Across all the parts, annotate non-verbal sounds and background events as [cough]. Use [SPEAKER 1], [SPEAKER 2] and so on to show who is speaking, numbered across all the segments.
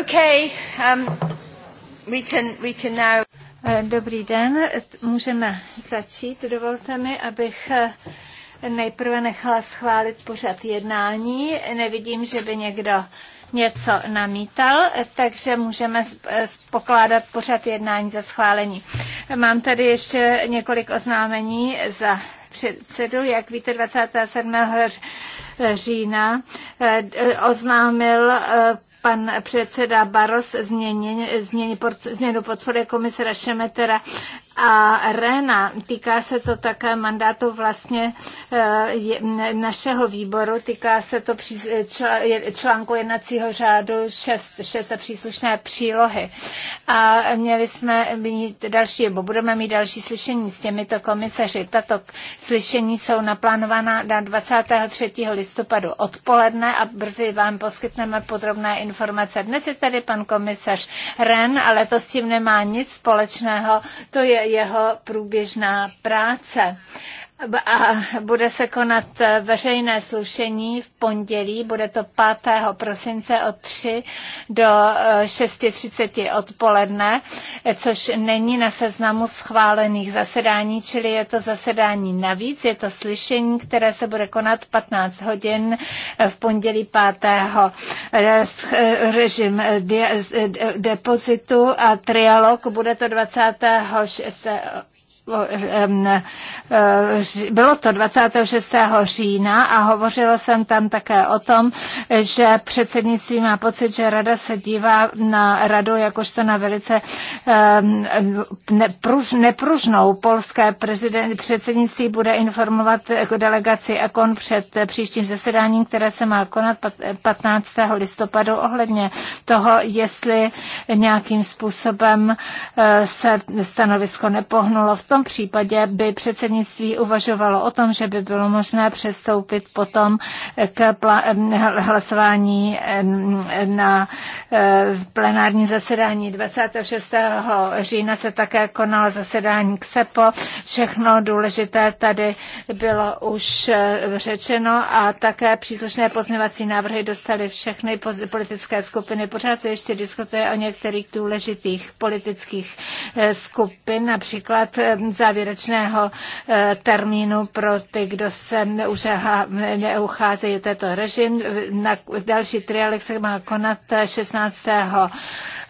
[SPEAKER 1] Okay, um, we can, we can now... Eh, dobrý den, můžeme začít. Dovolte mi, abych eh, nejprve nechala schválit pořad jednání. Nevidím, že by někdo něco namítal, takže můžeme eh, pokládat pořad jednání za schválení. Mám tady ještě několik oznámení za předsedu. Jak víte, 27. října oznámil pan předseda Baros změně, změně port, změnu portfolia komisera Šemetera a Rena. Týká se to také mandátu vlastně eh, našeho výboru, týká se to článku jednacího řádu 6, 6 a příslušné přílohy. A měli jsme mít další, nebo budeme mít další slyšení s těmito komisaři. Tato slyšení jsou naplánována na 23. listopadu odpoledne a brzy vám poskytneme podrobné informace. Dnes je tady pan komisař Ren, ale to s tím nemá nic společného. To je jeho průběžná práce a bude se konat eh, veřejné slušení v pondělí, bude to 5. prosince od 3 do 6.30 eh, odpoledne, což není na seznamu schválených zasedání, čili je to zasedání navíc, je to slyšení, které se bude konat 15 hodin eh, v pondělí 5. režim depozitu a trialog, bude to 26 Eh, eh, bylo to 26. října a hovořila jsem tam také o tom, že předsednictví má pocit, že rada se dívá na radu jakožto na velice nepružnou polské prezident, předsednictví bude informovat delegaci Ekon před příštím zasedáním, které se má konat 15. listopadu ohledně toho, jestli nějakým způsobem eh, se stanovisko nepohnulo v tom, tom případě by předsednictví uvažovalo o tom, že by bylo možné přestoupit potom k hlasování na e, plenární zasedání 26. října se také konalo zasedání k SEPO. Všechno důležité tady bylo už e, řečeno a také příslušné pozměvací návrhy dostaly všechny politické skupiny. Pořád se ještě diskutuje o některých důležitých politických e, skupin, například závěrečného eh, termínu pro ty, kdo se neucházejí této režim. Na další trialek se má konat 16.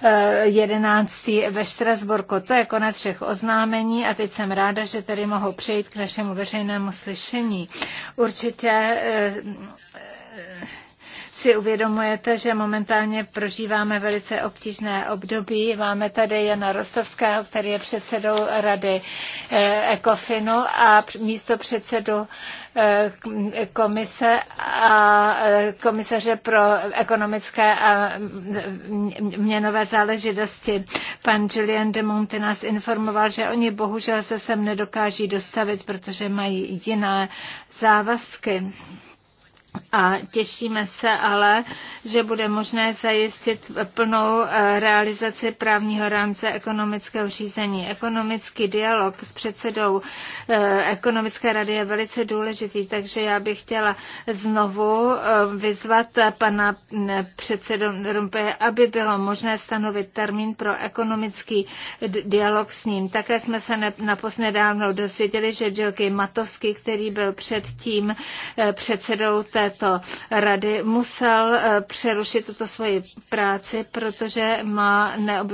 [SPEAKER 1] Eh, 11. Eh, ve Štrasburku. To je konec všech oznámení a teď jsem ráda, že tady mohu přejít k našemu veřejnému slyšení. Určitě si uvědomujete, že momentálně prožíváme velice obtížné období. Máme tady Jana Rostovského, který je předsedou rady Ekofinu eh, a místo předsedu eh, komise a eh, komisaře pro ekonomické a mm, mm, měnové záležitosti. Pan Julian de Monte nás informoval, že oni bohužel se sem nedokáží dostavit, protože mají jiné závazky a těšíme se ale, že bude možné zajistit plnou eh, realizaci právního rámce ekonomického řízení. Ekonomický dialog s předsedou eh, ekonomické rady je velice důležitý, takže já bych chtěla znovu eh, vyzvat pana předsedu Rumpeje, aby bylo možné stanovit termín pro ekonomický dialog s ním. Také jsme se naposledávno dozvěděli, že Džilky Matovský, který byl předtím předsedou té této rady musel eh, přerušit tuto svoji práci, protože má ne,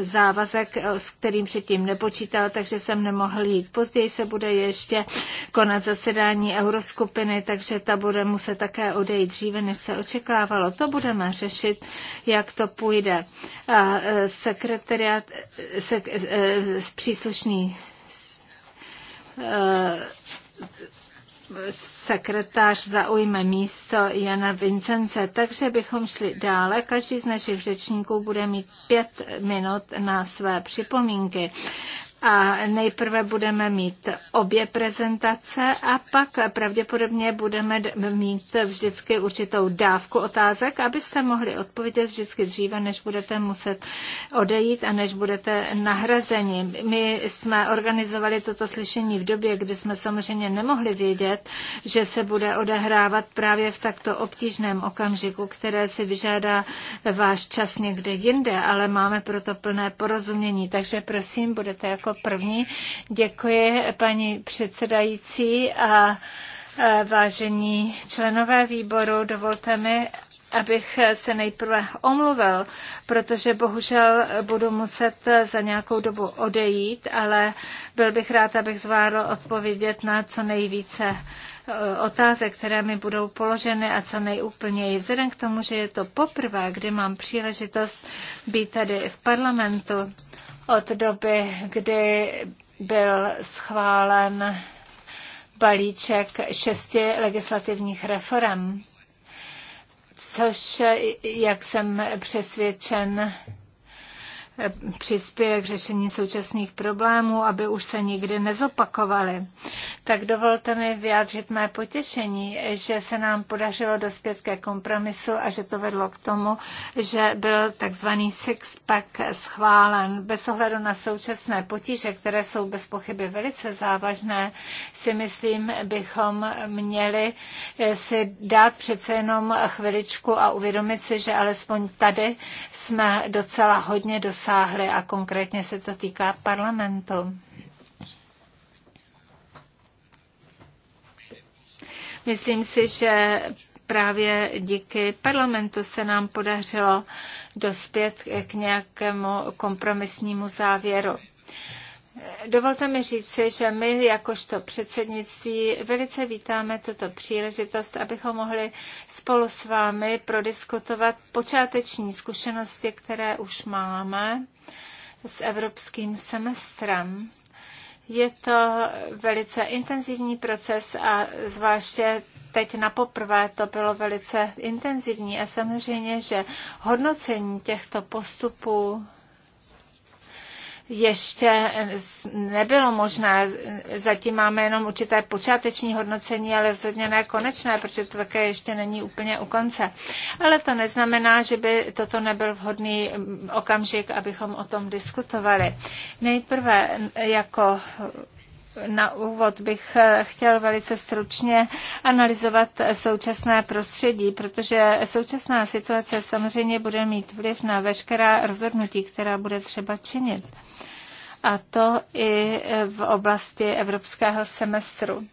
[SPEAKER 1] závazek, eh, s kterým předtím nepočítal, takže jsem nemohl jít. Později se bude ještě konat zasedání euroskupiny, takže ta bude muset také odejít dříve, než se očekávalo. To budeme řešit, jak to půjde. A eh, sekretariat, sek, příslušný sekretář zaujme místo Jana Vincence, takže bychom šli dále. Každý z našich řečníků bude mít pět minut na své připomínky. A nejprve budeme mít obě prezentace a pak pravděpodobně budeme mít vždycky určitou dávku otázek, abyste mohli odpovědět vždycky dříve, než budete muset odejít a než budete nahrazeni. My jsme organizovali toto slyšení v době, kdy jsme samozřejmě nemohli vědět, že se bude odehrávat právě v takto obtížném okamžiku, které si vyžádá váš čas někde jinde, ale máme proto plné porozumění. Takže prosím, budete jako jako první. Děkuji paní předsedající a vážení členové výboru. Dovolte mi, abych se nejprve omluvil, protože bohužel budu muset za nějakou dobu odejít, ale byl bych rád, abych zvládl odpovědět na co nejvíce e, otázek, které mi budou položeny a co nejúplněji. Vzhledem k tomu, že je to poprvé, kdy mám příležitost být tady v parlamentu, od doby, kdy byl schválen balíček šesti legislativních reform, což, jak jsem přesvědčen, přispěje k řešení současných problémů, aby už se nikdy nezopakovaly. Tak dovolte mi vyjádřit mé potěšení, že se nám podařilo dospět ke kompromisu a že to vedlo k tomu, že byl takzvaný six-pack schválen. Bez ohledu na současné potíže, které jsou bez pochyby velice závažné, si myslím, bychom měli eh, si dát přece jenom chviličku a uvědomit si, že alespoň tady jsme docela hodně dosáhli dosáhli a konkrétně se to týká parlamentu. Myslím si, že právě díky parlamentu se nám podařilo dospět k nějakému kompromisnímu závěru. Dovolte mi říci, že my jakožto předsednictví velice vítáme tuto příležitost, abychom mohli spolu s vámi prodiskutovat počáteční zkušenosti, které už máme s evropským semestrem. Je to velice intenzivní proces a zvláště teď na poprvé to bylo velice intenzivní a samozřejmě, že hodnocení těchto postupů ještě nebylo možné. Zatím máme jenom určité počáteční hodnocení, ale rozhodně ne konečné, protože to také ještě není úplně u konce. Ale to neznamená, že by toto nebyl vhodný mm, okamžik, abychom o tom diskutovali. Nejprve jako na úvod bych eh, chtěl velice stručně analyzovat současné prostředí, protože současná situace samozřejmě bude mít vliv na veškerá rozhodnutí, která bude třeba činit. A to i v oblasti evropského semestru.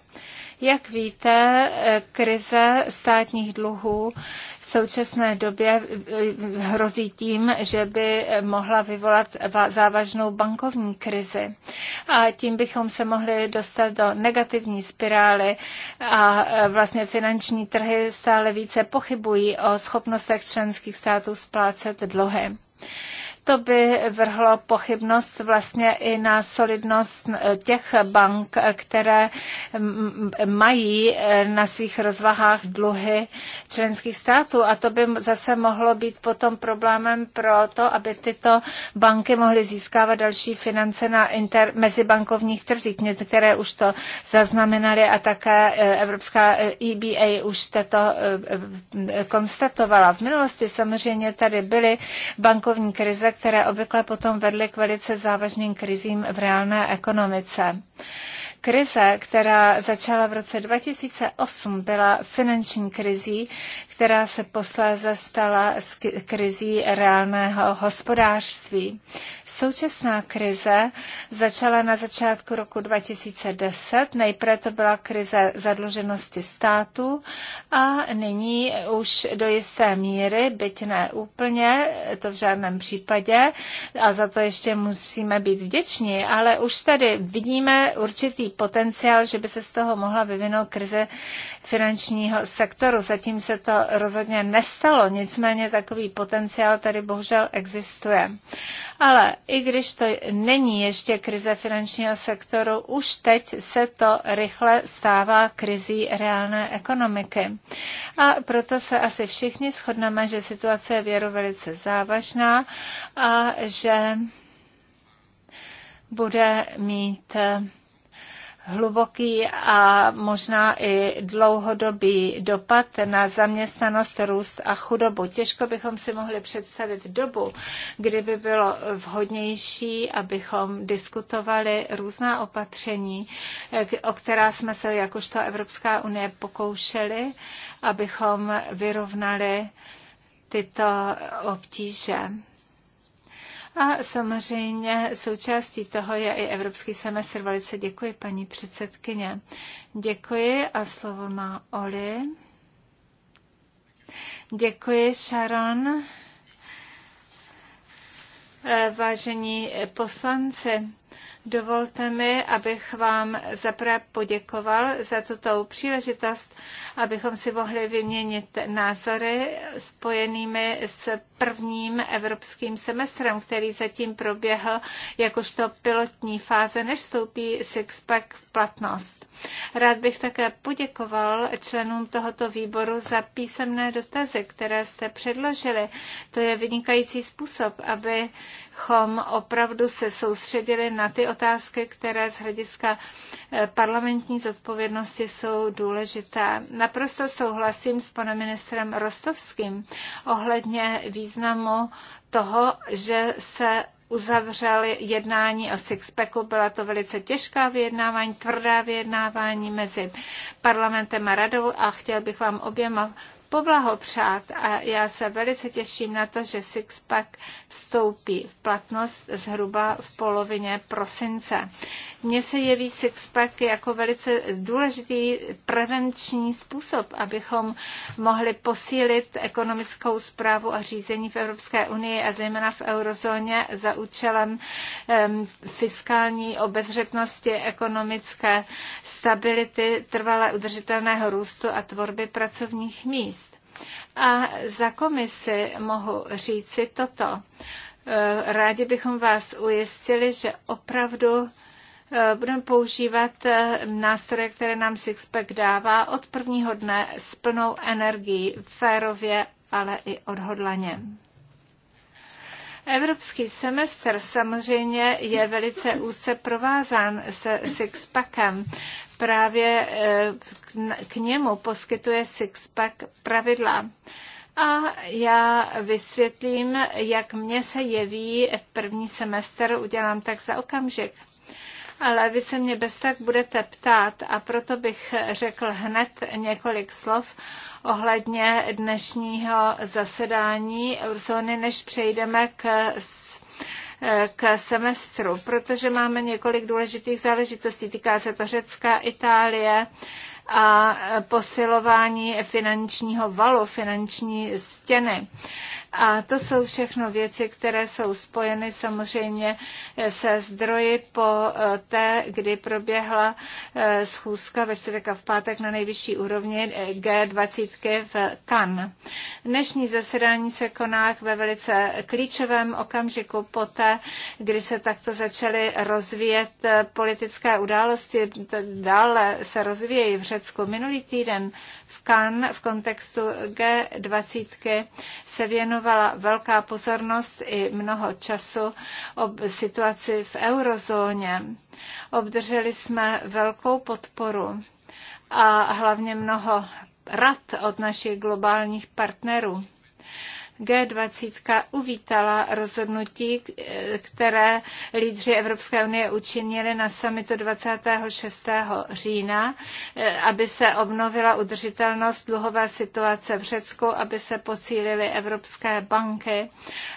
[SPEAKER 1] Jak víte, eh, krize státních dluhů v současné době eh, hrozí tím, že by eh, mohla vyvolat závažnou bankovní krizi. A tím bychom se mohli dostat do negativní spirály a vlastně finanční trhy stále více pochybují o schopnostech členských států splácet dluhy to by vrhlo pochybnost vlastně i na solidnost eh, těch bank, eh, které mm, mm, mají eh, na svých rozvahách dluhy členských států a to by zase mohlo být potom problémem pro to, aby tyto banky mohly získávat další finance na inter, mezibankovních trzích, které už to zaznamenaly a také Evropská EBA e už to konstatovala. V minulosti samozřejmě tady byly bankovní krize, které obvykle potom vedly k velice závažným krizím v reálné ekonomice. Krize, která začala v roce 2008, byla finanční krizí, která se posléze stala s krizí reálného hospodářství. Současná krize začala na začátku roku 2010. Nejprve to byla krize zadluženosti státu a nyní už do jisté míry, byť ne úplně, to v žádném případě, a za to ještě musíme být vděční, ale už tady vidíme určitý potenciál, že by se z toho mohla vyvinout krize finančního sektoru. Zatím se to rozhodně nestalo, nicméně takový potenciál tady bohužel existuje. Ale i když to není ještě krize finančního sektoru, už teď se to rychle stává krizí reálné ekonomiky. A proto se asi všichni shodneme, že situace je věru velice závažná a že bude mít eh, hluboký a možná i dlouhodobý dopad na zaměstnanost, růst a chudobu. Těžko bychom si mohli představit dobu, kdy by bylo vhodnější, abychom diskutovali různá opatření, o která jsme se jakožto Evropská unie pokoušeli, abychom vyrovnali tyto obtíže a samozřejmě součástí toho je i Evropský semestr. Velice děkuji, paní předsedkyně. Děkuji a slovo má Oli. Děkuji, Sharon. Eh, vážení poslanci, Dovolte mi, abych vám zaprvé poděkoval za tuto příležitost, abychom si mohli vyměnit názory spojenými s prvním evropským semestrem, který zatím proběhl jakožto pilotní fáze, než vstoupí Sixpack v platnost. Rád bych také poděkoval členům tohoto výboru za písemné dotazy, které jste předložili. To je vynikající způsob, aby abychom opravdu se soustředili na ty otázky, které z hlediska eh, parlamentní zodpovědnosti jsou důležité. Naprosto souhlasím s panem ministrem Rostovským ohledně významu toho, že se uzavřeli jednání o Sixpacku. Byla to velice těžká vyjednávání, tvrdá vyjednávání mezi parlamentem a radou a chtěl bych vám oběma poblahopřát a já se velice těším na to, že Sixpack vstoupí v platnost zhruba v polovině prosince. Mně se jeví Sixpack jako velice důležitý prevenční způsob, abychom mohli posílit ekonomickou zprávu a řízení v Evropské unii a zejména v eurozóně za účelem um, fiskální obezřetnosti, ekonomické stability, trvalé udržitelného růstu a tvorby pracovních míst. A za komisi mohu říci toto. E, rádi bychom vás ujistili, že opravdu e, budeme používat e, nástroje, které nám Sixpack dává od prvního dne s plnou energií, férově, ale i odhodlaně. Evropský semestr samozřejmě je velice úzce provázán se Sixpackem právě eh, k němu poskytuje Sixpack pravidla. A já vysvětlím, jak mně se jeví první semestr, udělám tak za okamžik. Ale vy se mě bez tak budete ptát a proto bych řekl hned několik slov ohledně dnešního zasedání eurozóny, než přejdeme k Eh, k semestru, protože máme několik důležitých záležitostí. Týká se to Řecka, Itálie a eh, posilování finančního valu, finanční stěny. A to jsou všechno věci, které jsou spojeny samozřejmě se zdroji po eh, té, kdy proběhla eh, schůzka ve čtvrtek a v pátek na nejvyšší úrovni eh, G20 v Cannes. Dnešní zasedání se koná ve velice klíčovém okamžiku poté, kdy se takto začaly rozvíjet politické události, dále se rozvíjejí v Řecku. Minulý týden v Cannes v kontextu G20 se věnoval věnovala velká pozornost i mnoho času o situaci v eurozóně. Obdrželi jsme velkou podporu a hlavně mnoho rad od našich globálních partnerů. G20 uvítala rozhodnutí, které lídři Evropské unie učinili na samitu 26. října, aby se obnovila udržitelnost dluhové situace v Řecku, aby se posílily evropské banky,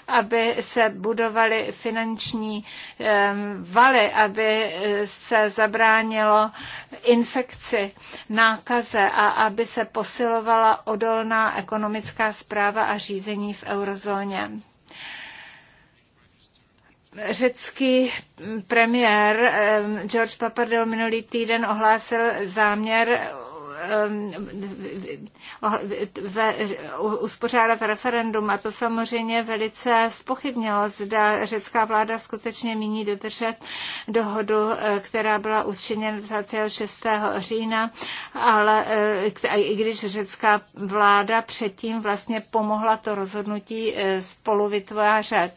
[SPEAKER 1] aby se budovaly finanční ehm, valy, aby se zabránilo infekci, nákaze a aby se posilovala odolná ekonomická zpráva a řízení v eurozóně. Řecký premiér eh, George Papadel minulý týden ohlásil záměr Um, uspořádat referendum a to samozřejmě velice spochybnilo, zda řecká vláda skutečně míní dodržet dohodu, eh, která byla učiněna 26. října, ale eh, i když řecká vláda předtím vlastně pomohla to rozhodnutí eh, spolu vytvářet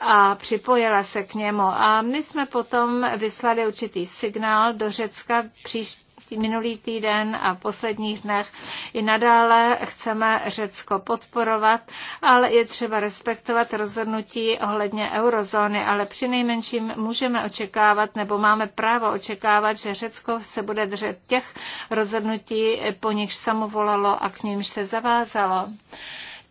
[SPEAKER 1] a připojila se k němu. A my jsme potom vyslali určitý signál do Řecka příští minulý týden a v posledních dnech. I nadále chceme Řecko podporovat, ale je třeba respektovat rozhodnutí ohledně eurozóny, ale při nejmenším můžeme očekávat nebo máme právo očekávat, že Řecko se bude držet těch rozhodnutí, po nichž samovolalo a k nímž se zavázalo.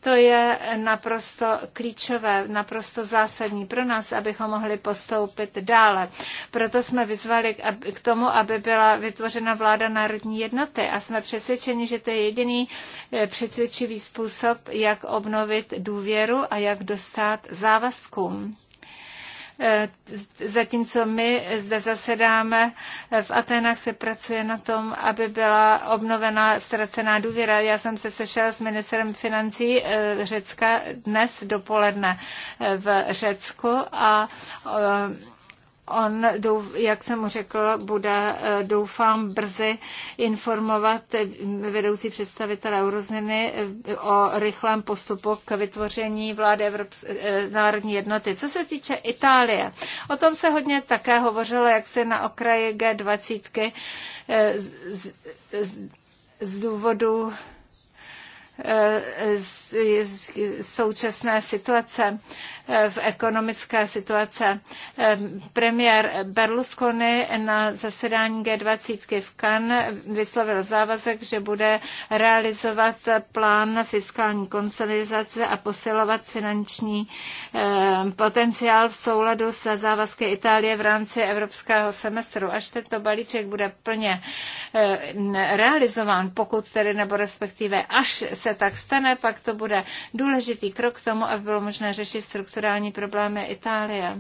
[SPEAKER 1] To je naprosto klíčové, naprosto zásadní pro nás, abychom mohli postoupit dále. Proto jsme vyzvali k tomu, aby byla vytvořena vláda národní jednoty a jsme přesvědčeni, že to je jediný eh, přesvědčivý způsob, jak obnovit důvěru a jak dostat závazkům. Eh, zatímco my zde zasedáme, eh, v Atenách se pracuje na tom, aby byla obnovena ztracená důvěra. Já jsem se sešel s ministrem financí eh, Řecka dnes dopoledne v Řecku a On, jak jsem mu řekl, bude, eh, doufám, brzy informovat eh, vedoucí představitele eurozměny eh, o rychlém postupu k vytvoření vlády evropské národní jednoty. Co se týče Itálie, o tom se hodně také hovořilo, jak se na okraji G20 z, z, z, z důvodu současné situace v ekonomické situace. Premiér Berlusconi na zasedání G20 v Cannes vyslovil závazek, že bude realizovat plán fiskální konsolidace a posilovat finanční potenciál v souladu se závazky Itálie v rámci evropského semestru. Až tento balíček bude plně realizován, pokud tedy nebo respektive až se tak stane, pak to bude důležitý krok k tomu, aby bylo možné řešit strukturu strukturální problémy Itálie.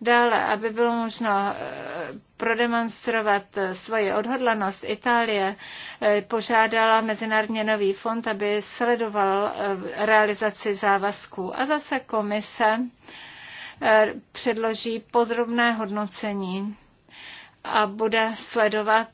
[SPEAKER 1] Dále, aby bylo možno eh, prodemonstrovat eh, svoji odhodlanost, Itálie eh, požádala Mezinárodní nový fond, aby sledoval realizaci závazků. A zase komise předloží podrobné hodnocení a bude sledovat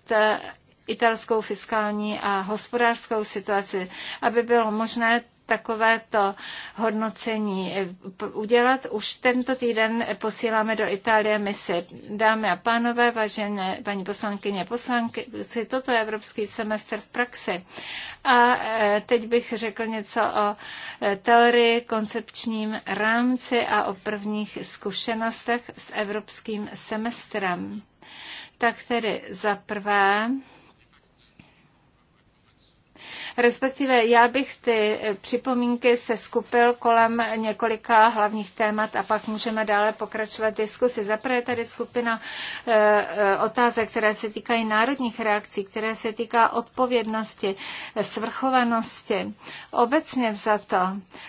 [SPEAKER 1] italskou fiskální a hospodářskou situaci, aby bylo možné takovéto hodnocení eh, udělat. Už tento týden posíláme do Itálie misi. Dámy a pánové, vážené paní poslankyně, poslanky, toto je evropský semestr v praxi. A eh, teď bych řekl něco o eh, teorii, koncepčním rámci a o prvních zkušenostech s evropským semestrem. Tak tedy za prvé, Respektive já bych ty připomínky se skupil kolem několika hlavních témat a pak můžeme dále pokračovat diskusi. Zaprvé tady skupina eh, eh, otázek, které se týkají národních reakcí, které se týká odpovědnosti, svrchovanosti. Obecně za to,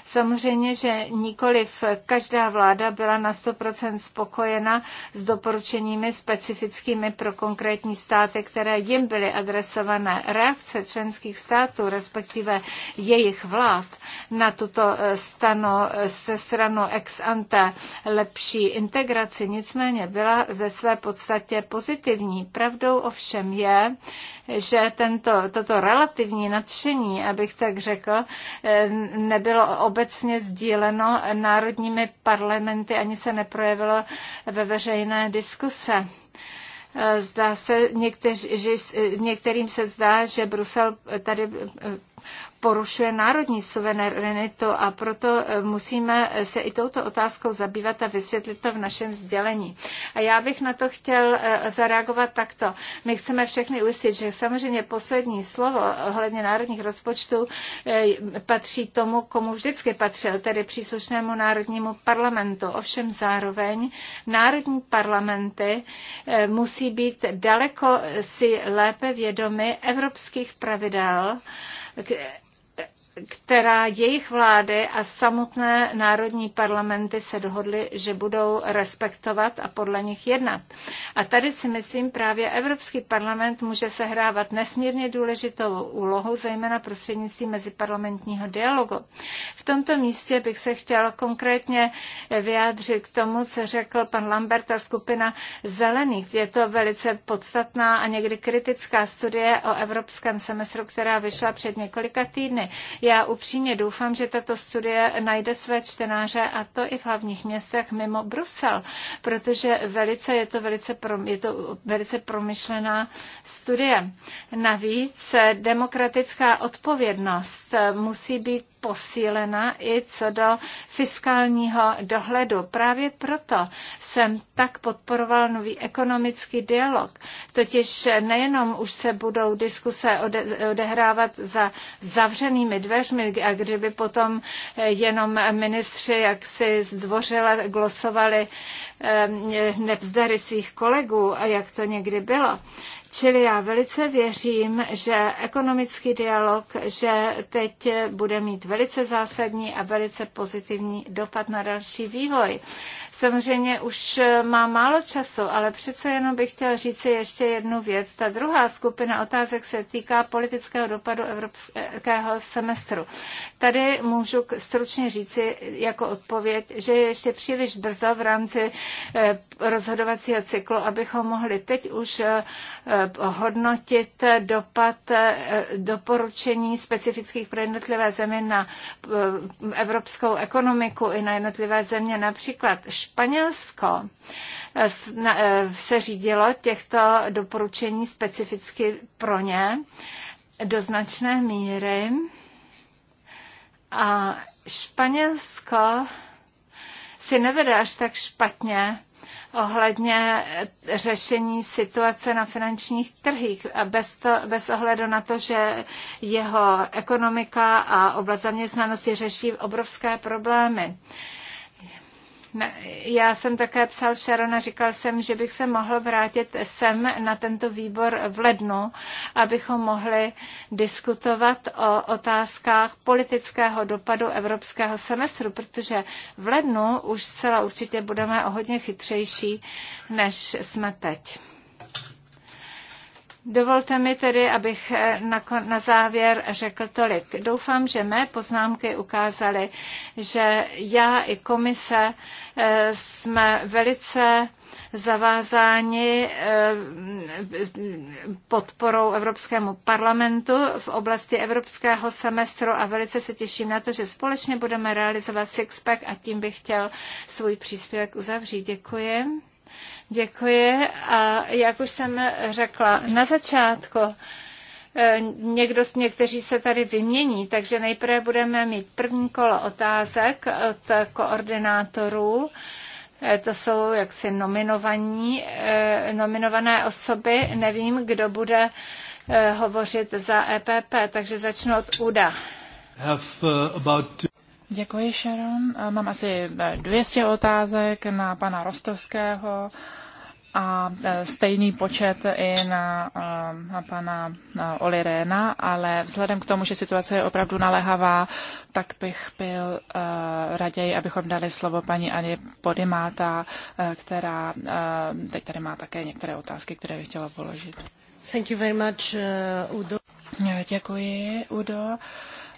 [SPEAKER 1] samozřejmě, že nikoliv každá vláda byla na 100% spokojena s doporučeními specifickými pro konkrétní státy, které jim byly adresované. Reakce členských států státu, respektive jejich vlád, na tuto eh, stano, se sranou ex ante lepší integraci, nicméně byla ve své podstatě pozitivní. Pravdou ovšem je, že tento, toto relativní nadšení, abych tak řekl, eh, nebylo obecně sdíleno národními parlamenty, ani se neprojevilo ve veřejné diskuse. Eh, zdá se, někteř, že, eh, některým se zdá, že Brusel tady eh, porušuje národní suverenitu a proto e, musíme se i touto otázkou zabývat a vysvětlit to v našem vzdělení. A já bych na to chtěl e, zareagovat takto. My chceme všechny ujistit, že samozřejmě poslední slovo ohledně národních rozpočtů e, patří tomu, komu vždycky patřil, tedy příslušnému národnímu parlamentu. Ovšem zároveň národní parlamenty musí být daleko si lépe vědomy evropských pravidel, která jejich vlády a samotné národní parlamenty se dohodly, že budou respektovat a podle nich jednat. A tady si myslím, právě Evropský parlament může sehrávat nesmírně důležitou úlohu, zejména prostřednictvím meziparlamentního dialogu. V tomto místě bych se chtěla konkrétně vyjádřit k tomu, co řekl pan Lambert a skupina zelených. Je to velice podstatná a někdy kritická studie o evropském semestru, která vyšla před několika týdny. Je já upřímně doufám, že tato studie najde své čtenáře a to i v hlavních městech mimo Brusel, protože velice je to velice, pro, je to velice promyšlená studie. Navíc demokratická odpovědnost musí být posílena i co do fiskálního dohledu. Právě proto jsem tak podporoval nový ekonomický dialog. Totiž nejenom už se budou diskuse odehrávat za zavřenými dveřmi, a kdyby potom eh, jenom ministři jak si zdvořile glosovali eh, nevzdary svých kolegů, a jak to někdy bylo, Čili já velice věřím, že ekonomický dialog, že teď bude mít velice zásadní a velice pozitivní dopad na další vývoj. Samozřejmě už má málo času, ale přece jenom bych chtěla říci ještě jednu věc. Ta druhá skupina otázek se týká politického dopadu evropského semestru. Tady můžu stručně říci jako odpověď, že je ještě příliš brzo v rámci eh, rozhodovacího cyklu, abychom mohli teď už eh, hodnotit dopad eh, doporučení specifických pro jednotlivé země na eh, evropskou ekonomiku i na jednotlivé země. Například Španělsko eh, se řídilo těchto doporučení specificky pro ně do značné míry. A Španělsko si nevede až tak špatně ohledně řešení situace na finančních trhích. Bez, to, bez ohledu na to, že jeho ekonomika a oblast zaměstnanosti řeší obrovské problémy. Uh, já jsem také psal Sharon a říkal jsem, že bych se mohl vrátit sem na tento výbor v lednu, abychom mohli diskutovat o otázkách politického dopadu evropského semestru, protože v lednu už zcela určitě budeme o hodně chytřejší, než jsme teď. Dovolte mi tedy, abych eh, na, na závěr řekl tolik. Doufám, že mé poznámky ukázaly, že já i komise eh, jsme velice zavázáni eh, podporou Evropskému parlamentu v oblasti evropského semestru a velice se těším na to, že společně budeme realizovat Sixpack a tím bych chtěl svůj příspěvek uzavřít. Děkuji. Děkuji a jak už jsem řekla na začátku, eh, někdo, někteří se tady vymění, takže nejprve budeme mít první kolo otázek od koordinátorů. Eh, to jsou jaksi nominovaní, eh, nominované osoby. Nevím, kdo bude hovořit za EPP, takže začnu od UDA.
[SPEAKER 2] Have, about...
[SPEAKER 3] Děkuji, Sharon. Mám asi 200 eh, otázek na pana Rostovského a eh, stejný počet i na, eh, na pana na Oli Réna, ale vzhledem k tomu, že situace je opravdu naléhavá, tak bych byl uh, raději, abychom dali slovo paní Ani Podimáta, uh, která uh, teď tady má také některé otázky, které bych chtěla položit. Thank you very much, uh, Udo. Děkuji, Udo. Uh,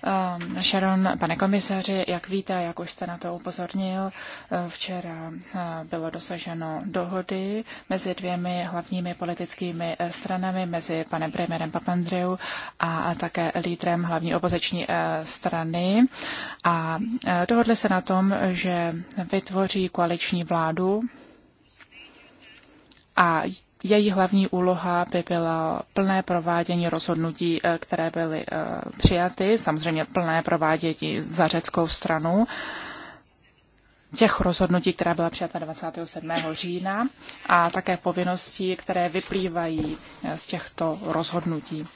[SPEAKER 3] Eh, Sharon, pane komisaři, jak víte, jak už jste na to upozornil, eh, včera eh, bylo dosaženo dohody mezi dvěmi hlavními politickými stranami, mezi panem premiérem Papandreou a také lídrem hlavní opoziční strany. A dohodli se na tom, že vytvoří koaliční vládu a její hlavní úloha by byla plné provádění rozhodnutí, eh, které byly eh, přijaty, samozřejmě plné provádění za řeckou stranu těch rozhodnutí, která byla přijata 27. října a také povinností, které vyplývají eh, z těchto rozhodnutí.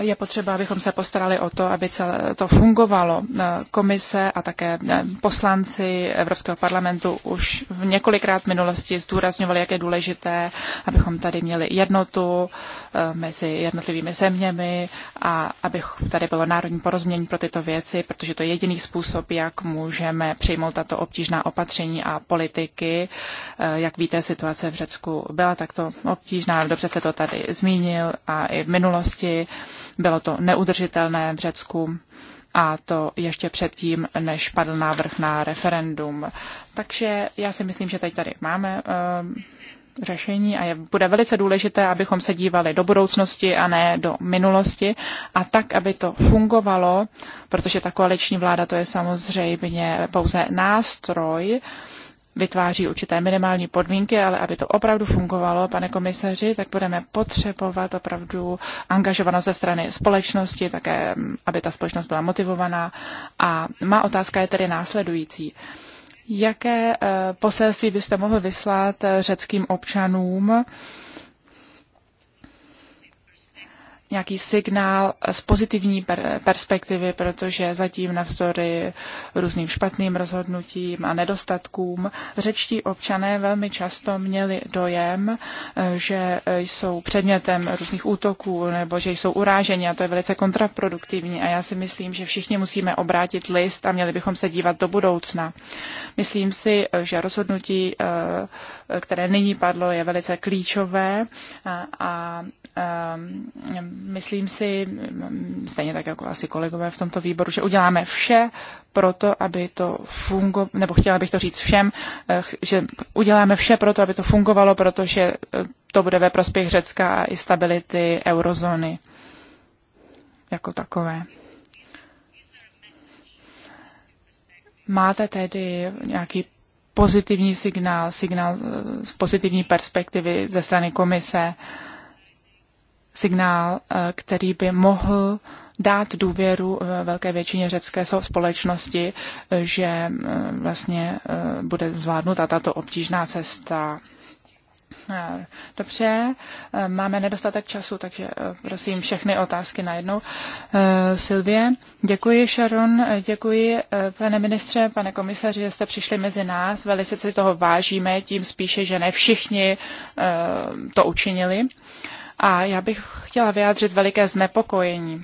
[SPEAKER 3] je potřeba, abychom se postarali o to, aby to fungovalo. Komise a také poslanci Evropského parlamentu už v několikrát v minulosti zdůrazňovali, jak je důležité, abychom tady měli jednotu eh, mezi jednotlivými zeměmi a aby tady bylo národní porozumění pro tyto věci, protože to je jediný způsob, jak můžeme přijmout tato obtížná opatření a politiky. Eh, jak víte, situace v Řecku byla takto obtížná, dobře se to tady zmínil a i v minulosti. Bylo to neudržitelné v Řecku a to ještě předtím, než padl návrh na referendum. Takže já si myslím, že teď tady máme eh, řešení a je, bude velice důležité, abychom se dívali do budoucnosti a ne do minulosti a tak, aby to fungovalo, protože ta koaliční vláda to je samozřejmě pouze nástroj, uh, vytváří určité minimální podmínky, ale aby to opravdu fungovalo, pane komisaři, tak budeme potřebovat opravdu angažovanost ze strany společnosti, také mm, aby ta společnost byla motivovaná. A má otázka je tedy následující. Jaké eh, poselství byste mohl vyslat eh, řeckým občanům, nějaký signál z pozitivní perspektivy, protože zatím navzdory různým špatným rozhodnutím a nedostatkům řečtí občané velmi často měli dojem, že jsou předmětem různých útoků nebo že jsou uráženi a to je velice kontraproduktivní a já si myslím, že všichni musíme obrátit list a měli bychom se dívat do budoucna. Myslím si, že rozhodnutí, eh, které nyní padlo, je velice klíčové a, a myslím si, stejně tak jako asi kolegové v tomto výboru, že uděláme vše pro to, aby to fungovalo, nebo chtěla bych to říct všem, eh, že uděláme vše pro to, aby to fungovalo, protože eh, to bude ve prospěch Řecka a i stability eurozóny jako takové. Máte tedy nějaký pozitivní signál, signál eh, z pozitivní perspektivy ze strany komise? Uh, signál, eh, který by mohl dát důvěru velké většině řecké společnosti, eh, že eh, vlastně bude zvládnuta tato obtížná cesta. Dobře, máme nedostatek času, takže prosím všechny otázky najednou. Silvie, děkuji Sharon, děkuji pane ministře, pane komisaři, že jste přišli mezi nás. Velice si toho vážíme, tím spíše, že ne všichni to učinili a já bych chtěla vyjádřit veliké znepokojení.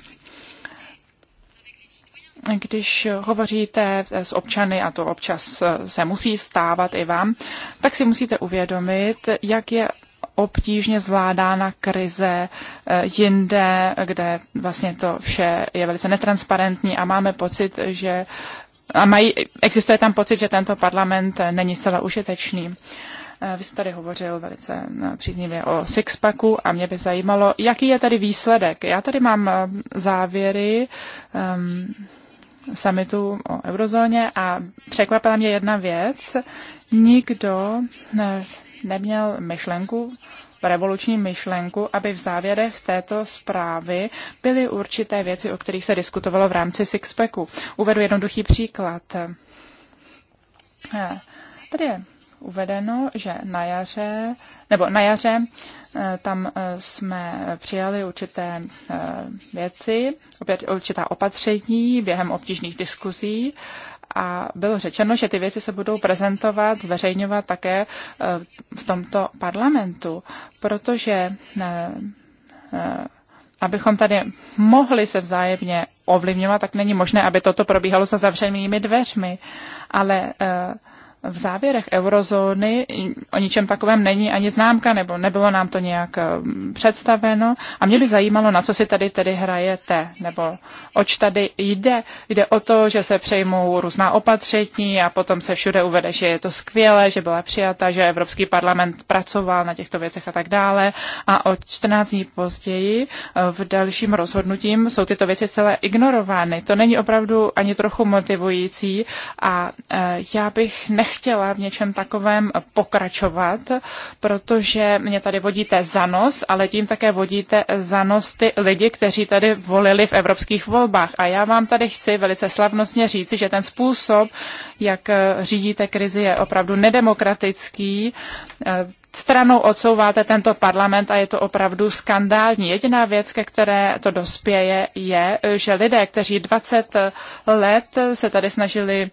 [SPEAKER 3] Když hovoříte s občany, a to občas se musí stávat i vám, tak si musíte uvědomit, jak je obtížně zvládána krize eh, jinde, kde vlastně to vše je velice netransparentní a máme pocit, že a mají, existuje tam pocit, že tento parlament není zcela užitečný. Eh, vy jste tady hovořil velice eh, příznivě o Sixpacku a mě by zajímalo, jaký je tady výsledek. Já tady mám eh, závěry um, summitu o eurozóně a překvapila mě jedna věc. Nikdo ne, neměl myšlenku revoluční myšlenku, aby v závěrech této zprávy byly určité věci, o kterých se diskutovalo v rámci Sixpacku. Uvedu jednoduchý příklad. Tady je uvedeno, že na jaře, nebo na jaře eh, tam eh, jsme přijali určité eh, věci, určitá opatření během obtížných diskuzí a bylo řečeno, že ty věci se budou prezentovat, zveřejňovat také v tomto parlamentu, protože abychom tady mohli se vzájemně ovlivňovat, tak není možné, aby toto probíhalo za zavřenými dveřmi. Ale uh, v závěrech eurozóny o ničem takovém není ani známka, nebo nebylo nám to nějak eh, představeno. A mě by zajímalo, na co si tady tedy hrajete, nebo oč tady jde. Jde o to, že se přejmou různá opatření a potom se všude uvede, že je to skvělé, že byla přijata, že Evropský parlament pracoval na těchto věcech a tak dále. A o 14 dní později eh, v dalším rozhodnutím jsou tyto věci celé ignorovány. To není opravdu ani trochu motivující a eh, já bych nech nechtěla v něčem takovém pokračovat, protože mě tady vodíte za nos, ale tím také vodíte za nos ty lidi, kteří tady volili v evropských volbách. A já vám tady chci velice slavnostně říci, že ten způsob, jak eh, řídíte krizi, je opravdu nedemokratický eh, stranou odsouváte tento parlament a je to opravdu skandální. Jediná věc, ke které to dospěje, je, eh, že lidé, kteří 20 let se tady snažili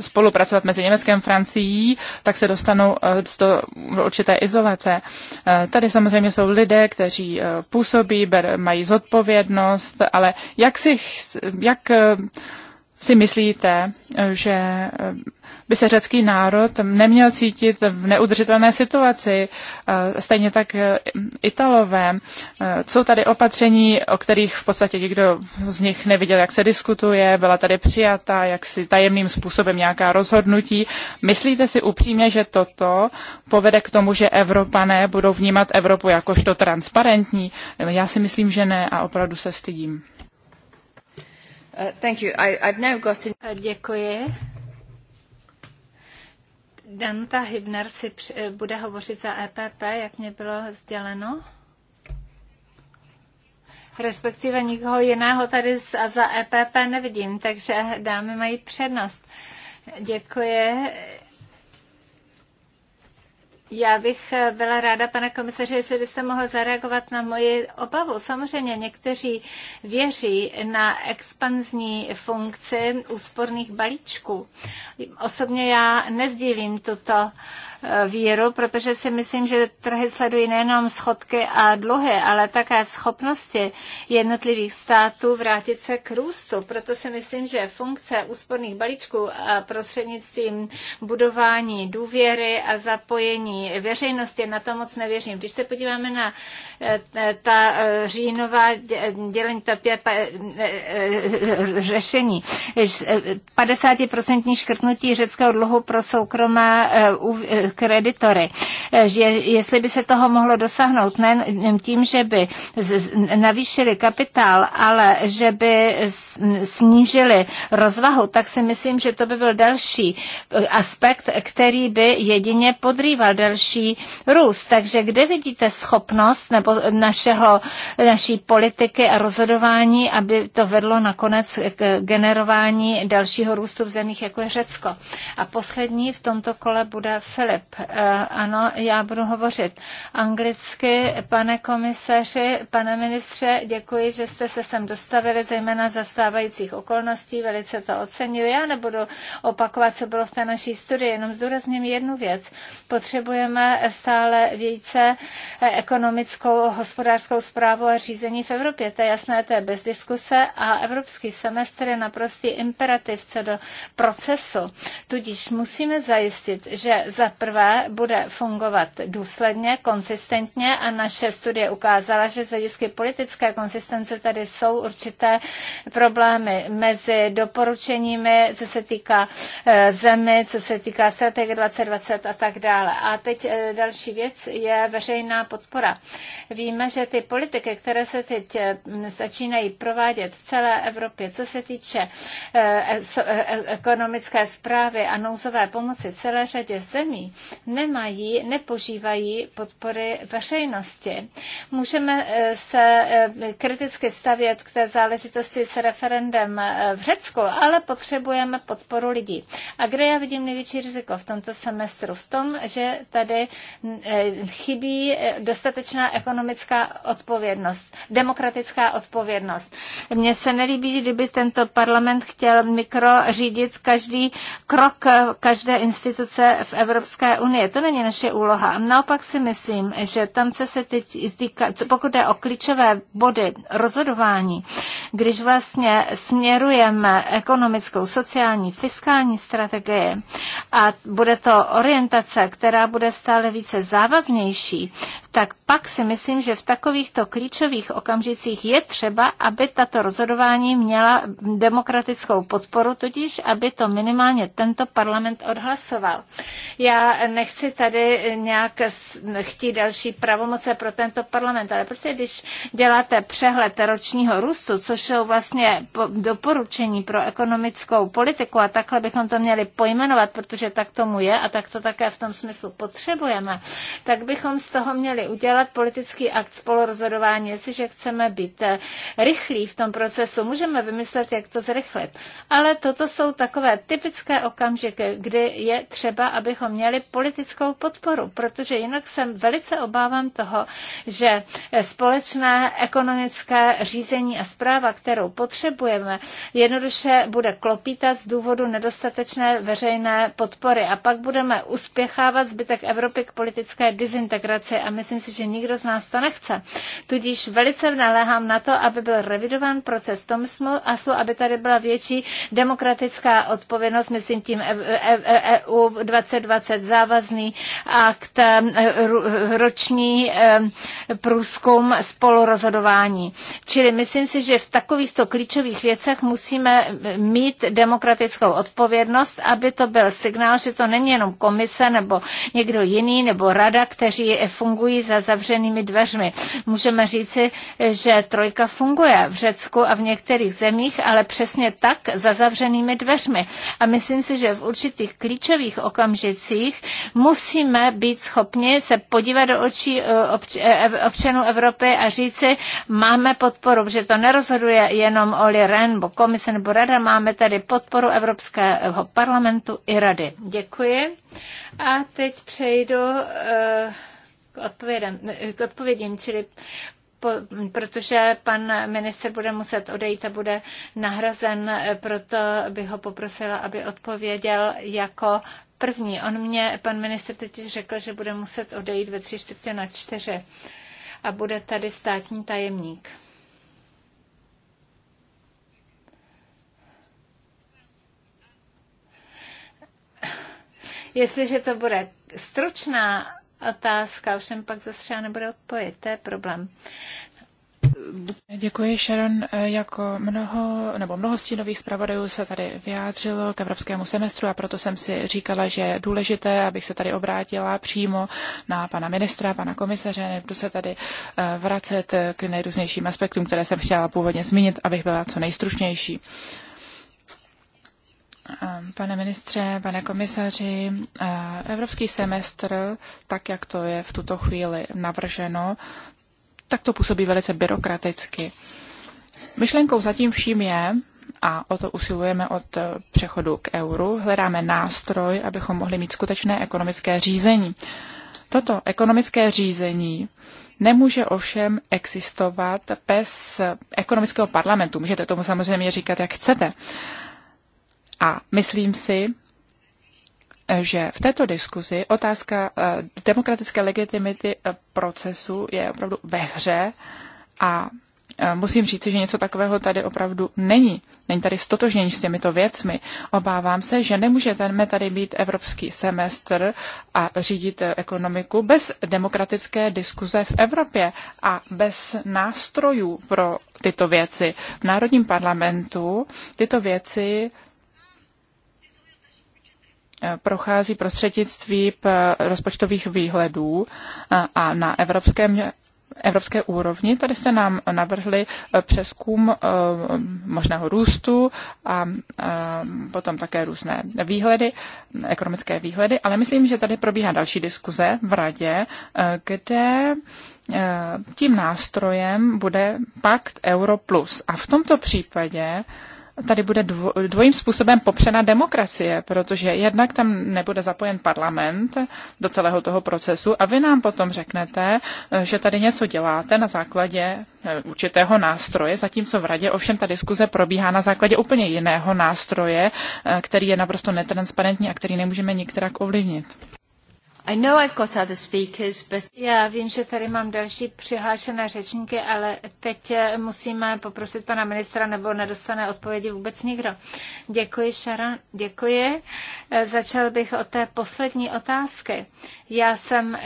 [SPEAKER 3] spolupracovat mezi Německem a Francií, tak se dostanou eh, toho určité izolace. Eh, tady samozřejmě jsou lidé, kteří eh, působí, mají zodpovědnost, ale jak si, jak si myslíte, že by se řecký národ neměl cítit v neudržitelné situaci, eh, stejně tak eh, Italové. Eh, jsou tady opatření, o kterých v podstatě nikdo z nich neviděl, jak se diskutuje, byla tady přijata, jak si tajemným způsobem nějaká rozhodnutí. Myslíte si upřímně, že toto povede k tomu, že Evropané budou vnímat Evropu jakožto transparentní? Já si myslím, že ne a opravdu se stydím.
[SPEAKER 1] Uh, thank you. I, I've now eh, Děkuji. Danta Hybner si eh, bude hovořit za EPP, jak mě bylo sděleno respektive nikoho jiného tady z, za EPP nevidím, takže dámy mají přednost. Děkuji. Já bych eh, byla ráda, pane komisaře, jestli byste mohl zareagovat na moji obavu. Samozřejmě někteří věří na expanzní funkci úsporných balíčků. Osobně já nezdílím tuto uh, Eh, víru, protože si myslím, že trhy sledují nejenom schodky a dluhy, ale také schopnosti jednotlivých států vrátit se k růstu. Proto si myslím, že funkce úsporných balíčků a prostřednictvím budování důvěry a zapojení veřejnosti, na to moc nevěřím. Když se podíváme na eh, ta eh, říjnová dělení, ta pět řešení, 50% škrtnutí řeckého dluhu pro soukromé kreditory. Eh, že jestli by se toho mohlo dosáhnout ne tím, že by navýšili kapitál, ale že by snížili rozvahu, tak si myslím, že to by byl další eh, aspekt, který by jedině podrýval další růst. Takže kde vidíte schopnost nebo našeho, naší politiky a rozhodování, aby to vedlo nakonec k generování dalšího růstu v zemích, jako je Řecko. A poslední v tomto kole bude Filip voleb. E, ano, já budu hovořit anglicky. Pane komisaři, pane ministře, děkuji, že jste se sem dostavili, zejména za stávajících okolností. Velice to oceňuji. Já nebudu opakovat, co bylo v té naší studii, jenom zdůrazním jednu věc. Potřebujeme stále více e, ekonomickou, hospodářskou zprávu a řízení v Evropě. To je jasné, to je bez diskuse a evropský semestr je naprostý imperativ co do procesu. Tudíž musíme zajistit, že za prvé bude fungovat důsledně, konsistentně a naše studie ukázala, že z hlediska politické konsistence tady jsou určité problémy mezi doporučeními, co se týká eh, zemi, co se týká strategie 2020 a tak dále. A teď eh, další věc je veřejná podpora. Víme, že ty politiky, které se teď eh, začínají provádět v celé Evropě, co se týče ekonomické zprávy a nouzové pomoci celé řadě zemí, nemají, nepožívají podpory veřejnosti. Můžeme eh, se eh, kriticky stavět k té záležitosti s referendem eh, v Řecku, ale potřebujeme podporu lidí. A kde já vidím největší riziko v tomto semestru? V tom, že tady chybí dostatečná ekonomická odpovědnost, demokratická odpovědnost. Mně se nelíbí, kdyby tento parlament chtěl mikro řídit každý krok každé instituce v Evropské Evropské unie. To není naše úloha. Naopak si myslím, že tam, co se teď týká, co pokud jde o klíčové body rozhodování, když vlastně směrujeme ekonomickou, sociální, fiskální strategii a bude to orientace, která bude stále více závaznější, tak pak si myslím, že v takovýchto klíčových okamžicích je třeba, aby tato rozhodování měla demokratickou podporu, tudíž aby to minimálně tento parlament odhlasoval. Já nechci tady nějak chtít další pravomoce pro tento parlament, ale prostě když děláte přehled ročního růstu, což jsou vlastně doporučení pro ekonomickou politiku a takhle bychom to měli pojmenovat, protože tak tomu je a tak to také v tom smyslu potřebujeme, tak bychom z toho měli udělat politický akt spolurozhodování, jestliže chceme být eh, rychlí v tom procesu. Můžeme vymyslet, jak to zrychlit. Ale toto jsou takové typické okamžiky, kdy je třeba, abychom měli politickou podporu, protože jinak jsem velice obávám toho, že společné ekonomické řízení a zpráva, kterou potřebujeme, jednoduše bude klopítat z důvodu nedostatečné veřejné podpory a pak budeme uspěchávat zbytek Evropy k politické dizintegraci a myslím si, že nikdo z nás to nechce. Tudíž velice naléhám na to, aby byl revidován proces Tomsmu a aby tady byla větší demokratická odpovědnost, myslím tím EU 2020 za závazný akt, eh, roční eh, průzkum spolurozhodování. Čili myslím si, že v takovýchto klíčových věcech musíme eh, mít demokratickou odpovědnost, aby to byl signál, že to není jenom komise nebo někdo jiný nebo rada, kteří fungují za zavřenými dveřmi. Můžeme říci, že trojka funguje v Řecku a v některých zemích, ale přesně tak za zavřenými dveřmi. A myslím si, že v určitých klíčových okamžicích zemích, musíme být schopni se podívat do očí eh, eh, občanů Evropy a říci, máme podporu, že to nerozhoduje jenom Oli Ren, nebo komise nebo rada, máme tady podporu Evropského parlamentu i rady. Děkuji. A teď přejdu eh, k odpovědem, k odpovědím, čili po, protože pan minister bude muset odejít a bude nahrazen, proto bych ho poprosila, aby odpověděl jako první. On mě, pan ministr totiž řekl, že bude muset odejít ve tři čtvrtě na čtyři a bude tady státní tajemník. Jestliže to bude stručná otázka, ovšem pak zase třeba nebude odpověď, to je problém.
[SPEAKER 3] Děkuji, Sharon. E, jako mnoho, nebo mnoho stínových zpravodajů se tady vyjádřilo k evropskému semestru a proto jsem si říkala, že je důležité, abych se tady obrátila přímo na pana ministra, pana komisaře, nebudu se tady e, vracet k nejrůznějším aspektům, které jsem chtěla původně zmínit, abych byla co nejstručnější. E, pane ministře, pane komisaři, evropský semestr, tak jak to je v tuto chvíli navrženo, tak to působí velice byrokraticky. Myšlenkou zatím vším je, a o to usilujeme od eh, přechodu k euru, hledáme nástroj, abychom mohli mít skutečné ekonomické řízení. Toto ekonomické řízení nemůže ovšem existovat bez ekonomického parlamentu. Můžete tomu samozřejmě říkat, jak chcete. A myslím si, že v této diskuzi otázka eh, demokratické legitimity eh, procesu je opravdu ve hře a eh, musím říct, že něco takového tady opravdu není. Není tady stotožnění s těmito věcmi. Obávám se, že nemůžeme tady být evropský semestr a řídit ekonomiku bez demokratické diskuze v Evropě a bez nástrojů pro tyto věci. V Národním parlamentu tyto věci Eh, prochází prostřednictvím rozpočtových výhledů eh, a na evropském evropské úrovni. Tady se nám navrhli eh, přeskum možného růstu a potom také různé výhledy, ekonomické výhledy, ale myslím, že tady probíhá další diskuze v radě, kde tím nástrojem bude pakt Euro plus. A v tomto případě tady bude dvo, dvojím způsobem popřena demokracie, protože jednak tam nebude zapojen parlament do celého toho procesu a vy nám potom řeknete, že tady něco děláte na základě eh, určitého nástroje, zatímco v radě ovšem ta diskuze probíhá na základě úplně jiného nástroje, eh, který je naprosto netransparentní a který nemůžeme nikterak ovlivnit.
[SPEAKER 1] I know I've got other speakers, but... Já vím, že tady mám další přihlášené řečníky, ale teď eh, musíme eh, poprosit pana ministra, nebo nedostane odpovědi vůbec nikdo. Děkuji, Sharon, děkuji. Eh, začal bych od té poslední otázky. Já jsem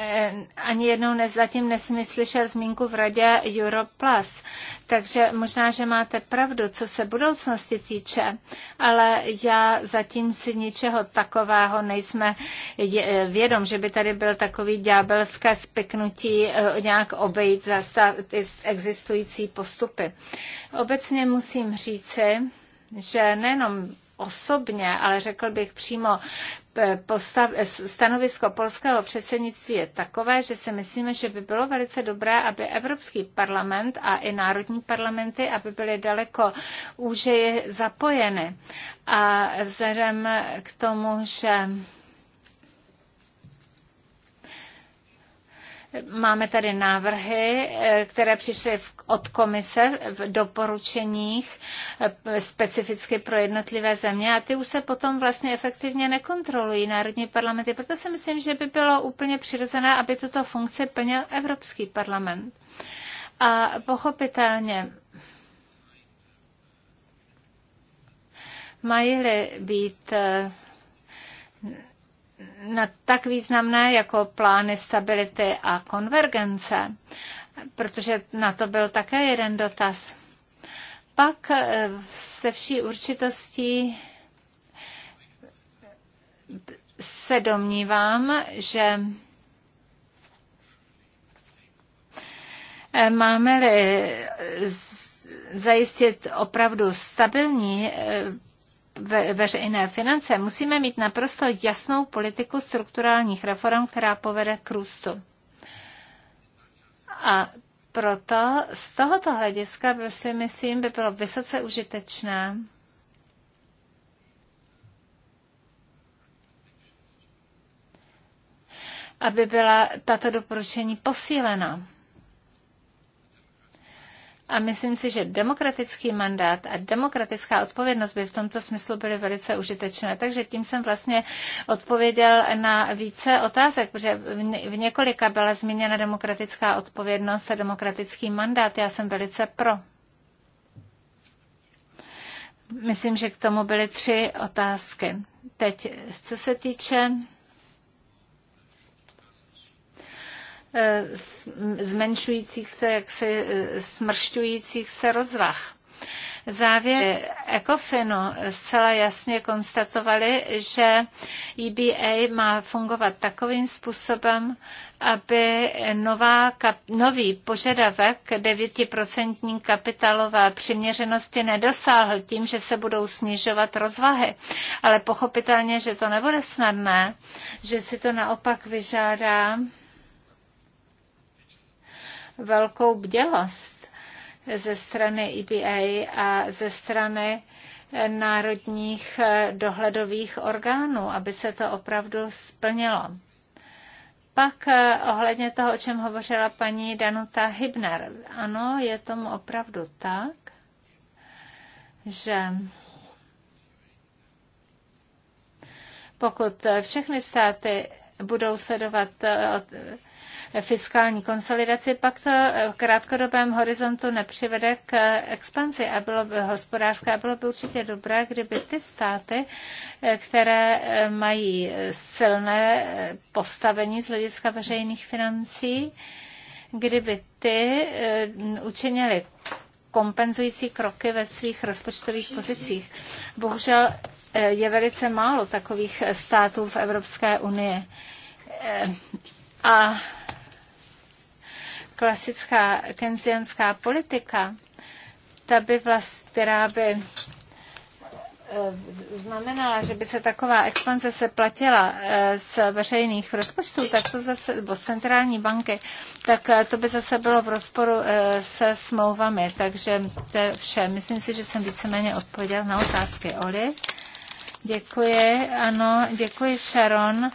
[SPEAKER 1] ani jednou nezatím zatím nesmyslyšel zmínku v radě Europlus. Takže možná, že máte pravdu, co se budoucnosti týče, ale já zatím si ničeho takového nejsme vědom, že by tady byl takový ďábelské spiknutí e, nějak obejít za existující postupy. Obecně musím říci, že nejenom osobně, ale řekl bych přímo Eh, postav, eh, stanovisko polského předsednictví je takové, že si myslíme, že by bylo velice dobré, aby Evropský parlament a i národní parlamenty, aby byly daleko úžeji zapojeny. A vzhledem k tomu, že Máme tady návrhy, eh, které přišly od komise v doporučeních eh, specificky pro jednotlivé země a ty už se potom vlastně efektivně nekontrolují národní parlamenty. Proto si myslím, že by bylo úplně přirozené, aby tuto funkci plnil Evropský parlament. A pochopitelně mají-li být eh, na tak významné jako plány stability a konvergence, protože na to byl také jeden dotaz. Pak eh, se vší určitostí se domnívám, že máme-li zajistit opravdu stabilní eh, ve, veřejné finance, musíme mít naprosto jasnou politiku strukturálních reform, která povede k růstu. A proto z tohoto hlediska si myslím, by bylo vysoce užitečné aby byla tato doporučení posílena. A myslím si, že demokratický mandát a demokratická odpovědnost by v tomto smyslu byly velice užitečné. Takže tím jsem vlastně odpověděl na více otázek, protože v několika byla zmíněna demokratická odpovědnost a demokratický mandát. Já jsem velice pro. Myslím, že k tomu byly tři otázky. Teď, co se týče Eh, zmenšujících se, jaksi eh, smršťujících se rozvah. Závěr ECOFINu zcela jasně konstatovali, že EBA má fungovat takovým způsobem, aby nová, kap, nový požadavek 9% kapitálové přiměřenosti nedosáhl tím, že se budou snižovat rozvahy. Ale pochopitelně, že to nebude snadné, že si to naopak vyžádá velkou bdělost ze strany EBA a ze strany národních eh, dohledových orgánů, aby se to opravdu splnilo. Pak eh, ohledně toho, o čem hovořila paní Danuta Hybner. Ano, je tomu opravdu tak, že pokud eh, všechny státy budou sledovat fiskální konsolidaci, pak to v krátkodobém horizontu nepřivede k expanzi a bylo by hospodářské a bylo by určitě dobré, kdyby ty státy, které mají silné postavení z hlediska veřejných financí, kdyby ty eh, učinili kompenzující kroky ve svých rozpočtových pozicích. Bohužel eh, je velice málo takových států v Evropské unii. Eh, a klasická kenzianská politika, ta by vlast, která by eh, znamenala, že by se taková expanze se platila eh, z veřejných rozpočtů, tak to zase, nebo z centrální banky, tak eh, to by zase bylo v rozporu se smlouvami. Takže to je vše. Myslím si, že jsem víceméně odpověděl na otázky Oli. Děkuji, ano, děkuji Sharon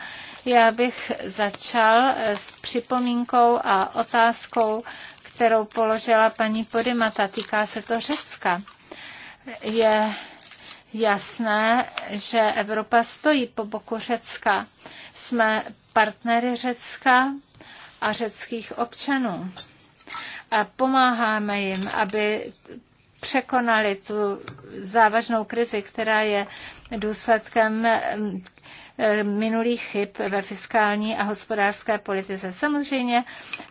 [SPEAKER 1] já bych začal eh, s připomínkou a otázkou, kterou položila paní Podimata. Týká se to Řecka. Je jasné, že Evropa stojí po boku Řecka. Jsme partnery Řecka a řeckých občanů. A pomáháme jim, aby překonali tu závažnou krizi, která je důsledkem minulých chyb ve fiskální a hospodářské politice. Samozřejmě,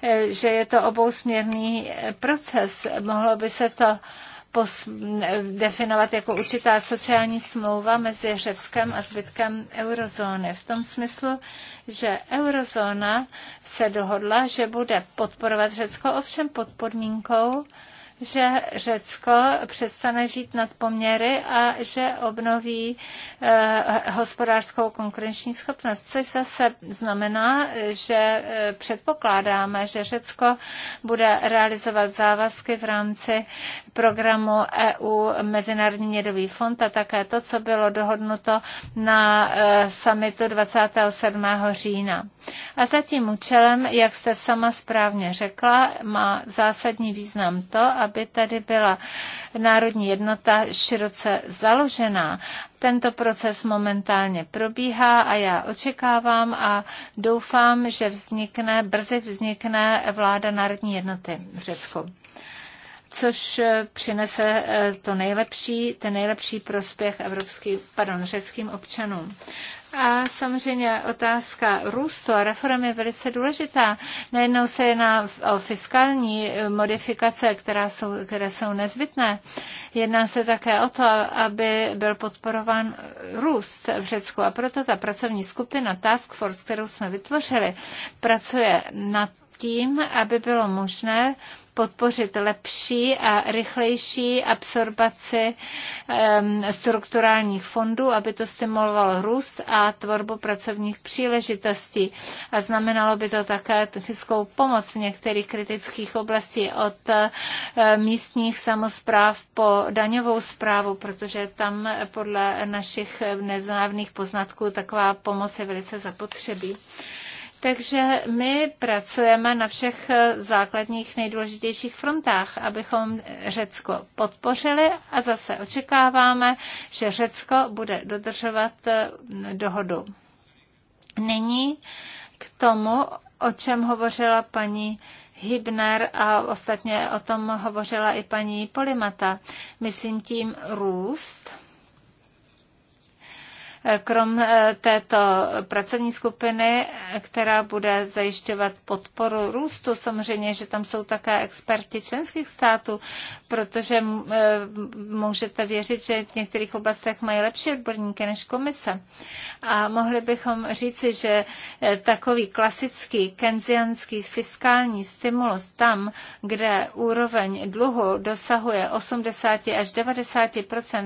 [SPEAKER 1] eh, že je to obousměrný proces. Mohlo by se to definovat jako určitá sociální smlouva mezi Řeckem a zbytkem eurozóny. V tom smyslu, že eurozóna se dohodla, že bude podporovat Řecko, ovšem pod podmínkou, že Řecko přestane žít nad poměry a že obnoví eh, hospodářskou konkurenční schopnost, což zase znamená, že eh, předpokládáme, že Řecko bude realizovat závazky v rámci programu EU Mezinárodní měnový fond a také to, co bylo dohodnuto na eh, summitu 27. října. A za tím účelem, jak jste sama správně řekla, má zásadní význam to, aby tady byla národní jednota široce založená. Tento proces momentálně probíhá a já očekávám a doufám, že vznikne, brzy vznikne vláda národní jednoty v Řecku což eh, přinese eh, to nejlepší, ten nejlepší prospěch evropský, pardon, řeckým občanům. A samozřejmě otázka růstu a reform je velice důležitá. Nejednou se jedná o fiskální eh, modifikace, která jsou, které jsou nezbytné. Jedná se také o to, aby byl podporován růst v Řecku. A proto ta pracovní skupina Task Force, kterou jsme vytvořili, pracuje na tím, aby bylo možné podpořit lepší a rychlejší absorbaci strukturálních fondů, aby to stimulovalo růst a tvorbu pracovních příležitostí. A znamenalo by to také technickou pomoc v některých kritických oblastí od eh, místních samozpráv po daňovou zprávu, protože tam podle našich neznávných poznatků taková pomoc je velice zapotřebí. Takže my pracujeme na všech eh, základních nejdůležitějších frontách, abychom Řecko podpořili a zase očekáváme, že Řecko bude dodržovat eh, dohodu. Nyní k tomu, o čem hovořila paní Hibner a ostatně o tom hovořila i paní Polimata. Myslím tím růst Krom eh, této pracovní skupiny, která bude zajišťovat podporu růstu, samozřejmě, že tam jsou také experti členských států, protože eh, můžete věřit, že v některých oblastech mají lepší odborníky než komise. A mohli bychom říci, že eh, takový klasický kenzianský fiskální stimulus tam, kde úroveň dluhu dosahuje 80 až 90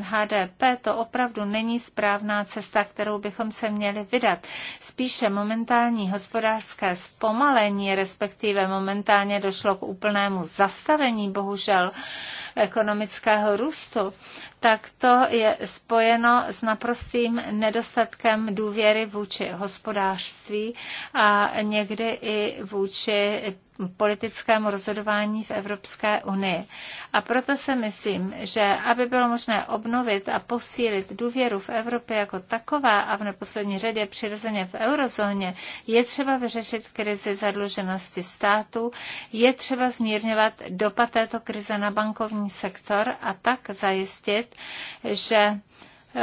[SPEAKER 1] HDP, to opravdu není správná cesta cesta, kterou bychom se měli vydat. Spíše momentální hospodářské zpomalení, respektive momentálně došlo k úplnému zastavení, bohužel, ekonomického růstu, tak to je spojeno s naprostým nedostatkem důvěry vůči hospodářství a někdy i vůči politickému rozhodování v Evropské unii. A proto se myslím, že aby bylo možné obnovit a posílit důvěru v Evropě jako taková a v neposlední řadě přirozeně v eurozóně, je třeba vyřešit krizi zadluženosti států, je třeba zmírňovat dopad této krize na bankovní sektor a tak zajistit, že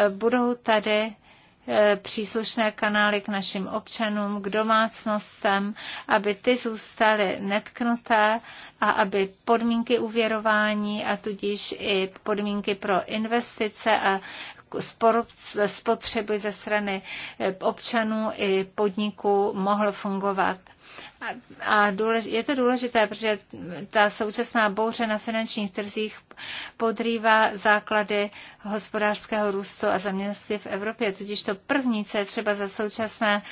[SPEAKER 1] budou tady Eh, příslušné kanály k našim občanům, k domácnostem, aby ty zůstaly netknuté a aby podmínky uvěrování a tudíž i podmínky pro investice a spotřeby ze strany eh, občanů i podniků mohlo fungovat. A je to důležité, protože ta současná bouře na finančních trzích podrývá základy hospodářského růstu a zaměstnosti v Evropě. Tudíž to první, co je třeba za současné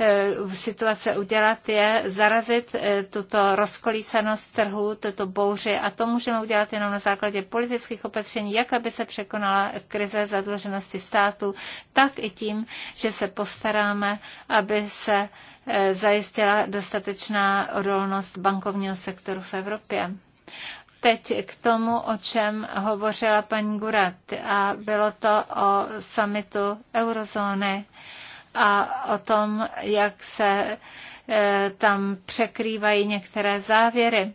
[SPEAKER 1] eh, situace udělat, je zarazit eh, tuto rozkolísanost trhu, tuto bouři a to můžeme udělat jenom na základě politických opatření, jak aby se překonala krize zadluženosti státu, tak i tím, že se postaráme, aby se eh, zajistila dostatečná odolnost bankovního sektoru v Evropě. Teď k tomu, o čem hovořila paní Gurat, a bylo to o samitu eurozóny a o tom, jak se e, tam překrývají některé závěry.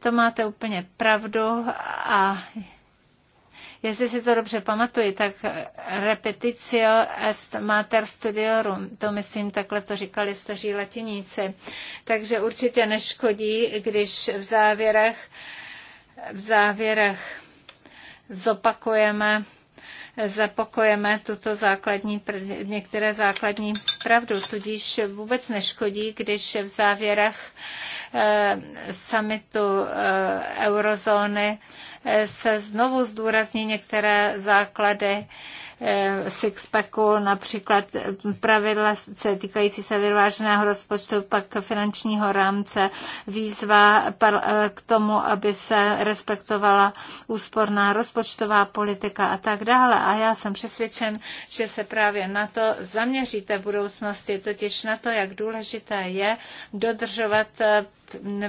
[SPEAKER 1] To máte úplně pravdu a jestli si to dobře pamatuji, tak repetitio est mater studiorum, to myslím, takhle to říkali staří latiníci. Takže určitě neškodí, když v závěrech v závěrech zopakujeme, zapokojeme tuto základní, některé základní pravdu. Tudíž vůbec neškodí, když v závěrech eh, samitu eh, eurozóny eh, se znovu zdůrazní některé základy Eh, sixpacku, například pravidla se týkající se vyváženého rozpočtu, pak finančního rámce, výzva eh, k tomu, aby se respektovala úsporná rozpočtová politika a tak dále. A já jsem přesvědčen, že se právě na to zaměříte v budoucnosti, totiž na to, jak důležité je dodržovat eh,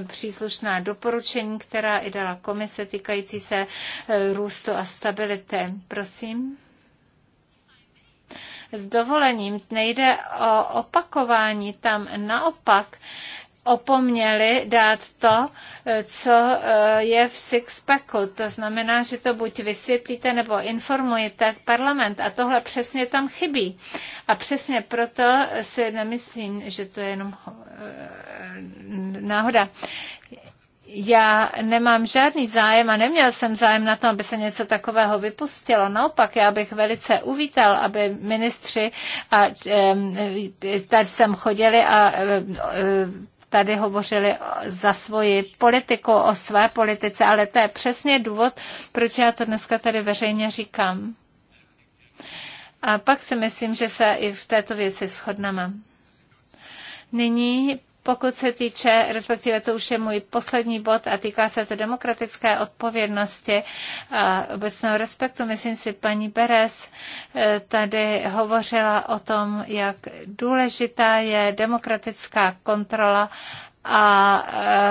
[SPEAKER 1] příslušná doporučení, která i dala komise týkající se růstu a stability. Prosím. S dovolením nejde o opakování, tam naopak opomněli dát to, co eh, je v sixpacku. To znamená, že to buď vysvětlíte nebo informujete parlament. A tohle přesně tam chybí. A přesně proto si nemyslím, že to je jenom eh, náhoda já nemám žádný zájem a neměl jsem zájem na tom, aby se něco takového vypustilo. Naopak, já bych velice uvítal, aby ministři a tady jsem chodili a tady hovořili za svoji politiku, o své politice, ale to je přesně důvod, proč já to dneska tady veřejně říkám. A pak si myslím, že se i v této věci shodneme. Nyní pokud se týče, respektive to už je můj poslední bod a týká se to demokratické odpovědnosti a obecného respektu, myslím si, paní Beres eh, tady hovořila o tom, jak důležitá je demokratická kontrola a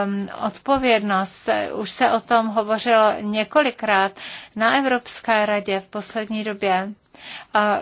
[SPEAKER 1] um, odpovědnost. Už se o tom hovořilo několikrát na Evropské radě v poslední době. A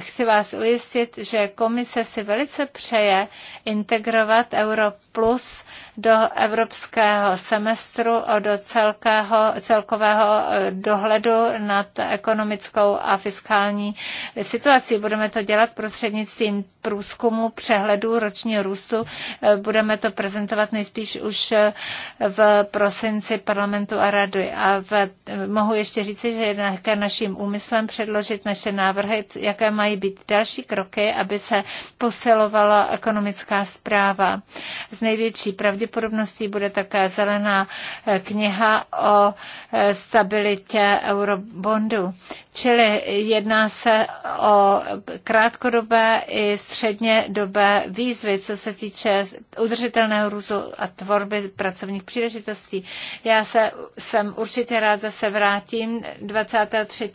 [SPEAKER 1] chci vás ujistit, že komise si velice přeje integrovat Euro plus do evropského semestru a do celkého, celkového eh, dohledu nad ekonomickou a fiskální situací. Budeme to dělat prostřednictvím průzkumu přehledu ročního růstu. Eh, budeme to prezentovat nejspíš už eh, v prosinci parlamentu a rady. A v, mohu ještě říci, že je naším úmyslem předložit naše vaše návrhy, jaké mají být další kroky, aby se posilovala ekonomická zpráva. Z největší pravděpodobností bude také zelená eh, kniha o eh, stabilitě eurobondu. Čili jedná se o krátkodobé i středně dobé výzvy, co se týče udržitelného růzu a tvorby pracovních příležitostí. Já se, jsem určitě rád zase vrátím 23.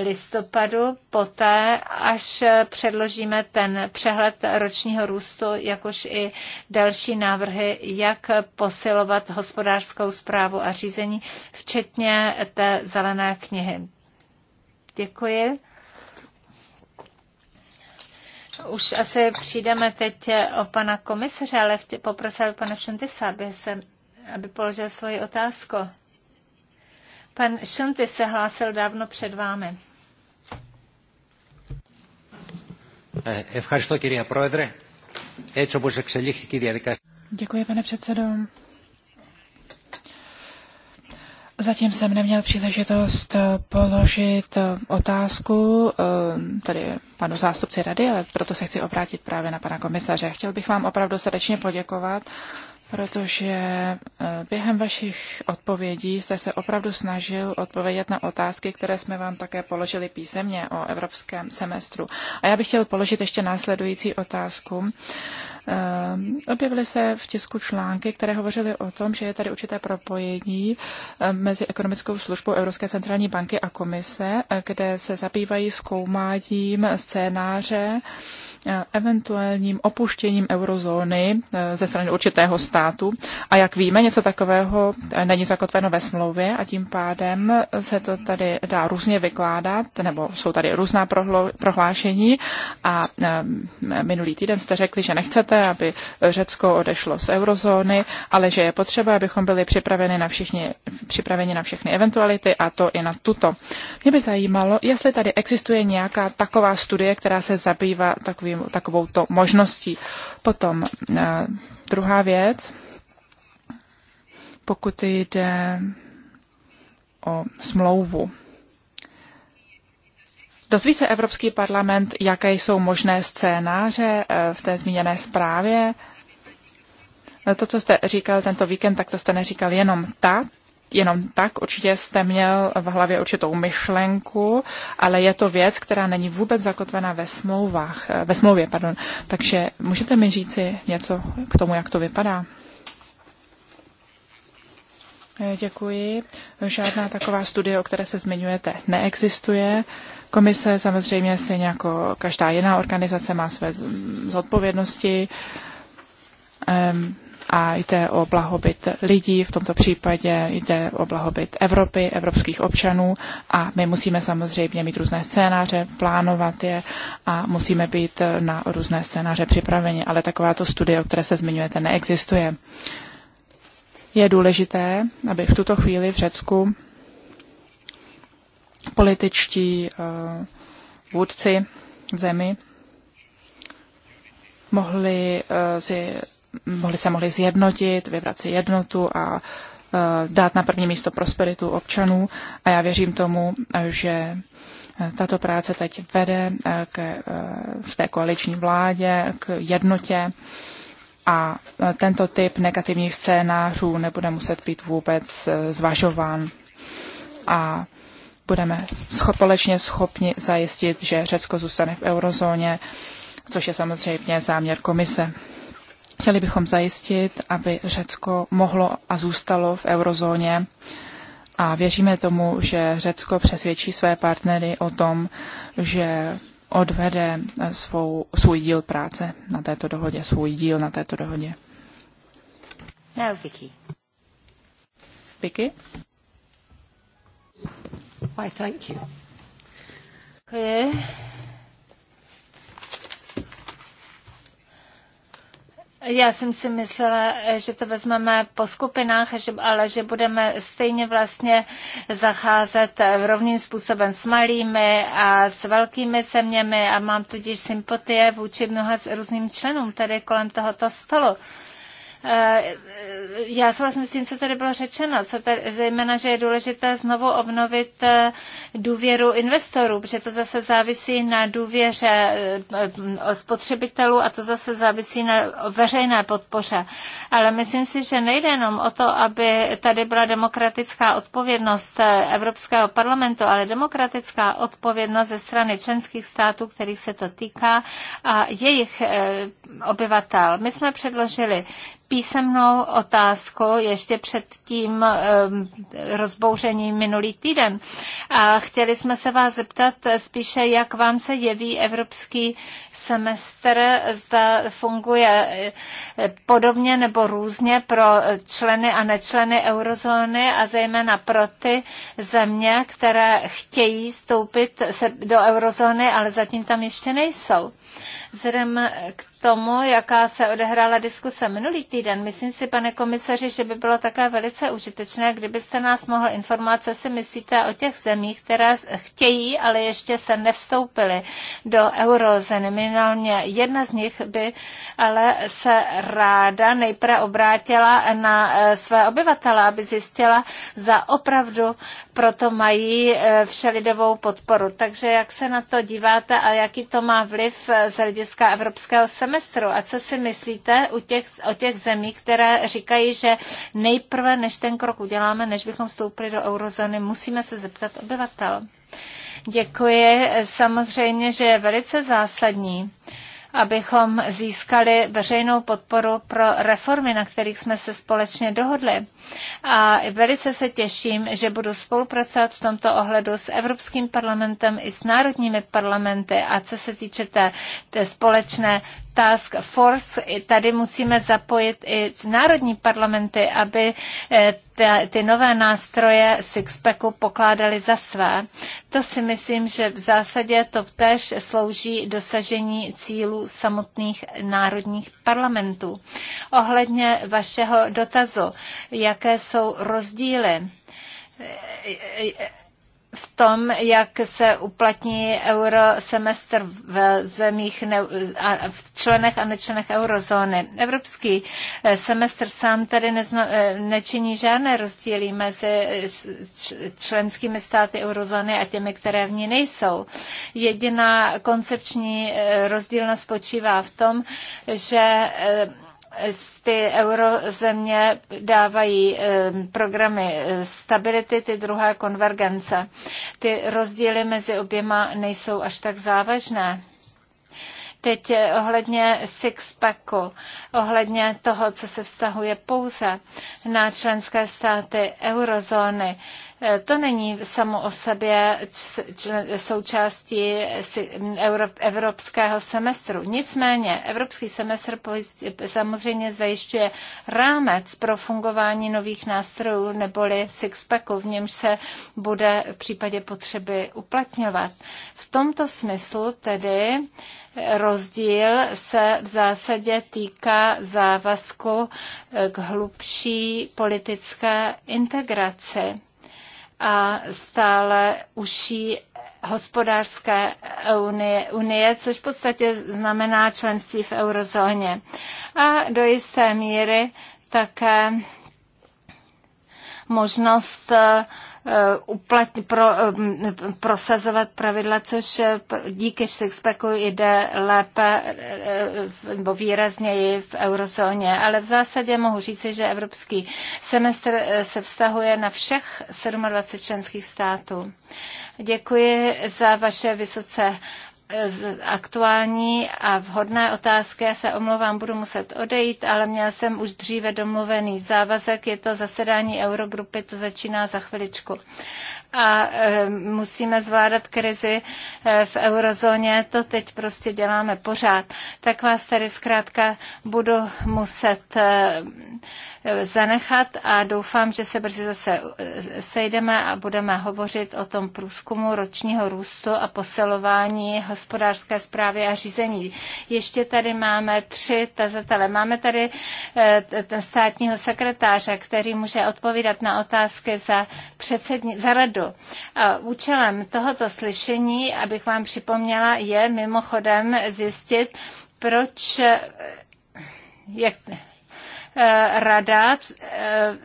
[SPEAKER 1] listopadu, poté, až předložíme ten přehled ročního růstu, jakož i další návrhy, jak posilovat hospodářskou zprávu a řízení, včetně té zelené knihy. Děkuji. Už asi přijdeme teď o pana komisaře, ale poprosil pana Šuntisa, aby, se, aby položil svoji otázku. Pan Šunty se hlásil dávno před vámi. Eh, Děkuji, pane předsedo.
[SPEAKER 3] Zatím jsem neměl příležitost eh, položit eh, otázku eh, tady panu zástupci rady, ale proto se chci obrátit právě na pana komisaře. Chtěl bych vám opravdu srdečně poděkovat, protože během vašich odpovědí jste se opravdu snažil odpovědět na otázky, které jsme vám také položili písemně o evropském semestru. A já bych chtěl položit ještě následující otázku. Ehm, objevily se v tisku články, které hovořily o tom, že je tady určité propojení ehm, mezi ekonomickou službou Evropské centrální banky a komise, eh, kde se zabývají zkoumáním scénáře eh, eventuálním opuštěním eurozóny eh, ze strany určitého státu. A jak víme, něco takového není zakotveno ve smlouvě a tím pádem se to tady dá různě vykládat, nebo jsou tady různá prohlášení. A ehm, minulý týden jste řekli, že nechcete důležité, aby Řecko odešlo z eurozóny, ale že je potřeba, abychom byli připraveni na, všichni, připraveni na všechny eventuality a to i na tuto. Mě by zajímalo, jestli tady existuje nějaká taková studie, která se zabývá takovým, takovouto možností. Potom eh, druhá věc, pokud jde o smlouvu Dozví se Evropský parlament, jaké jsou možné scénáře eh, v té zmíněné zprávě? Eh, to, co jste říkal tento víkend, tak to jste neříkal jenom tak, jenom tak, určitě jste měl v hlavě určitou myšlenku, ale je to věc, která není vůbec zakotvená ve smlouvách, eh, ve smlouvě, pardon. Takže můžete mi říci něco k tomu, jak to vypadá? Děkuji. Žádná taková studie, o které se zmiňujete, neexistuje. Komise samozřejmě stejně jako každá jiná organizace má své zodpovědnosti a jde o blahobyt lidí, v tomto případě jde o blahobyt Evropy, evropských občanů a my musíme samozřejmě mít různé scénáře, plánovat je a musíme být na různé scénáře připraveni, ale takováto studie, o které se zmiňujete, neexistuje. Je důležité, aby v tuto chvíli v Řecku političtí eh, vůdci v zemi mohli, eh, si, mohli se mohli zjednotit, vybrat si jednotu a eh, dát na první místo prosperitu občanů. A já věřím tomu, že tato práce teď vede k, v té koaliční vládě k jednotě a tento typ negativních scénářů nebude muset být vůbec zvažován. A budeme společně schopni zajistit, že Řecko zůstane v eurozóně, což je samozřejmě záměr komise. Chtěli bychom zajistit, aby Řecko mohlo a zůstalo v eurozóně a věříme tomu, že Řecko přesvědčí své partnery o tom, že odvede svou, svůj díl práce na této dohodě, svůj díl na této dohodě.
[SPEAKER 1] Now, Vicky. Vicky? Why, thank you. Děkuji. Já jsem si myslela, že to vezmeme po skupinách, ale že budeme stejně vlastně zacházet rovným způsobem s malými a s velkými zeměmi a mám tudíž sympatie vůči mnoha různým členům tady kolem tohoto stolu. Eh, já souhlasím s tím, co tady bylo řečeno, co tady, zejména, že je důležité znovu obnovit eh, důvěru investorů, protože to zase závisí na důvěře eh, od spotřebitelů a to zase závisí na veřejné podpoře. Ale myslím si, že nejde jenom o to, aby tady byla demokratická odpovědnost Evropského parlamentu, ale demokratická odpovědnost ze strany členských států, kterých se to týká a jejich obyvatel. My jsme předložili písemnou otázkou ještě před tím rozbouřením minulý týden. A chtěli jsme se vás zeptat spíše, jak vám se jeví evropský semestr, zda funguje eh, podobně nebo různě pro členy a nečleny eurozóny a zejména pro ty země, které chtějí stoupit do eurozóny, ale zatím tam ještě nejsou. Vzhledem k tomu, jaká se odehrála diskuse minulý týden. Myslím si, pane komisaři, že by bylo také velice užitečné, kdybyste nás mohl informovat, co si myslíte o těch zemích, které chtějí, ale ještě se nevstoupily do eurozóny. Minimálně jedna z nich by ale se ráda nejprve obrátila na eh, své obyvatele, aby zjistila, za opravdu proto mají eh, všelidovou podporu. Takže jak se na to díváte a jaký to má vliv eh, z hlediska evropského semestru? semestru. A co si myslíte u těch, o těch zemí, které říkají, že nejprve, než ten krok uděláme, než bychom vstoupili do eurozóny, musíme se zeptat obyvatel? Děkuji. Samozřejmě, že je velice zásadní, abychom získali veřejnou podporu pro reformy, na kterých jsme se společně dohodli. A velice se těším, že budu spolupracovat v tomto ohledu s Evropským parlamentem i s národními parlamenty a co se týče té, té společné Task Force. tady musíme zapojit i národní parlamenty, aby eh, ty nové nástroje Sixpacku pokládali za své. To si myslím, že v zásadě to tež slouží dosažení cílů samotných národních parlamentů. Ohledně vašeho dotazu, jaké jsou rozdíly? v tom, jak se uplatní eurosemestr v zemích ne, a v členech a nečlenech eurozóny. Evropský eh, semestr sám tady nezno, eh, nečiní žádné rozdíly mezi eh, členskými státy eurozóny a těmi, které v ní nejsou. Jediná koncepční rozdílnost spočívá v tom, že ty eurozemě dávají programy eh, stability, ty druhé konvergence. Ty rozdíly mezi oběma nejsou až tak závažné teď eh, ohledně sixpacku, ohledně toho, co se vztahuje pouze na členské státy eurozóny. Eh, to není samo o sobě součástí evropského semestru. Nicméně evropský semestr samozřejmě zajišťuje rámec pro fungování nových nástrojů neboli sixpacku, v němž se bude v případě potřeby uplatňovat. V tomto smyslu tedy eh, rozdíl se v zásadě týká závazku eh, k hlubší politické integraci a stále užší hospodářské unie, unie, což v podstatě znamená členství v eurozóně. A do jisté míry také možnost uh, Eh, uplat, pro, eh, prosazovat pravidla, což eh, díky Sixpacku jde lépe nebo výrazněji v eurozóně. Ale v zásadě mohu říci, že evropský semestr se vztahuje na všech 27 členských států. Děkuji za vaše vysoce aktuální a vhodné otázky. Já se omlouvám, budu muset odejít, ale měl jsem už dříve domluvený závazek. Je to zasedání Eurogrupy, to začíná za chviličku a e, musíme zvládat krizi e, v eurozóně. To teď prostě děláme pořád. Tak vás tady zkrátka budu muset e, zanechat a doufám, že se brzy zase sejdeme a budeme hovořit o tom průzkumu ročního růstu a posilování hospodářské zprávy a řízení. Ještě tady máme tři tazatele. Máme tady státního sekretáře, který může odpovídat na otázky za, předsední, za radu míru. účelem tohoto slyšení, abych vám připomněla, je mimochodem zjistit, proč eh, jak, eh, rada eh,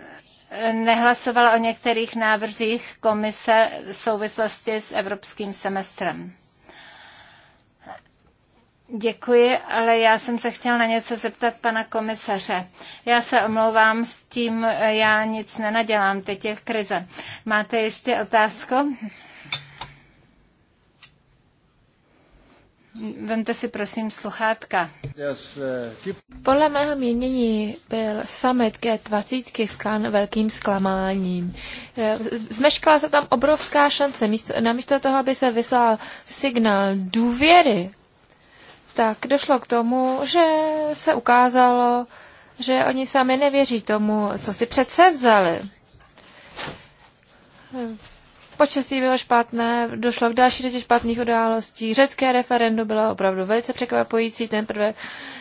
[SPEAKER 1] nehlasovala o některých návrzích komise v souvislosti s evropským semestrem. Děkuji, ale já jsem se chtěla na něco zeptat pana komisaře. Já se omlouvám s tím, eh, já nic nenadělám teď je krize. Máte ještě otázku? Vemte si prosím sluchátka.
[SPEAKER 2] Eh,
[SPEAKER 1] Podle mého mínění byl summit G20
[SPEAKER 2] v Kan velkým zklamáním. Eh, zmeškala se tam obrovská šance. Místo, namísto toho, aby se vyslal signál důvěry tak došlo k tomu, že se ukázalo, že oni sami nevěří tomu, co si přece vzali. Počasí bylo špatné, došlo k další řadě špatných událostí. Řecké referendum bylo opravdu velice překvapující ten prvé,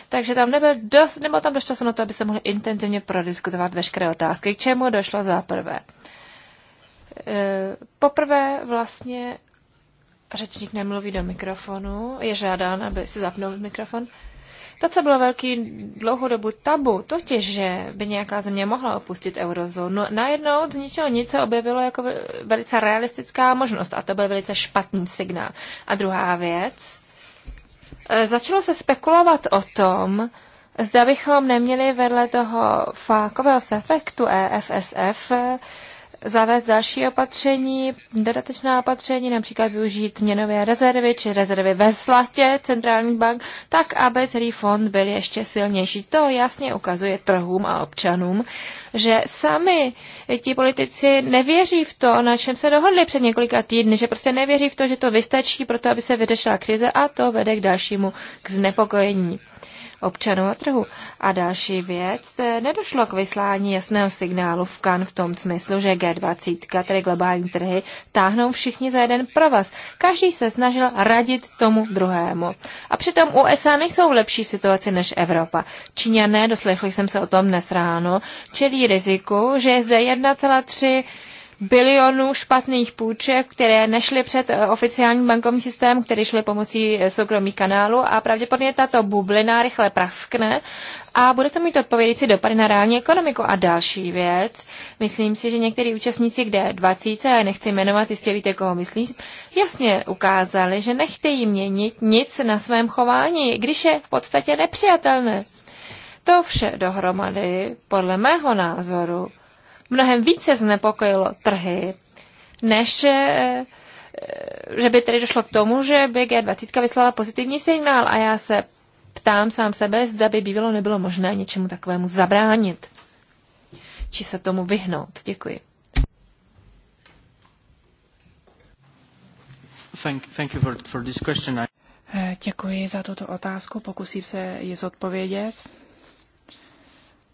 [SPEAKER 2] takže tam nebyl dost, nebo tam došlo se na to, aby se mohli intenzivně prodiskutovat veškeré otázky, k čemu došlo za prvé. E, poprvé vlastně Řečník nemluví do mikrofonu, je žádán, aby si zapnul mikrofon. To, co bylo velký dlouhodobu tabu, totiž, že by nějaká země mohla opustit eurozónu, najednou z ničeho nic se objevilo jako velice realistická možnost a to byl velice špatný signál. A druhá věc, e, začalo se spekulovat o tom, zda bychom neměli vedle toho fákového efektu EFSF zavést další opatření, dodatečná opatření, například využít měnové rezervy či rezervy ve zlatě centrální bank, tak aby celý fond byl ještě silnější. To jasně ukazuje trhům a občanům, že sami ti politici nevěří v to, na čem se dohodli před několika týdny, že prostě nevěří v to, že to vystačí pro to, aby se vyřešila krize a to vede k dalšímu k znepokojení občanů a trhu. A další věc, eh, nedošlo k vyslání jasného signálu v Kan v tom smyslu, že G20, tedy globální trhy, táhnou všichni za jeden provaz. Každý se snažil radit tomu druhému. A přitom USA nejsou v lepší situaci než Evropa. Číňané, doslechli jsem se o tom dnes ráno, čelí riziku, že je zde 1,3 bilionů špatných půjček, které nešly před eh, oficiální bankovní systém, které šly pomocí eh, soukromých kanálů a pravděpodobně tato bublina rychle praskne a bude to mít odpovědící dopady na reální ekonomiku. A další věc, myslím si, že některý účastníci kde 20, a nechci jmenovat, jistě víte, koho myslím, jasně ukázali, že nechtějí měnit nic na svém chování, když je v podstatě nepřijatelné. To vše dohromady, podle mého názoru, mnohem více znepokojilo trhy, než eh, eh, že by tedy došlo k tomu, že by G20 vyslala pozitivní signál a já se ptám sám sebe, zda by bývalo nebylo možné něčemu takovému zabránit, či se tomu vyhnout. Děkuji.
[SPEAKER 1] Thank, thank you for, for this question. I...
[SPEAKER 3] Eh, děkuji za tuto otázku, pokusím se ji zodpovědět.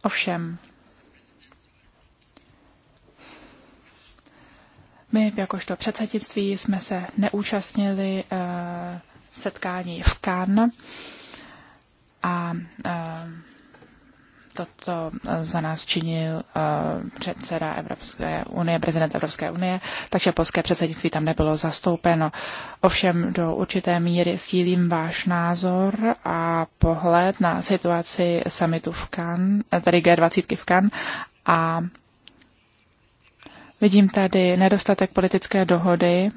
[SPEAKER 3] Ovšem, My jakožto předsednictví jsme se neúčastnili eh, setkání v Cannes a eh, toto za nás činil eh, předseda Evropské unie, prezident Evropské unie, takže polské předsednictví tam nebylo zastoupeno. Ovšem do určité míry sdílím váš názor a pohled na situaci summitu v Cannes, tedy G20 v Cannes a Vidím tady nedostatek politické dohody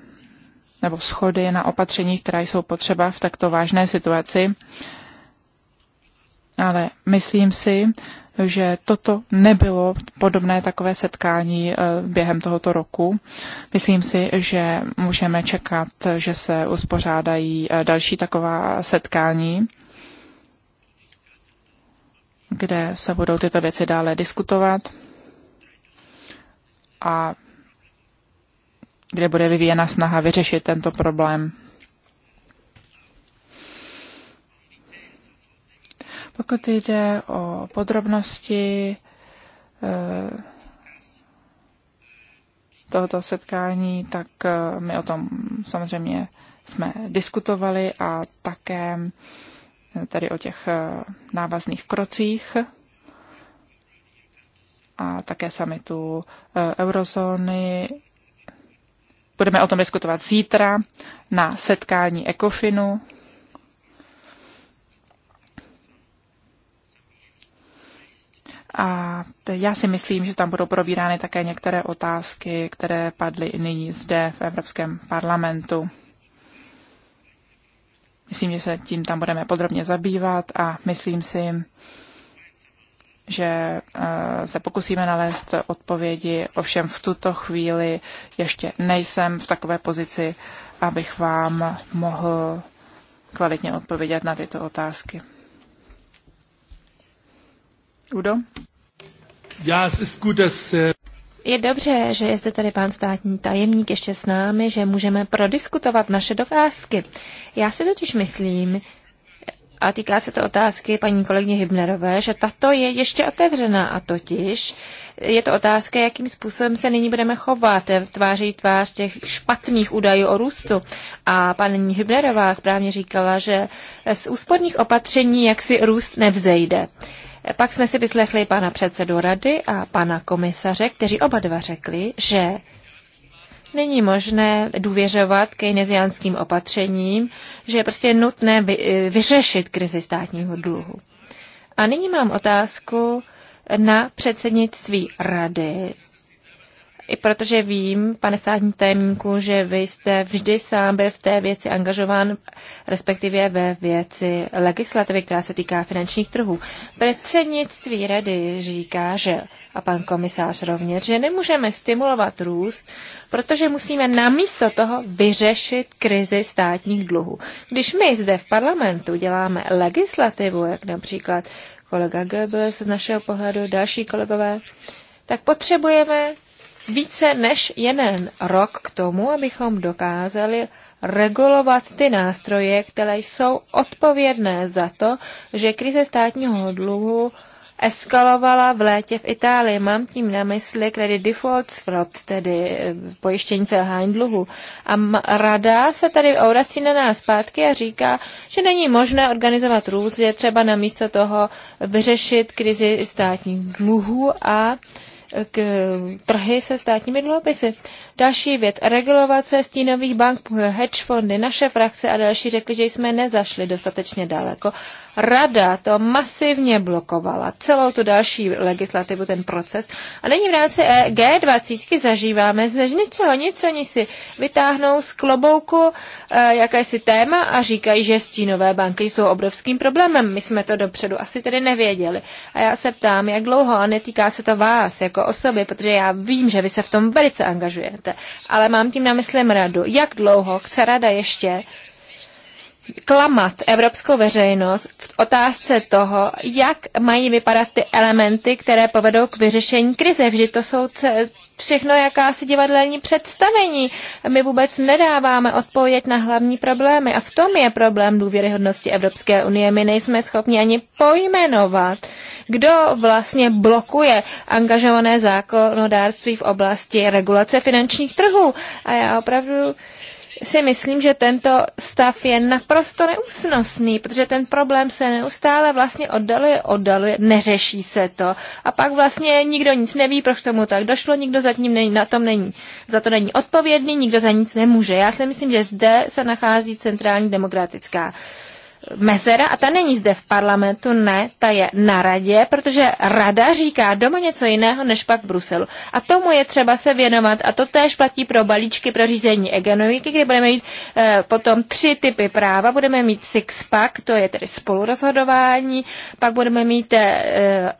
[SPEAKER 3] nebo schody na opatření, která jsou potřeba v takto vážné situaci. Ale myslím si, že toto nebylo podobné takové setkání eh, během tohoto roku. Myslím si, že můžeme čekat, že se uspořádají eh, další taková setkání, kde se budou tyto věci dále diskutovat a kde bude vyvíjena snaha vyřešit tento problém. Pokud jde o podrobnosti eh, tohoto setkání, tak eh, my o tom samozřejmě jsme diskutovali a také eh, tady o těch návazných krocích a také samitu eh, eurozóny. Budeme o tom diskutovat zítra na setkání ECOFINu. A já si myslím, že tam budou probírány také některé otázky, které padly i nyní zde v Evropském parlamentu. Myslím, že se tím tam budeme podrobně zabývat a myslím si, že eh, se pokusíme nalézt odpovědi, ovšem v tuto chvíli ještě nejsem v takové pozici, abych vám mohl kvalitně odpovědět na tyto otázky. Udo? Já, se ist eh,
[SPEAKER 2] je dobře, že je zde tady pán státní tajemník ještě s námi, že můžeme prodiskutovat naše dokázky. Já si totiž myslím, a týká se to otázky paní kolegyně Hybnerové, že tato je ještě otevřená a totiž je to otázka, jakým způsobem se nyní budeme chovat eh, tváří tvář těch špatných údajů o růstu. A paní Hybnerová správně říkala, že z úsporných opatření jaksi růst nevzejde. Pak jsme si vyslechli pana předsedu rady a pana komisaře, kteří oba dva řekli, že není možné důvěřovat keynesiánským opatřením, že je prostě nutné eh, vyřešit krizi státního dluhu. A nyní mám otázku na předsednictví rady i protože vím, pane státní tajemníku, že vy jste vždy sám byl v té věci angažován, respektive ve věci legislativy, která se týká finančních trhů. Předsednictví rady říká, že a pan komisář rovněž, že nemůžeme stimulovat růst, protože musíme namísto toho vyřešit krizi státních dluhů. Když my zde v parlamentu děláme legislativu, jak například kolega Goebbels z našeho pohledu, další kolegové, tak potřebujeme více než jeden rok k tomu, abychom dokázali regulovat ty nástroje, které jsou odpovědné za to, že krize státního dluhu eskalovala v létě v Itálii. Mám tím na mysli credit default swap, tedy eh, pojištění selhání dluhu. A rada se tady obrací na nás zpátky a říká, že není možné organizovat růst, je třeba místo toho vyřešit krizi státních dluhů a uh, k, trhy se státními dluhopisy. Další věc, regulace stínových bank, eh, hedge fondy, naše frakce a další řekli, že jsme nezašli dostatečně daleko Rada to masivně blokovala, celou tu další legislativu, ten proces. A nyní v rámci e- G20 zažíváme z ničeho nic, oni si vytáhnou z klobouku e, jakési téma a říkají, že stínové banky jsou obrovským problémem. My jsme to dopředu asi tedy nevěděli. A já se ptám, jak dlouho, a netýká se to vás jako osoby, protože já vím, že vy se v tom velice angažujete, ale mám tím na mysli radu, jak dlouho chce rada ještě klamat evropskou veřejnost v otázce toho, jak mají vypadat ty elementy, které povedou k vyřešení krize. Vždy to jsou všechno jakási divadelní představení. My vůbec nedáváme odpověď na hlavní problémy a v tom je problém důvěryhodnosti Evropské unie. My nejsme schopni ani pojmenovat, kdo vlastně blokuje angažované zákonodárství v oblasti regulace finančních trhů. A já opravdu si myslím, že tento stav je naprosto neúsnosný, protože ten problém se neustále vlastně oddaluje, oddaluje, neřeší se to. A pak vlastně nikdo nic neví, proč tomu tak došlo, nikdo za tím není, na tom není, za to není odpovědný, nikdo za nic nemůže. Já si myslím, že zde se nachází centrální demokratická mezera a ta není zde v parlamentu, ne, ta je na radě, protože rada říká doma něco jiného než pak v Bruselu. A tomu je třeba se věnovat a to též platí pro balíčky pro řízení ekonomiky, kde budeme mít eh, potom tři typy práva. Budeme mít six-pack, to je tedy spolurozhodování, pak budeme mít eh,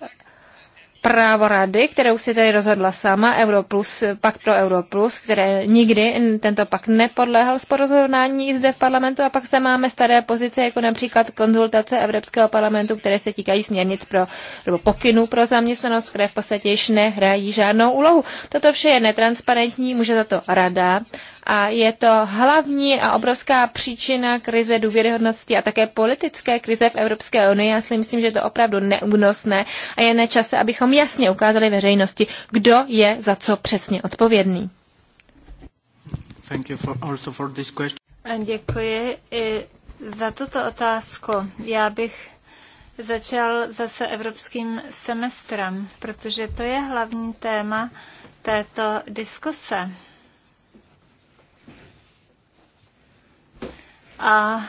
[SPEAKER 2] právo rady, kterou si tedy rozhodla sama, Europlus, pak pro Europlus, které nikdy tento pak nepodléhal sporozhodnání zde v parlamentu a pak se máme staré pozice, jako například konzultace Evropského parlamentu, které se týkají směrnic pro, nebo pokynů pro zaměstnanost, které v podstatě již nehrají žádnou úlohu. Toto vše je netransparentní, může za to rada a je to hlavní a obrovská příčina krize důvěryhodnosti a také politické krize v Evropské unii. Já si myslím, že je to opravdu neúnosné a je na čase, abychom jasně ukázali veřejnosti, kdo je za co přesně odpovědný.
[SPEAKER 1] Thank you for, also for this question. Děkuji i za tuto otázku. Já bych začal zase evropským semestrem, protože to je hlavní téma této diskuse. a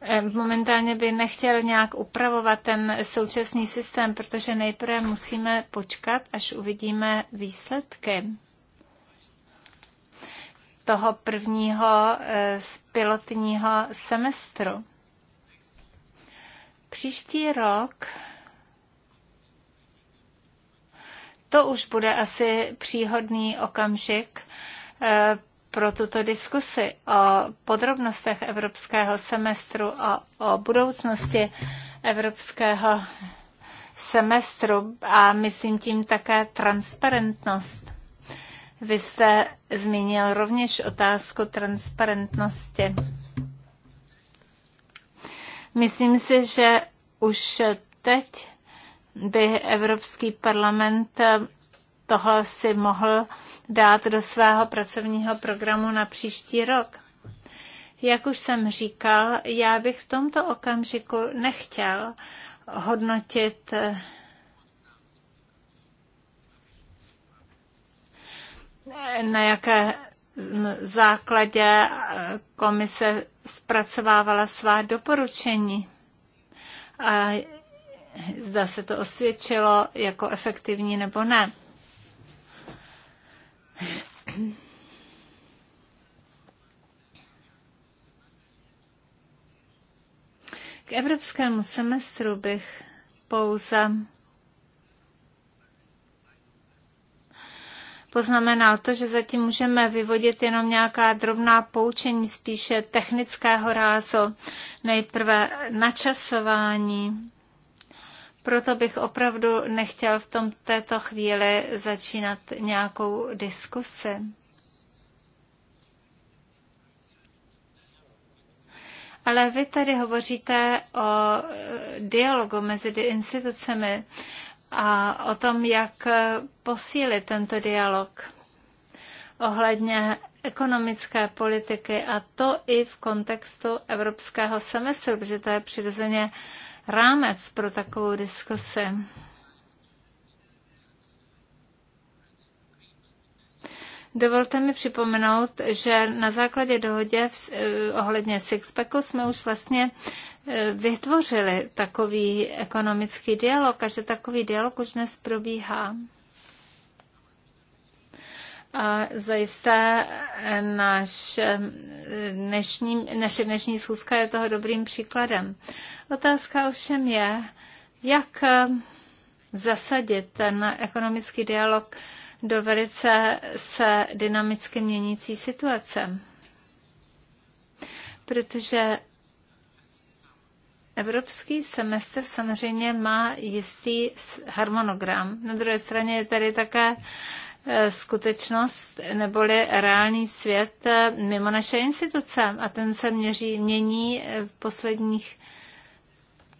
[SPEAKER 1] eh, momentálně by nechtěl nějak upravovat ten současný systém, protože nejprve musíme počkat, až uvidíme výsledky toho prvního eh, z pilotního semestru. Příští rok to už bude asi příhodný okamžik eh, pro tuto diskusi o podrobnostech evropského semestru a o budoucnosti evropského semestru a myslím tím také transparentnost. Vy jste zmínil rovněž otázku transparentnosti. Myslím si, že už teď by Evropský parlament tohle si mohl dát do svého pracovního programu na příští rok. Jak už jsem říkal, já bych v tomto okamžiku nechtěl hodnotit eh, na jaké základě komise zpracovávala svá doporučení. A zda se to osvědčilo jako efektivní nebo ne. K evropskému semestru bych pouze poznamenal to, že zatím můžeme vyvodit jenom nějaká drobná poučení spíše technického rázu, nejprve načasování proto bych opravdu nechtěl v tom, této chvíli začínat nějakou diskusi. Ale vy tady hovoříte o eh, dialogu mezi institucemi a o tom, jak eh, posílit tento dialog ohledně ekonomické politiky a to i v kontextu evropského semestru, protože to je přirozeně uh, rámec pro takovou diskusi. Dovolte mi připomenout, že na základě dohodě v, eh, ohledně Sixpacku jsme už vlastně eh, vytvořili takový ekonomický dialog a že takový dialog už dnes probíhá. A zajisté eh, náš eh, dnešní, naše dnešní schůzka je toho dobrým příkladem. Otázka ovšem je, jak eh, zasadit ten ekonomický dialog do velice se dynamicky měnící situace. Protože Evropský semestr samozřejmě má jistý harmonogram. Na druhé straně je tady také Eh, skutečnost neboli reálný svět eh, mimo naše instituce a ten se měří, mění eh, v posledních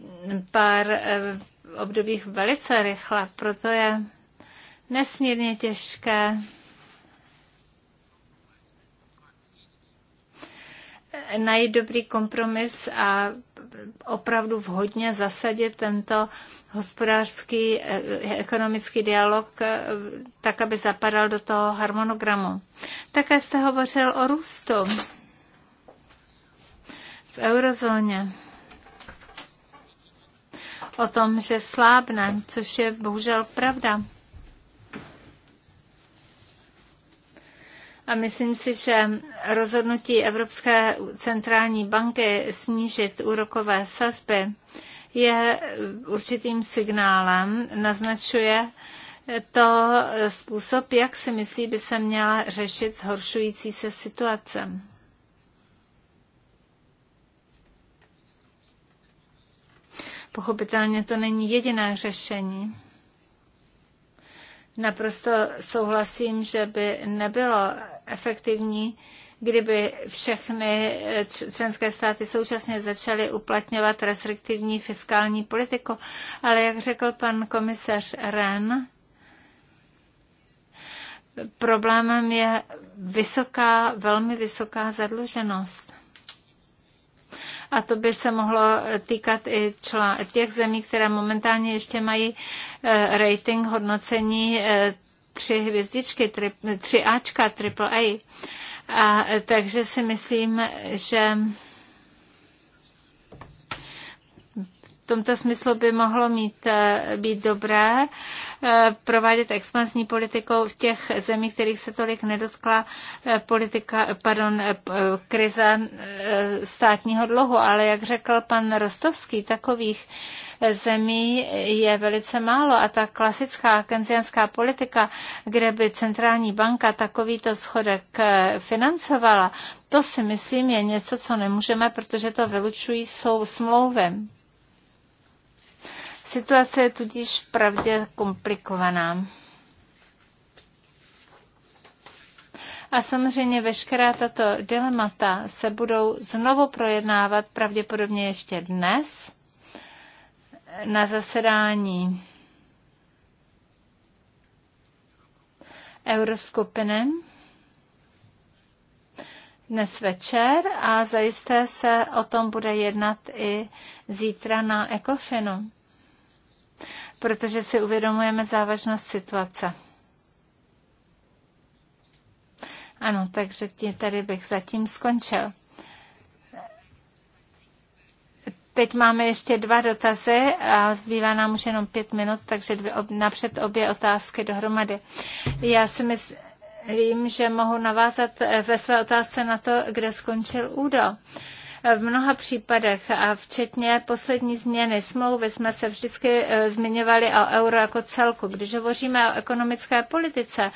[SPEAKER 1] mm, pár obdobích velice rychle, proto je nesmírně těžké najít dobrý kompromis a opravdu vhodně zasadit tento hospodářský, eh, ekonomický dialog eh, tak, aby zapadal do toho harmonogramu. Také jste hovořil o růstu v eurozóně. O tom, že slábne, což je bohužel pravda. A myslím si, že rozhodnutí Evropské centrální banky snížit úrokové sazby je určitým signálem, naznačuje to způsob, jak si myslí, by se měla řešit zhoršující se situace. Pochopitelně to není jediné řešení. Naprosto souhlasím, že by nebylo efektivní, kdyby všechny členské státy současně začaly uplatňovat restriktivní fiskální politiku. Ale jak řekl pan komisař Ren, problémem je vysoká, velmi vysoká zadluženost. A to by se mohlo týkat i těch zemí, které momentálně ještě mají eh, rating hodnocení eh, tři hvězdičky, tri, tři Ačka, triple A. A takže si myslím, že tomto smyslu by mohlo mít, eh, být dobré eh, provádět expansní politikou v těch zemích, kterých se tolik nedotkla eh, politika, pardon, krize státního dluhu. Ale jak řekl pan Rostovský, takových zemí je velice málo a ta klasická kenzianská politika, kde by centrální banka takovýto schodek financovala, to si myslím je něco, co nemůžeme, protože to vylučují jsou smlouvem. Situace je tudíž pravdě komplikovaná. A samozřejmě veškerá tato dilemata se budou znovu projednávat pravděpodobně ještě dnes na zasedání euroskupiny dnes večer a zajisté se o tom bude jednat i zítra na Ekofinu protože si uvědomujeme závažnost situace. Ano, takže tady bych zatím skončil. Teď máme ještě dva dotazy a zbývá nám už jenom pět minut, takže dvě, napřed obě otázky dohromady. Já si myslím, že mohu navázat eh, ve své otázce na to, kde skončil Udo. Uh, v mnoha případech, a včetně poslední změny smlouvy, jsme se vždycky e, zmiňovali o euro jako celku. Když hovoříme o ekonomické politice,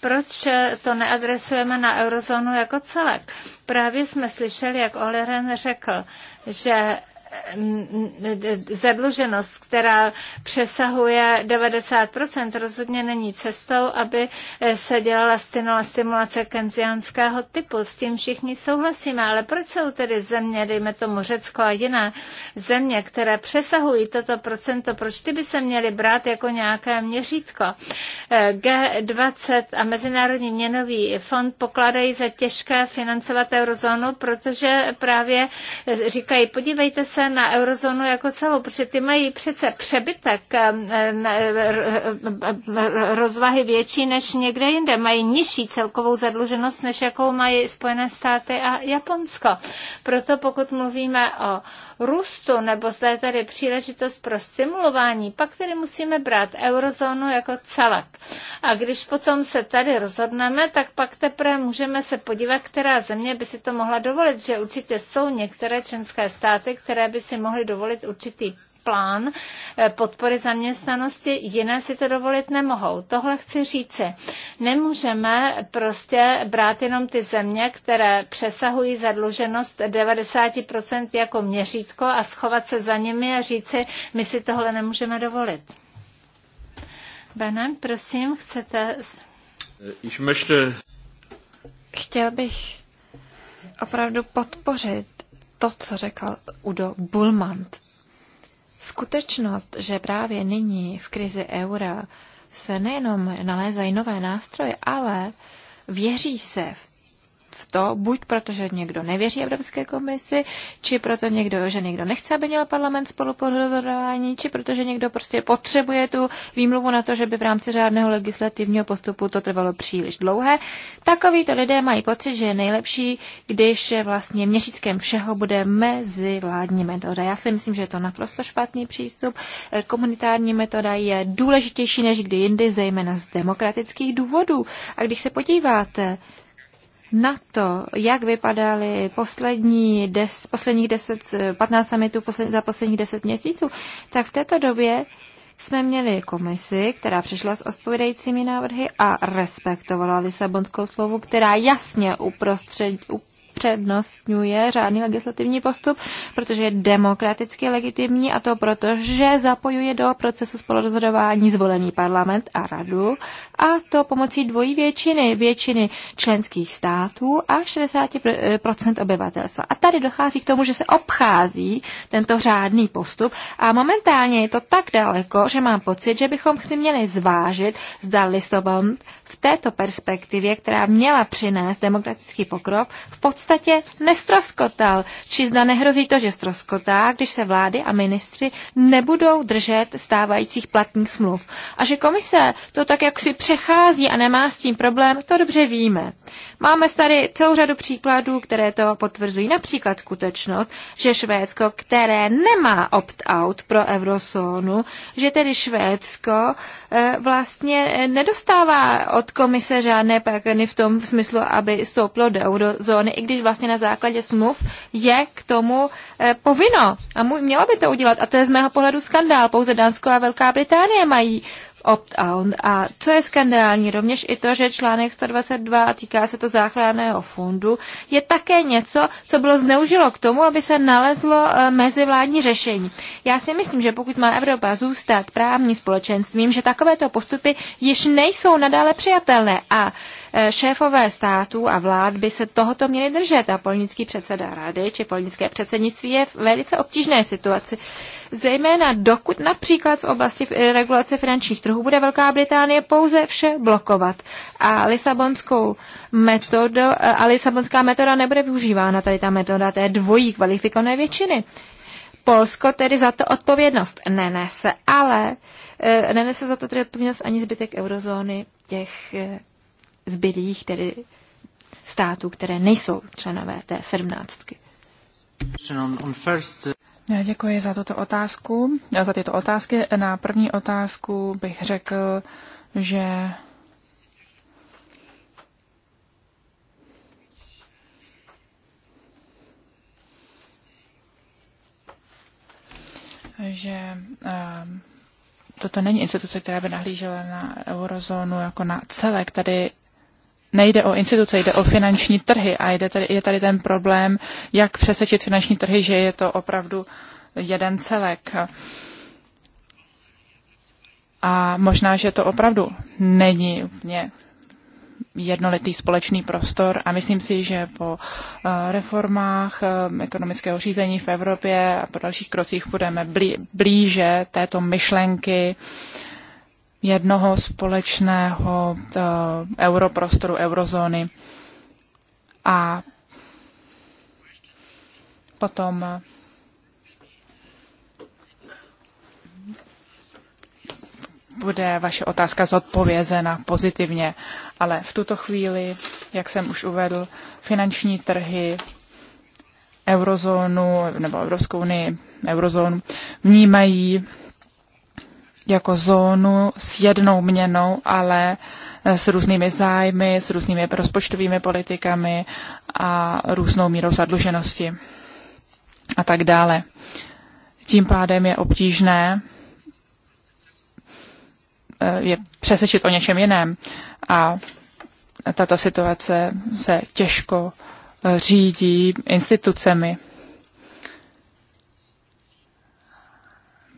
[SPEAKER 1] proč e, to neadresujeme na eurozónu jako celek? Právě jsme slyšeli, jak Oleren řekl, že zadluženost, která přesahuje 90%, rozhodně není cestou, aby se dělala stimulace kenziánského typu. S tím všichni souhlasíme, ale proč jsou tedy země, dejme tomu Řecko a jiné země, které přesahují toto procento, proč ty by se měly brát jako nějaké měřítko? Eh, G20 a Mezinárodní měnový fond pokládají za těžké financovat eurozónu, protože právě eh, říkají, podívejte se na eurozónu jako celou, protože ty mají přece přebytek rozvahy větší než někde jinde. Mají nižší celkovou zadluženost, než jakou mají Spojené státy a Japonsko. Proto pokud mluvíme o růstu, nebo zda je tady příležitost pro stimulování, pak tedy musíme brát eurozónu jako celek. A když potom se tady rozhodneme, tak pak teprve můžeme se podívat, která země by si to mohla dovolit, že určitě jsou některé členské státy, které by si mohly dovolit určitý plán eh, podpory zaměstnanosti, jiné si to dovolit nemohou. Tohle chci říci. Nemůžeme prostě brát jenom ty země, které přesahují zadluženost 90% jako měří vodítko a schovat se za nimi a říci, my si tohle nemůžeme dovolit. Benem, prosím, chcete...
[SPEAKER 2] Eh, ich möchte...
[SPEAKER 1] Chtěl bych opravdu podpořit to, co řekl Udo
[SPEAKER 2] Bulmant. Skutečnost, že právě nyní v krizi eura se nejenom nalézají nové nástroje, ale věří se v v to, buď protože někdo nevěří Evropské komisi, či proto někdo, že někdo nechce, aby měl parlament spolupodhodování, či protože někdo prostě potřebuje tu výmluvu na to, že by v rámci řádného legislativního postupu to trvalo příliš dlouhé. Takovýto lidé mají pocit, že je nejlepší, když vlastně měříckem všeho bude mezi vládní metoda. Já si myslím, že je to naprosto špatný přístup. Eh, komunitární metoda je důležitější než kdy jindy, zejména z demokratických důvodů. A když se podíváte na to, jak vypadaly poslední des, posledních 10, 15 summitů posled, za posledních 10 měsíců, tak v této době jsme měli komisi, která přišla s odpovědajícími návrhy a respektovala Lisabonskou slovu, která jasně uprostřed, upřednostňuje řádný legislativní postup, protože je demokraticky legitimní a to proto, že zapojuje do procesu spolurozhodování zvolený parlament a radu a to pomocí dvojí většiny, většiny členských států a 60% eh, obyvatelstva. A tady dochází k tomu, že se obchází tento řádný postup a momentálně je to tak daleko, že mám pocit, že bychom si měli zvážit, zda Lisabon v této perspektivě, která měla přinést demokratický pokrok, v podstatě podstatě nestroskotal. Či zda nehrozí to, že stroskotá, když se vlády a ministři nebudou držet stávajících platných smluv. A že komise to tak jak si přechází a nemá s tím problém, to dobře víme. Máme tady celou řadu příkladů, které to potvrzují. Například skutečnost, že Švédsko, které nemá opt-out pro eurozónu, že tedy Švédsko eh, vlastně nedostává od komise žádné pakeny v tom smyslu, aby stouplo do eurozóny, i když vlastně na základě smluv je k tomu eh, povinno. A mělo by to udělat. A to je z mého pohledu skandál. Pouze Dánsko a Velká Británie mají opt-out. A co je skandální, rovněž i to, že článek 122 a týká se to záchranného fondu, je také něco, co bylo zneužilo k tomu, aby se nalezlo e, mezivládní řešení. Já si myslím, že pokud má Evropa zůstat právní společenstvím, že takovéto postupy již nejsou nadále přijatelné. A Eh, šéfové států a vlád by se tohoto měli držet a polnický předseda rady či polnické předsednictví je v velice obtížné situaci. Zejména dokud například v oblasti eh, regulace finančních trhů bude Velká Británie pouze vše blokovat a Lisabonskou metodu, eh, a Lisabonská metoda nebude využívána, tady ta metoda té dvojí kvalifikované většiny. Polsko tedy za to odpovědnost nenese, ale e, nenese za to tedy odpovědnost ani zbytek eurozóny těch e, zbylých tedy států, které nejsou členové té sedmnáctky.
[SPEAKER 3] Uh, děkuji za tuto otázku. Za tyto otázky. Na první otázku bych řekl, že že ehm, toto není instituce, která by nahlížela na eurozónu jako na celek. Tady nejde o instituce, jde o finanční trhy a jde tady, je tady ten problém, jak přesvědčit finanční trhy, že je to opravdu jeden celek. A možná, že to opravdu není úplně jednolitý společný prostor a myslím si, že po eh, reformách eh, ekonomického řízení v Evropě a po dalších krocích budeme blíže této myšlenky jednoho společného eh, europrostoru, eurozóny. A potom eh, bude vaše otázka zodpovězena pozitivně. Ale v tuto chvíli, jak jsem už uvedl, finanční trhy eurozónu nebo Evropskou unii, eurozónu vnímají jako zónu s jednou měnou, ale s různými zájmy, s různými rozpočtovými politikami a různou mírou zadluženosti a tak dále. Tím pádem je obtížné eh, je přesečit o něčem jiném a tato situace se těžko eh, řídí institucemi.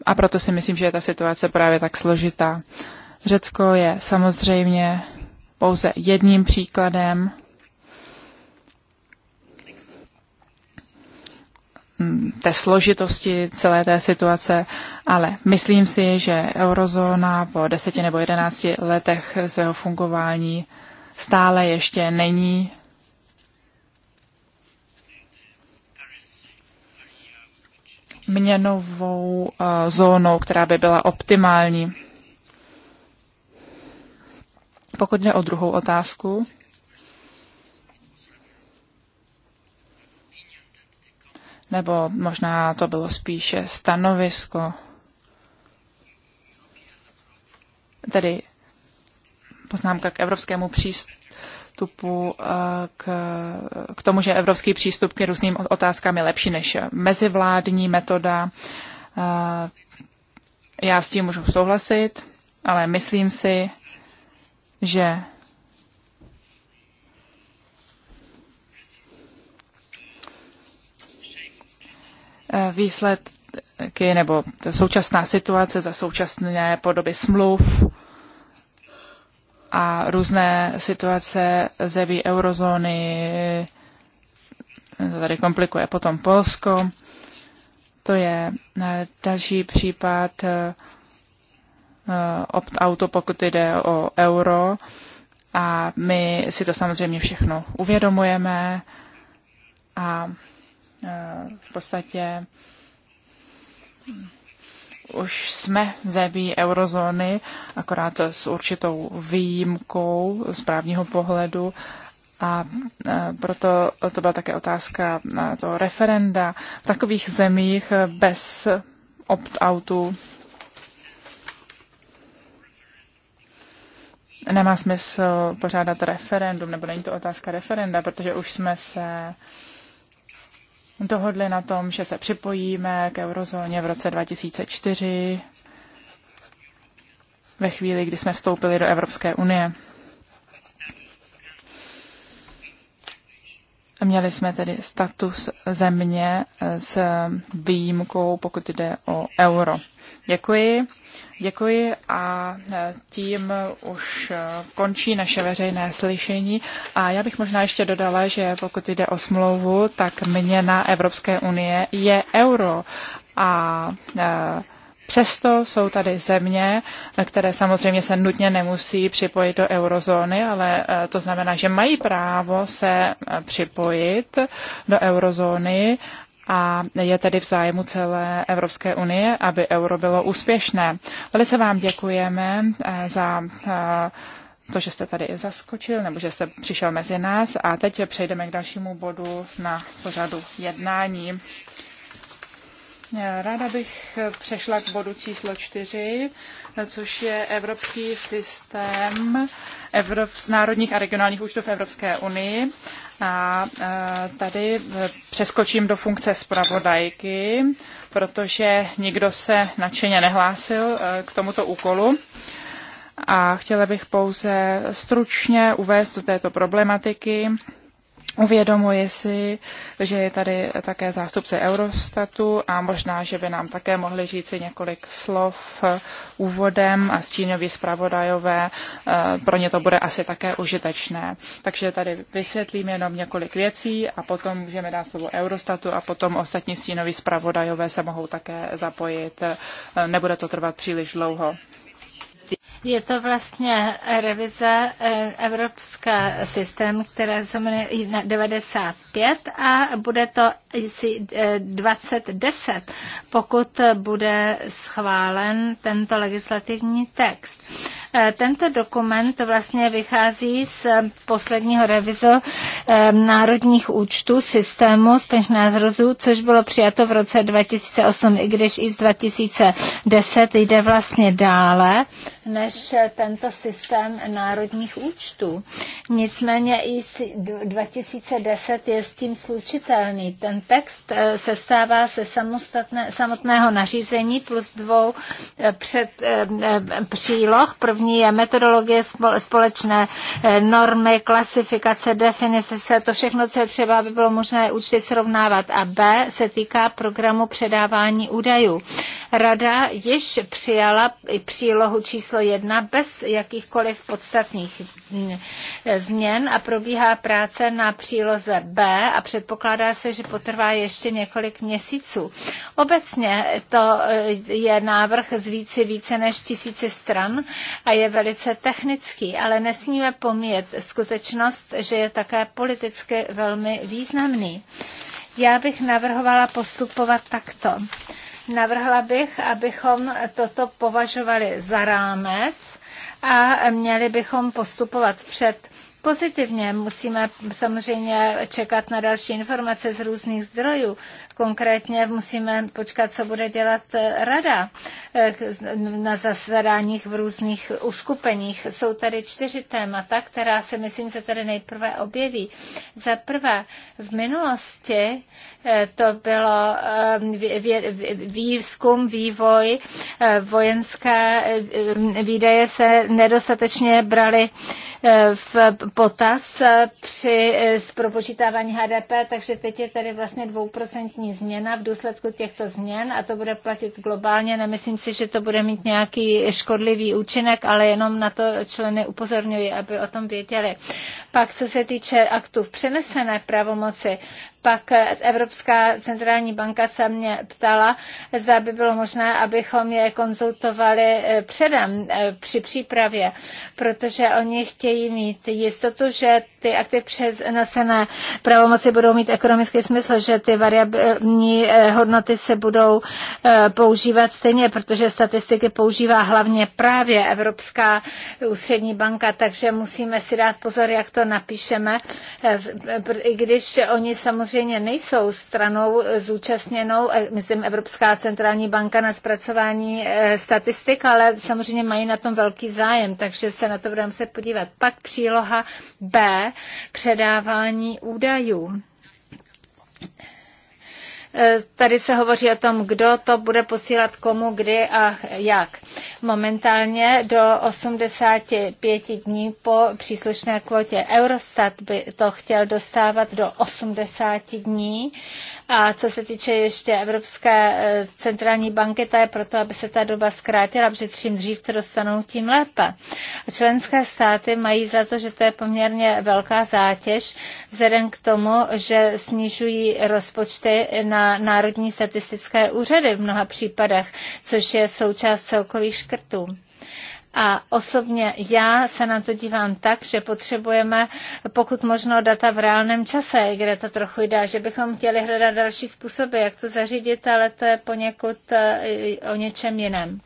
[SPEAKER 3] a proto si myslím, že je ta situace právě tak složitá. Řecko je samozřejmě pouze jedním příkladem. té složitosti celé té situace, ale myslím si, že eurozóna po deseti nebo jedenácti letech svého fungování stále ještě není měnovou eh, zónou, která by byla optimální. Pokud jde o druhou otázku, nebo možná to bylo spíše stanovisko, tedy poznámka k evropskému přístupu, přístupu eh, k, k tomu, že evropský přístup k různým otázkám je lepší než mezivládní metoda. Eh, já s tím můžu souhlasit, ale myslím si, že eh, výsledky nebo současná situace za současné podoby smluv a různé situace zemí eurozóny, eh, to tady komplikuje potom Polsko, to je eh, další případ eh, opt auto pokud jde o euro. A my si to samozřejmě všechno uvědomujeme a v podstatě už jsme zemí eurozóny, akorát s určitou výjimkou z právního pohledu. A e, proto to byla také otázka e, toho referenda. V takových zemích e, bez opt-outu nemá smysl pořádat referendum, nebo není to otázka referenda, protože už jsme se dohodli na tom, že se připojíme k eurozóně v roce 2004, ve chvíli, kdy jsme vstoupili do Evropské unie. Měli jsme tedy status země eh, s výjimkou, pokud jde o euro. Děkuji. Děkuji a eh, tím už eh, končí naše veřejné slyšení. A já bych možná ještě dodala, že pokud jde o smlouvu, tak měna Evropské unie je euro. A Přesto jsou tady země, které samozřejmě se nutně nemusí připojit do eurozóny, ale eh, to znamená, že mají právo se eh, připojit do eurozóny a je tedy v zájmu celé Evropské unie, aby euro bylo úspěšné. Velice vám děkujeme eh, za to, že jste tady zaskočil, nebo že jste přišel mezi nás. A teď přejdeme k dalšímu bodu na pořadu jednání. Ráda bych přešla k bodu číslo čtyři, což je Evropský systém Evrop, národních a regionálních účtů v Evropské unii. A e, tady přeskočím do funkce zpravodajky, protože nikdo se nadšeně nehlásil e, k tomuto úkolu. A chtěla bych pouze stručně uvést do této problematiky Uvědomuji si, že je tady také zástupce Eurostatu a možná, že by nám také mohli říci několik slov úvodem a stínoví zpravodajové. Eh, pro ně to bude asi také užitečné. Takže tady vysvětlím jenom několik věcí a potom můžeme dát slovo Eurostatu a potom ostatní stínoví zpravodajové se mohou
[SPEAKER 1] také zapojit. Eh, nebude to trvat příliš dlouho. Je to vlastně revize eh, evropské systém, které se jmenuje 95 a bude to 2010, eh, pokud bude schválen tento legislativní text. Eh, tento dokument vlastně vychází z posledního revizo eh, národních účtů systému z peněžná což bylo přijato v roce 2008, i když i z 2010 jde vlastně dále než tento systém národních účtů. Nicméně i 2010 je s tím slučitelný. Ten text eh, se stává se samotného nařízení plus dvou před, příloh. Prv úrovni je metodologie společné eh, normy, klasifikace, definice, se to všechno, co je třeba, aby bylo možné účty srovnávat. A B se týká programu předávání údajů. Rada již přijala přílohu číslo jedna bez jakýchkoliv podstatných změn a probíhá práce na příloze B a předpokládá se, že potrvá ještě několik měsíců. Obecně to eh, je návrh z více, více než tisíce stran a je velice technický, ale nesmíme pomět skutečnost, že je také politicky velmi významný. Já bych navrhovala postupovat takto. Navrhla bych, abychom toto považovali za rámec, a měli bychom postupovat před pozitivně. Musíme samozřejmě čekat na další informace z různých zdrojů. Konkrétně musíme počkat, co bude dělat rada eh, na zasedáních v různých uskupeních. Jsou tady čtyři témata, která se myslím se tady nejprve objeví. Za prvé, v minulosti Eh, to bylo ehm, výzkum, vývoj, eh, vojenské eh, výdaje se nedostatečně brali v potaz při propočítávání HDP, takže teď je tady vlastně dvouprocentní změna v důsledku těchto změn a to bude platit globálně. Nemyslím si, že to bude mít nějaký škodlivý účinek, ale jenom na to členy upozorňuji, aby o tom věděli. Pak, co se týče aktů v přenesené pravomoci, pak eh, Evropská centrální banka se mě ptala, zda by bylo možné, abychom je konzultovali eh, předem eh, při přípravě, protože oni chtějí mít jistotu, že ty aktiv přenesené pravomoci budou mít ekonomický smysl, že ty variabilní eh, hodnoty se budou eh, používat stejně, protože statistiky používá hlavně právě Evropská ústřední banka, takže musíme si dát pozor, jak to napíšeme, eh, i když oni samozřejmě nejsou stranou zúčastněnou, myslím Evropská centrální banka na zpracování statistik, ale samozřejmě mají na tom velký zájem, takže se na to budeme muset podívat. Pak příloha B, předávání údajů. E, tady se hovoří o tom, kdo to bude posílat komu, kdy a jak. Momentálně do 85 dní po příslušné kvotě Eurostat by to chtěl dostávat do 80 dní a co se týče ještě Evropské e, centrální banky, ta je proto, aby se ta doba zkrátila, protože čím dřív to dostanou, tím lépe. A členské státy mají za to, že to je poměrně velká zátěž, vzhledem k tomu, že snižují rozpočty na národní statistické úřady v mnoha případech, což je součást celkových škrtů. A osobně já se na to dívám tak, že potřebujeme pokud možno data v reálném čase, kde to trochu jde, že bychom chtěli hledat další způsoby, jak to zařídit, ale to je poněkud e, o něčem jiném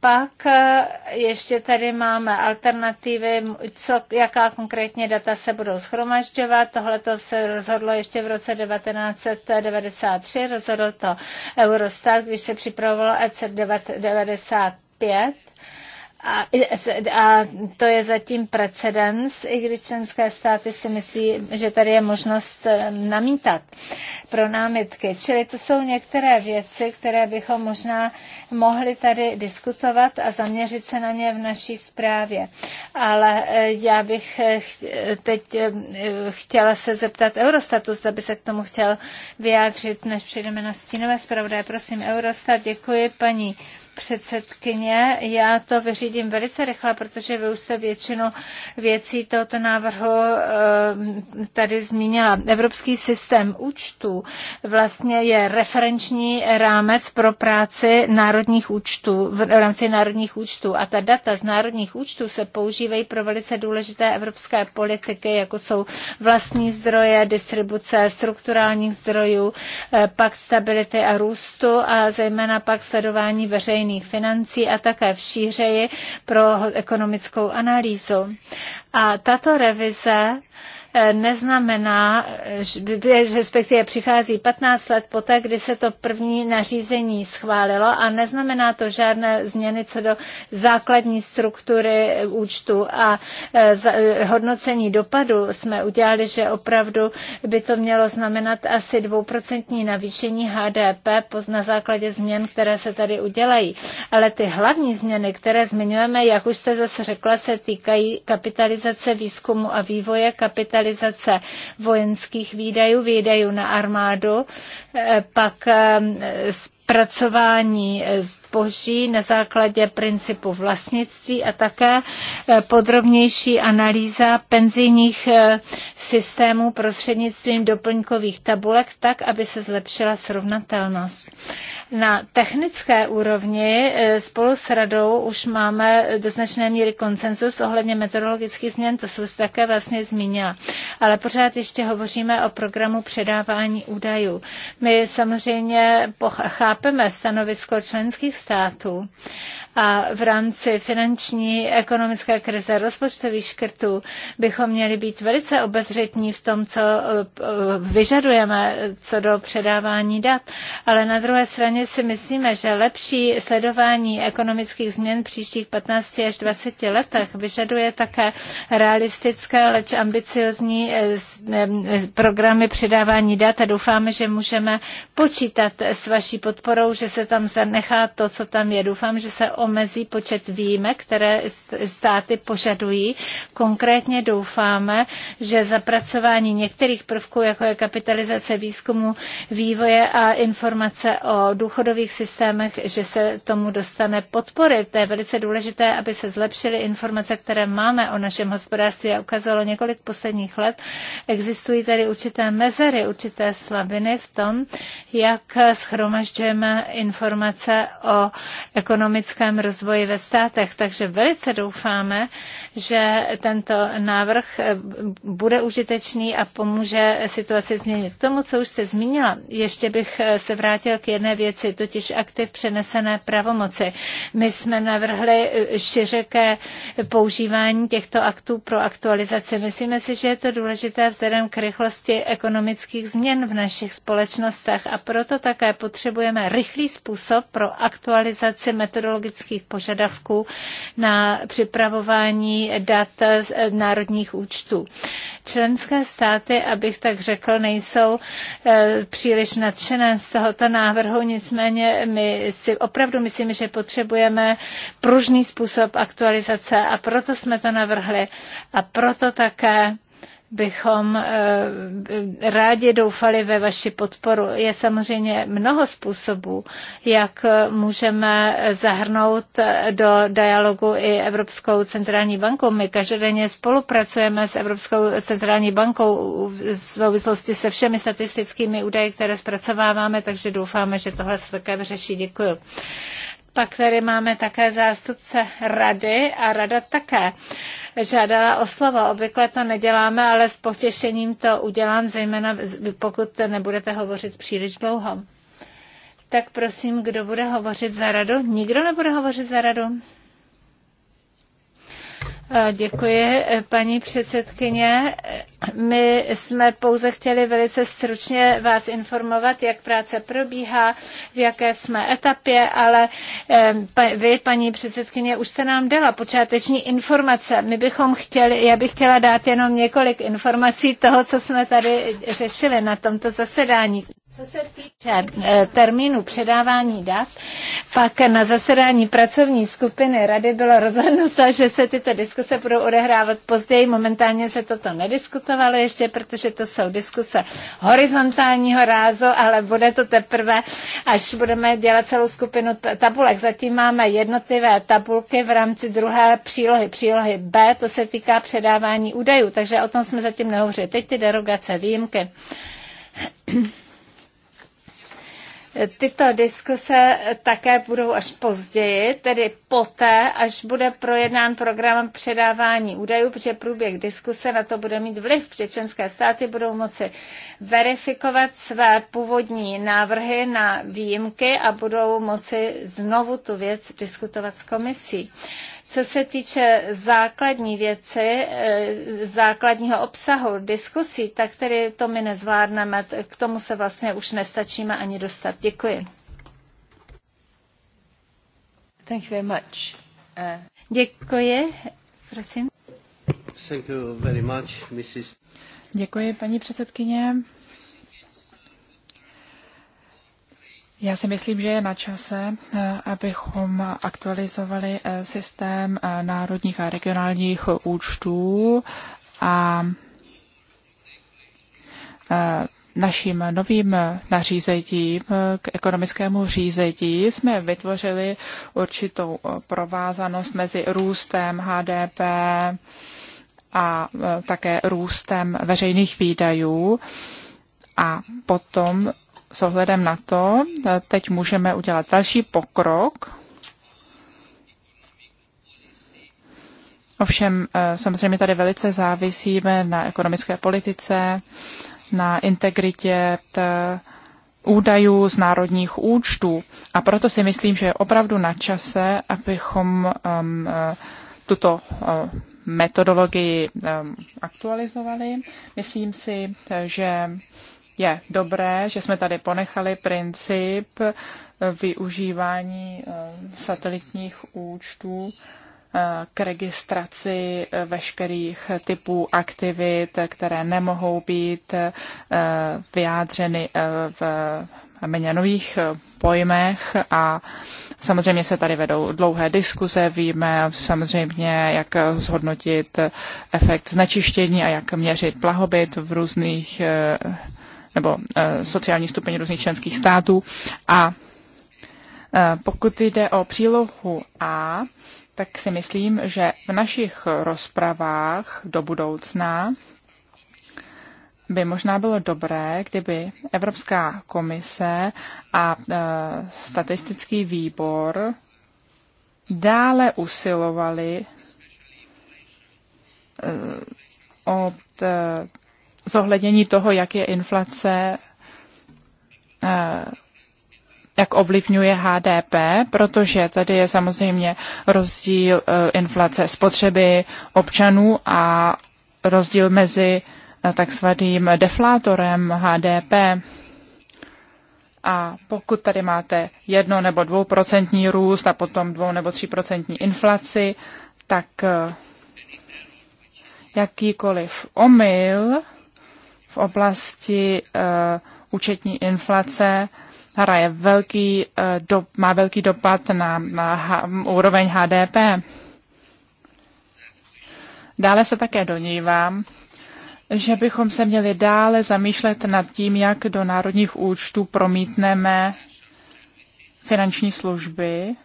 [SPEAKER 1] pak e, ještě tady máme alternativy, co, jaká konkrétně data se budou schromažďovat. Tohle to se rozhodlo ještě v roce 1993, rozhodl to Eurostat, když se připravovalo EC 95 a, a to je zatím precedens, i když členské státy si myslí, že tady je možnost eh, namítat pro námitky. Čili to jsou některé věci, které bychom možná mohli tady diskutovat a zaměřit se na ně v naší zprávě. Ale eh, já bych eh, teď chtěla se zeptat Eurostatu, zda by se k tomu chtěl vyjádřit, než přijdeme na stínové zpravodaje. Prosím, Eurostat, děkuji paní předsedkyně. Já to vyřídím velice rychle, protože vy už jste většinu věcí tohoto návrhu eh, tady zmínila. Evropský systém účtů vlastně je referenční rámec pro práci národních účtů, v rámci národních účtů. A ta data z národních účtů se používají pro velice důležité evropské politiky, jako jsou vlastní zdroje, distribuce strukturálních zdrojů, eh, pak stability a růstu a zejména pak sledování veřejných veřejných financí a také v šířeji pro ekonomickou analýzu. A tato revize neznamená, respektive přichází 15 let poté, kdy se to první nařízení schválilo a neznamená to žádné změny co do základní struktury účtu a e, hodnocení dopadu jsme udělali, že opravdu by to mělo znamenat asi dvouprocentní navýšení HDP na základě změn, které se tady udělají. Ale ty hlavní změny, které zmiňujeme, jak už jste zase řekla, se týkají kapitalizace výzkumu a vývoje, kapitalizace racionalizace vojenských výdajů, výdajů na armádu, eh, pak eh, zpracování eh, zboží na základě principu vlastnictví a také eh, podrobnější analýza penzijních eh, systémů prostřednictvím doplňkových tabulek tak, aby se zlepšila srovnatelnost. Na technické úrovni spolu s radou už máme do značné míry konsenzus ohledně metodologických změn, to jsem také vlastně zmínila. Ale pořád ještě hovoříme o programu předávání údajů. My samozřejmě chápeme, chápeme stanovisko členských států a v rámci finanční ekonomické krize rozpočtových škrtů bychom měli být velice obezřetní v tom, co eh, vyžadujeme co do předávání dat. Ale na druhé straně si myslíme, že lepší sledování ekonomických změn v příštích 15 až 20 letech vyžaduje také realistické, leč ambiciozní eh, programy předávání dat a doufáme, že můžeme počítat s vaší podporou, že se tam zanechá to, co tam je. Doufám, že se o omezí počet výjimek, které státy požadují. Konkrétně doufáme, že zapracování některých prvků, jako je kapitalizace výzkumu, vývoje a informace o důchodových systémech, že se tomu dostane podpory. To je velice důležité, aby se zlepšily informace, které máme o našem hospodářství a ukázalo několik posledních let. Existují tady určité mezery, určité slabiny v tom, jak schromažďujeme informace o ekonomickém udržitelném rozvoji ve státech. Takže velice doufáme, že tento návrh eh, bude užitečný a pomůže situaci změnit. K tomu, co už jste zmínila, ještě bych eh, se vrátil k jedné věci, totiž aktiv přenesené pravomoci. My jsme navrhli eh, široké používání těchto aktů pro aktualizaci. Myslíme si, že je to důležité vzhledem k rychlosti ekonomických změn v našich společnostech a proto také potřebujeme rychlý způsob pro aktualizaci metodologických evropských požadavků na připravování dat z národních účtů. Členské státy, abych tak řekl, nejsou eh, příliš nadšené z tohoto návrhu, nicméně my si opravdu myslím, že potřebujeme pružný způsob aktualizace a proto jsme to navrhli a proto také bychom eh, rádi doufali ve vaši podporu. Je samozřejmě mnoho způsobů, jak můžeme zahrnout do dialogu i Evropskou centrální bankou. My každodenně spolupracujeme s Evropskou centrální bankou v souvislosti se všemi statistickými údaji, které zpracováváme, takže doufáme, že tohle se také vyřeší. Děkuji. Pak tady máme také zástupce rady a rada také žádala o slovo. Obvykle to neděláme, ale s potěšením to udělám, zejména pokud nebudete hovořit příliš dlouho. Tak prosím, kdo bude hovořit za radu? Nikdo nebude hovořit za radu? Eh, děkuji, eh, paní předsedkyně my jsme pouze chtěli velice stručně vás informovat, jak práce probíhá, v jaké jsme etapě, ale vy, paní předsedkyně, už jste nám dala počáteční informace. My bychom chtěli, já bych chtěla dát jenom několik informací toho, co jsme tady řešili na tomto zasedání. Co se týče eh, termínu předávání dat, pak na zasedání pracovní skupiny rady bylo rozhodnuto, že se tyto diskuse budou odehrávat později. Momentálně se toto nediskutovalo ještě, protože to jsou diskuse horizontálního rázu, ale bude to teprve, až budeme dělat celou skupinu tabulek. Zatím máme jednotlivé tabulky v rámci druhé přílohy, přílohy B, to se týká předávání údajů, takže o tom jsme zatím nehovořili. Teď ty derogace, výjimky. Tyto diskuse také budou až později, tedy poté, až bude projednán program předávání údajů, protože průběh diskuse na to bude mít vliv, protože členské státy budou moci verifikovat své původní návrhy na výjimky a budou moci znovu tu věc diskutovat s komisí. Co se týče základní věci, eh, základního obsahu diskusí, tak tedy to my nezvládneme, k tomu se vlastně už nestačíme ani dostat. Děkuji. Thank you very much. Uh... Děkuji. Prosím. Thank you very much, Mrs. Děkuji, paní předsedkyně.
[SPEAKER 3] Já si myslím, že je na čase, eh, abychom aktualizovali eh, systém eh, národních a regionálních účtů a naším novým nařízením k ekonomickému řízení jsme vytvořili určitou provázanost mezi růstem HDP a také růstem veřejných výdajů a potom s ohledem na to eh, teď můžeme udělat další pokrok. Ovšem, eh, samozřejmě tady velice závisíme na ekonomické politice, na integritě údajů z národních účtů. A proto si myslím, že je opravdu na čase, abychom um, tuto um, metodologii um, aktualizovali. Myslím si, že je dobré, že jsme tady ponechali princip využívání eh, satelitních účtů eh, k registraci eh, veškerých typů aktivit, které nemohou být vyjádřeny v měnových pojmech a samozřejmě se tady vedou dlouhé diskuze, víme samozřejmě, jak zhodnotit efekt znečištění a jak měřit blahobyt v různých nebo eh, sociální stupeň různých členských států. A eh, pokud jde o přílohu A, tak si myslím, že v našich rozpravách do budoucna by možná bylo dobré, kdyby Evropská komise a e, statistický výbor dále usilovali e, o t, zohlednění toho, jak je inflace, eh, jak ovlivňuje HDP, protože tady je samozřejmě rozdíl eh, inflace spotřeby občanů a rozdíl mezi eh, takzvaným deflátorem HDP. A pokud tady máte jedno nebo dvouprocentní růst a potom dvou nebo tříprocentní inflaci, tak jakýkoliv omyl v oblasti eh, účetní inflace hraje velký, eh, do, má velký dopad na, na h, úroveň HDP. Dále se také donívám, že bychom se měli dále zamýšlet nad tím, jak do národních účtů promítneme finanční služby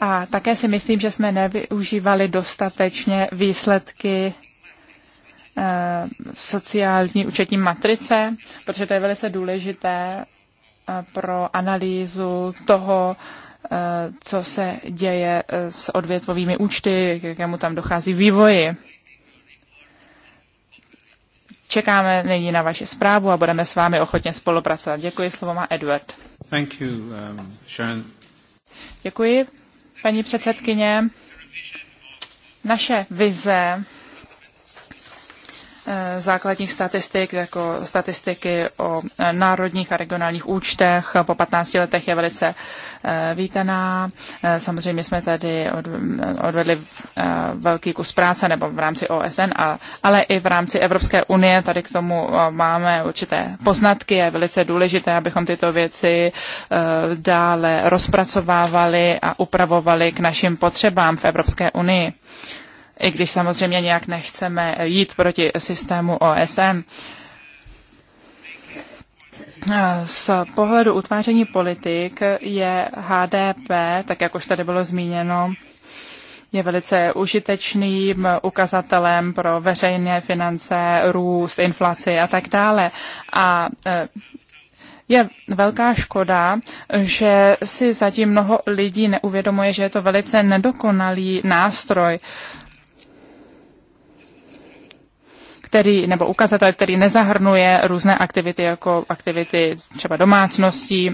[SPEAKER 3] A také si myslím, že jsme nevyužívali dostatečně výsledky eh, sociální účetní matrice, protože to je velice důležité eh, pro analýzu toho, eh, co se děje s odvětvovými účty, k jakému tam dochází vývoji. Čekáme nyní na vaši zprávu a budeme s vámi ochotně spolupracovat. Děkuji, slovo má Edward.
[SPEAKER 1] Thank you, um, Sharon.
[SPEAKER 3] Děkuji, paní předsedkyně. Naše vize Eh, základních statistik, jako statistiky o eh, národních a regionálních účtech po 15 letech je velice eh, vítaná. Samozřejmě jsme tady odvedli velký kus práce nebo v rámci OSN, ale i v rámci Evropské unie tady k tomu máme určité poznatky. Je velice důležité, abychom tyto věci dále rozpracovávali a upravovali k našim potřebám v Evropské unii i když samozřejmě nějak nechceme jít proti systému OSM. Z pohledu utváření politik je HDP, tak jak už tady bylo zmíněno, je velice užitečným ukazatelem pro veřejné finance, růst, inflaci a tak dále. A e, je velká škoda, že si zatím mnoho lidí neuvědomuje, že je to velice nedokonalý nástroj který, nebo ukazatel, který nezahrnuje různé aktivity, jako aktivity třeba domácností,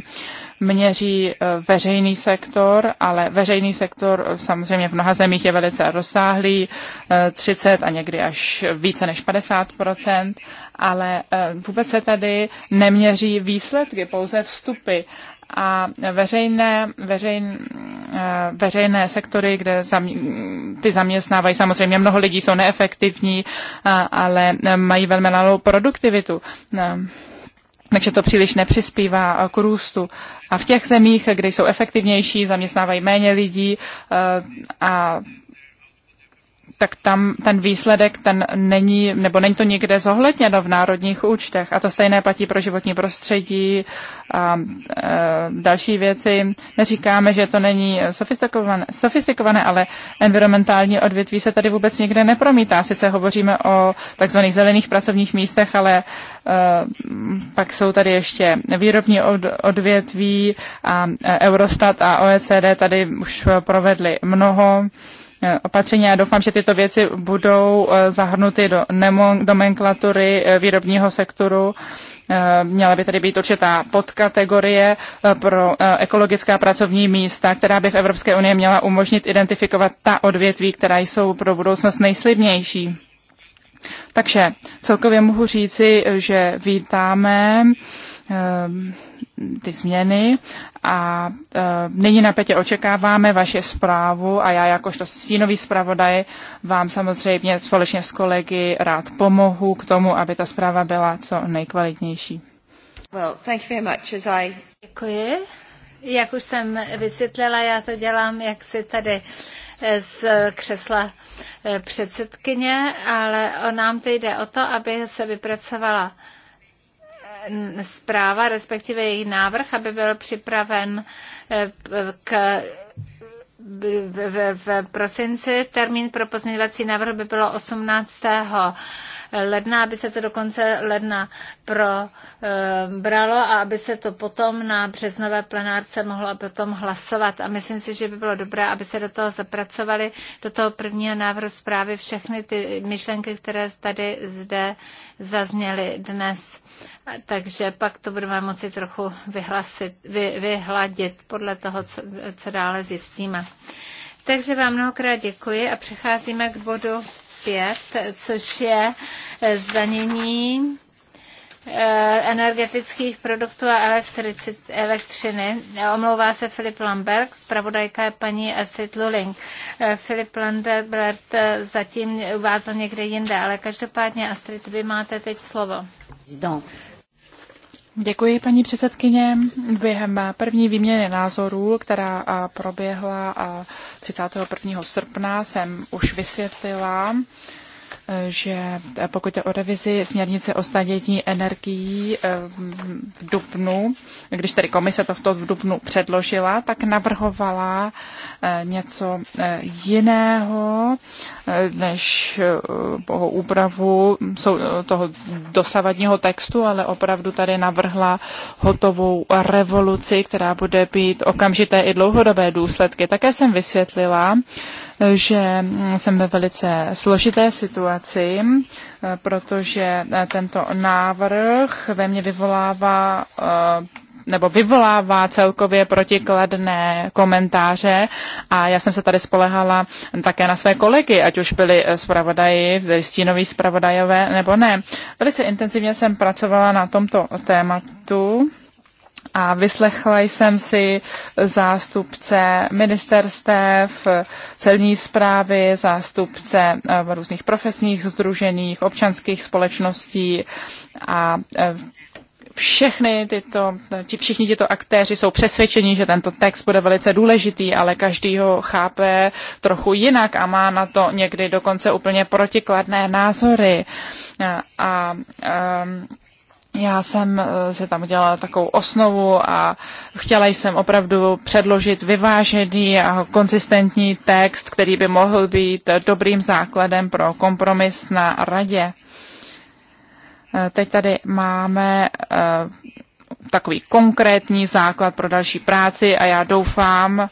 [SPEAKER 3] měří e, veřejný sektor, ale veřejný sektor e, samozřejmě v mnoha zemích je velice rozsáhlý, 30 e, a někdy až více než 50 ale vůbec se tady neměří výsledky, pouze vstupy a veřejné, veřejn, eh, veřejné sektory, kde zam, ty zaměstnávají samozřejmě mnoho lidí, jsou neefektivní, ale eh, mají velmi malou produktivitu eh, takže to příliš nepřispívá k růstu. A v těch zemích, kde jsou efektivnější, zaměstnávají méně lidí a tak tam ten výsledek ten není, nebo není to nikde zohledněno v národních účtech. A to stejné platí pro životní prostředí a, a další věci. Neříkáme, že to není sofistikované, sofistikované, ale environmentální odvětví se tady vůbec nikde nepromítá. Sice hovoříme o takzvaných zelených pracovních místech, ale a, pak jsou tady ještě výrobní od, odvětví a Eurostat a OECD tady už provedli mnoho. Eh, opatření. Já doufám, že tyto věci budou eh, zahrnuty do nomenklatury eh, výrobního sektoru. Měla by tady být určitá podkategorie pro ekologická pracovní místa, která by v Evropské unii měla umožnit identifikovat ta odvětví, která jsou pro budoucnost nejslibnější. Takže celkově mohu říci, že vítáme ty změny a e, nyní Petě očekáváme vaši zprávu a já jakožto stínový zpravodaj vám samozřejmě společně s kolegy rád pomohu k tomu, aby ta zpráva byla co nejkvalitnější.
[SPEAKER 1] Well, thank you very much, as I... Děkuji. Jak už jsem vysvětlila, já to dělám, jak si tady e, z křesla e, předsedkyně, ale nám teď jde o to, aby se vypracovala zpráva, respektive jejich návrh, aby byl připraven eh, k v, v prosinci. Termín pro pozměňovací návrh by bylo 18. ledna, aby se to do konce ledna probralo a aby se to potom na březnové plenárce mohlo potom hlasovat. A myslím si, že by bylo dobré, aby se do toho zapracovaly, do toho prvního návrhu zprávy všechny ty myšlenky, které tady zde zazněly dnes. Takže pak to budeme moci trochu vyhlasit, vy, vyhladit podle toho, co, co dále zjistíme. Takže vám mnohokrát děkuji a přecházíme k bodu 5, což je eh, zdanění Eh, energetických produktů a elektřiny. Omlouvá se Filip Lambert, zpravodajka je paní Astrid Luling. Eh, Filip Lambert eh, zatím uvázl někde jinde, ale každopádně Astrid, vy máte teď slovo.
[SPEAKER 3] Děkuji, paní předsedkyně. Během první výměny názorů, která proběhla 31. srpna, jsem už vysvětlila, že pokud je o revizi směrnice o stadění energií eh, v Dubnu, když tedy komise to v to v Dubnu předložila, tak navrhovala eh, něco eh, jiného než úpravu toho dosavadního textu, ale opravdu tady navrhla hotovou revoluci, která bude být okamžité i dlouhodobé důsledky. Také jsem vysvětlila, že jsem ve velice složité situaci, protože tento návrh ve mně vyvolává eh, nebo vyvolává celkově protikladné komentáře a já jsem se tady spolehala také na své kolegy, ať už byli zpravodaji, stínoví zpravodajové nebo ne. Velice intenzivně jsem pracovala na tomto tématu a vyslechla jsem si zástupce ministerstev, celní zprávy, zástupce eh, různých profesních združeních, občanských společností a eh, všechny tyto, ti, všichni tyto aktéři jsou přesvědčeni, že tento text bude velice důležitý, ale každý ho chápe trochu jinak a má na to někdy dokonce úplně protikladné názory. Eh, a, a, ehm, já jsem eh, si tam dělala takovou osnovu a chtěla jsem opravdu předložit vyvážený a konzistentní text, který by mohl být dobrým základem pro kompromis na radě. Eh, teď tady máme eh, takový konkrétní základ pro další práci a já doufám,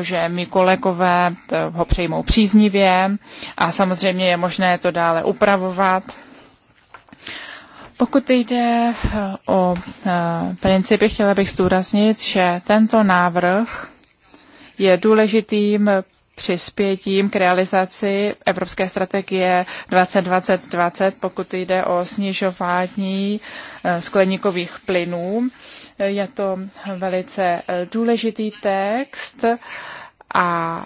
[SPEAKER 3] že mi kolegové ho přejmou příznivě a samozřejmě je možné to dále upravovat pokud jde eh, o eh, principy, chtěla bych zdůraznit, že tento návrh je důležitým přispětím k realizaci Evropské strategie 2020-2020, pokud jde o snižování eh, skleníkových plynů. Je to velice důležitý text a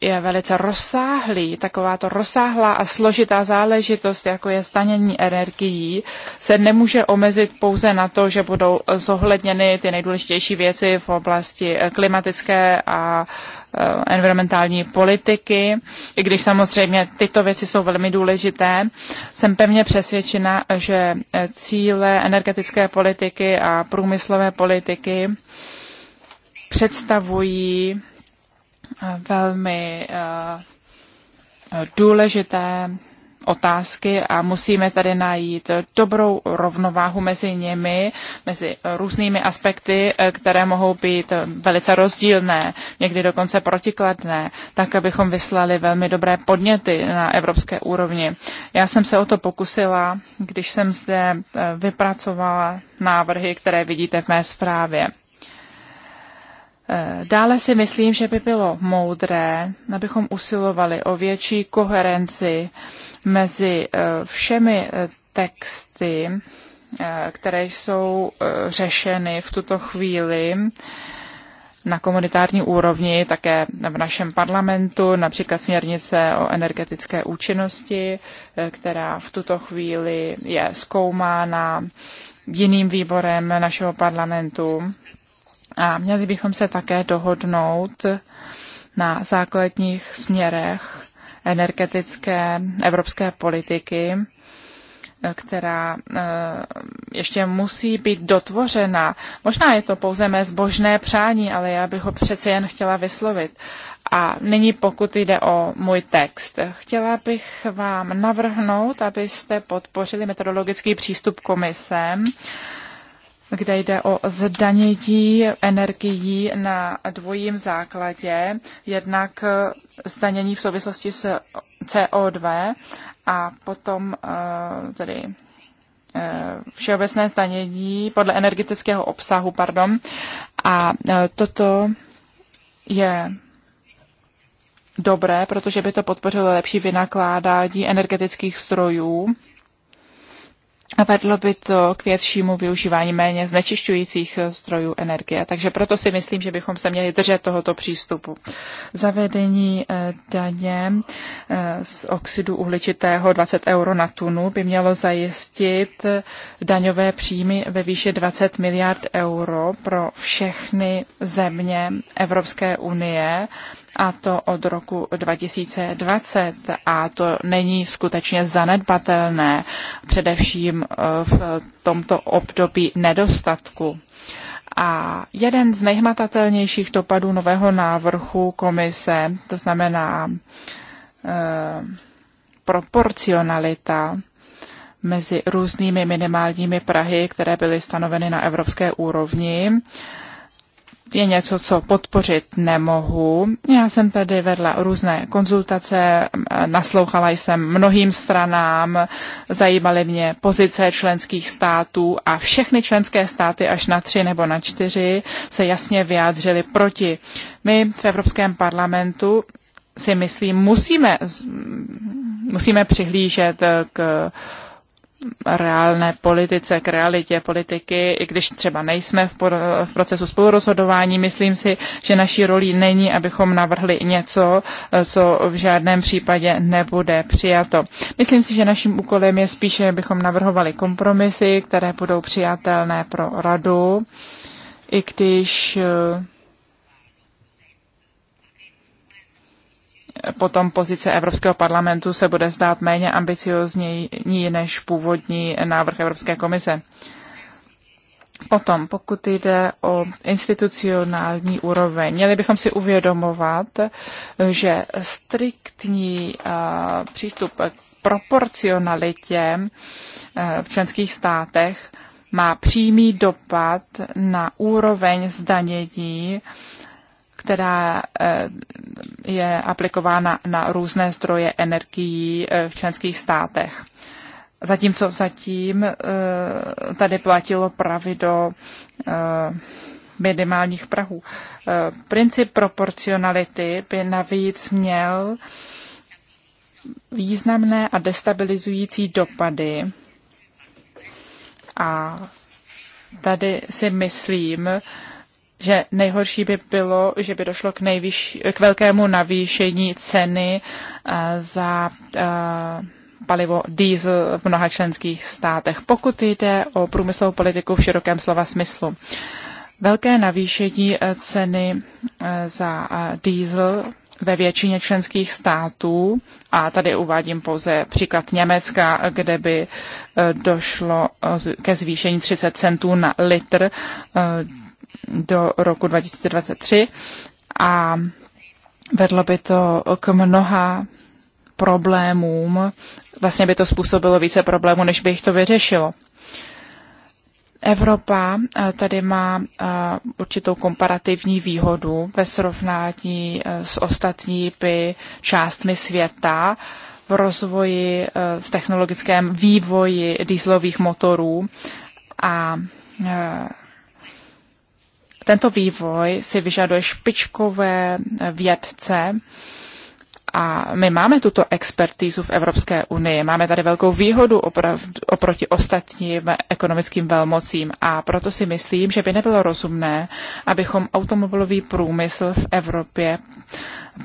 [SPEAKER 3] je velice rozsáhlý, taková to rozsáhlá a složitá záležitost, jako je stanění energií, se nemůže omezit pouze na to, že budou zohledněny ty nejdůležitější věci v oblasti eh, klimatické a eh, environmentální politiky, i když samozřejmě tyto věci jsou velmi důležité. Jsem pevně přesvědčena, že eh, cíle energetické politiky a průmyslové politiky představují velmi eh, důležité otázky a musíme tady najít dobrou rovnováhu mezi nimi, mezi různými aspekty, eh, které mohou být velice rozdílné, někdy dokonce protikladné, tak abychom vyslali velmi dobré podněty na evropské úrovni. Já jsem se o to pokusila, když jsem zde eh, vypracovala návrhy, které vidíte v mé zprávě. Eh, dále si myslím, že by bylo moudré, abychom usilovali o větší koherenci mezi eh, všemi eh, texty, které jsou řešeny v tuto chvíli na komunitární úrovni, také v našem parlamentu, například směrnice o energetické účinnosti, která v tuto chvíli je zkoumána jiným výborem našeho parlamentu a měli bychom se také dohodnout na základních směrech energetické evropské politiky, která eh, ještě musí být dotvořena. Možná je to pouze mé zbožné přání, ale já bych ho přece jen chtěla vyslovit. A nyní pokud jde o můj text, chtěla bych vám navrhnout, abyste podpořili metodologický přístup komisem kde jde o zdanění energií na dvojím základě, jednak eh, zdanění v souvislosti s CO2 a potom eh, tedy eh, všeobecné zdanění podle energetického obsahu, pardon. A toto je dobré, protože by to podpořilo lepší vynakládání energetických strojů a vedlo by to k většímu využívání méně znečišťujících eh, zdrojů energie. Takže proto si myslím, že bychom se měli držet tohoto přístupu. Zavedení eh, daně eh, z oxidu uhličitého 20 euro na tunu by mělo zajistit daňové příjmy ve výši 20 miliard euro pro všechny země Evropské unie a to od roku 2020 a to není skutečně zanedbatelné, především eh, v tomto období nedostatku. A jeden z nejhmatatelnějších dopadů nového návrhu komise, to znamená eh, proporcionalita mezi různými minimálními Prahy, které byly stanoveny na evropské úrovni, je něco, co podpořit nemohu. Já jsem tady vedla různé konzultace, naslouchala jsem mnohým stranám, zajímaly mě pozice členských států a všechny členské státy až na tři nebo na čtyři se jasně vyjádřili proti. My v Evropském parlamentu si myslím, musíme, musíme přihlížet k reálné politice, k realitě politiky, i když třeba nejsme v, v procesu spolurozhodování, myslím si, že naší rolí není, abychom navrhli něco, eh, co v žádném případě nebude přijato. Myslím si, že naším úkolem je spíše, abychom navrhovali kompromisy, které budou přijatelné pro radu, i když eh, potom pozice Evropského parlamentu se bude zdát méně ambiciozní než původní návrh Evropské komise. Potom, pokud jde o institucionální úroveň, měli bychom si uvědomovat, že striktní přístup k proporcionalitě v členských státech má přímý dopad na úroveň zdanění která eh, je aplikována na různé zdroje energií eh, v členských státech. Zatímco zatím eh, tady platilo pravidlo minimálních prahů. Princip proporcionality by navíc měl významné a destabilizující dopady. A tady si myslím, že nejhorší by bylo, že by došlo k, nejvyšší, k velkému navýšení ceny eh, za eh, palivo diesel v mnoha členských státech, pokud jde o průmyslovou politiku v širokém slova smyslu. Velké navýšení eh, ceny za diesel ve většině členských států, a tady uvádím pouze příklad Německa, kde by došlo ke zvýšení 30 centů na litr do roku 2023 a vedlo by to k mnoha problémům. Vlastně by to způsobilo více problémů, než by jich to vyřešilo. Evropa eh, tady má eh, určitou komparativní výhodu ve srovnání eh, s ostatními částmi světa v rozvoji, v technologickém vývoji dýzlových motorů a tento vývoj si vyžaduje špičkové vědce, a my máme tuto expertízu v Evropské unii. Máme tady velkou výhodu opravdu, oproti ostatním ekonomickým velmocím a proto si myslím, že by nebylo rozumné, abychom automobilový průmysl v Evropě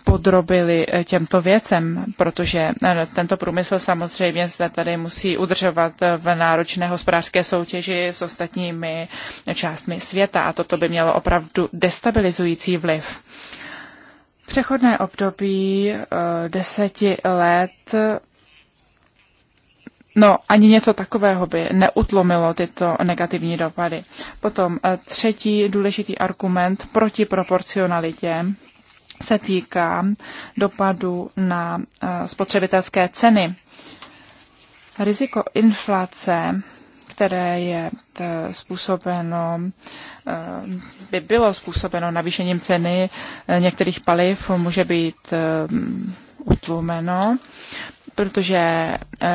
[SPEAKER 3] podrobili eh, těmto věcem, protože eh, tento průmysl samozřejmě se tady musí udržovat eh, v náročné hospodářské soutěži s ostatními částmi světa a toto by mělo opravdu destabilizující vliv. Přechodné období eh, deseti let, no ani něco takového by neutlomilo tyto negativní dopady. Potom eh, třetí důležitý argument proti proporcionalitě se týká dopadu na eh, spotřebitelské ceny. Riziko inflace které je eh, způsobeno, eh, by bylo způsobeno navýšením ceny eh, některých paliv, může být utlumeno, protože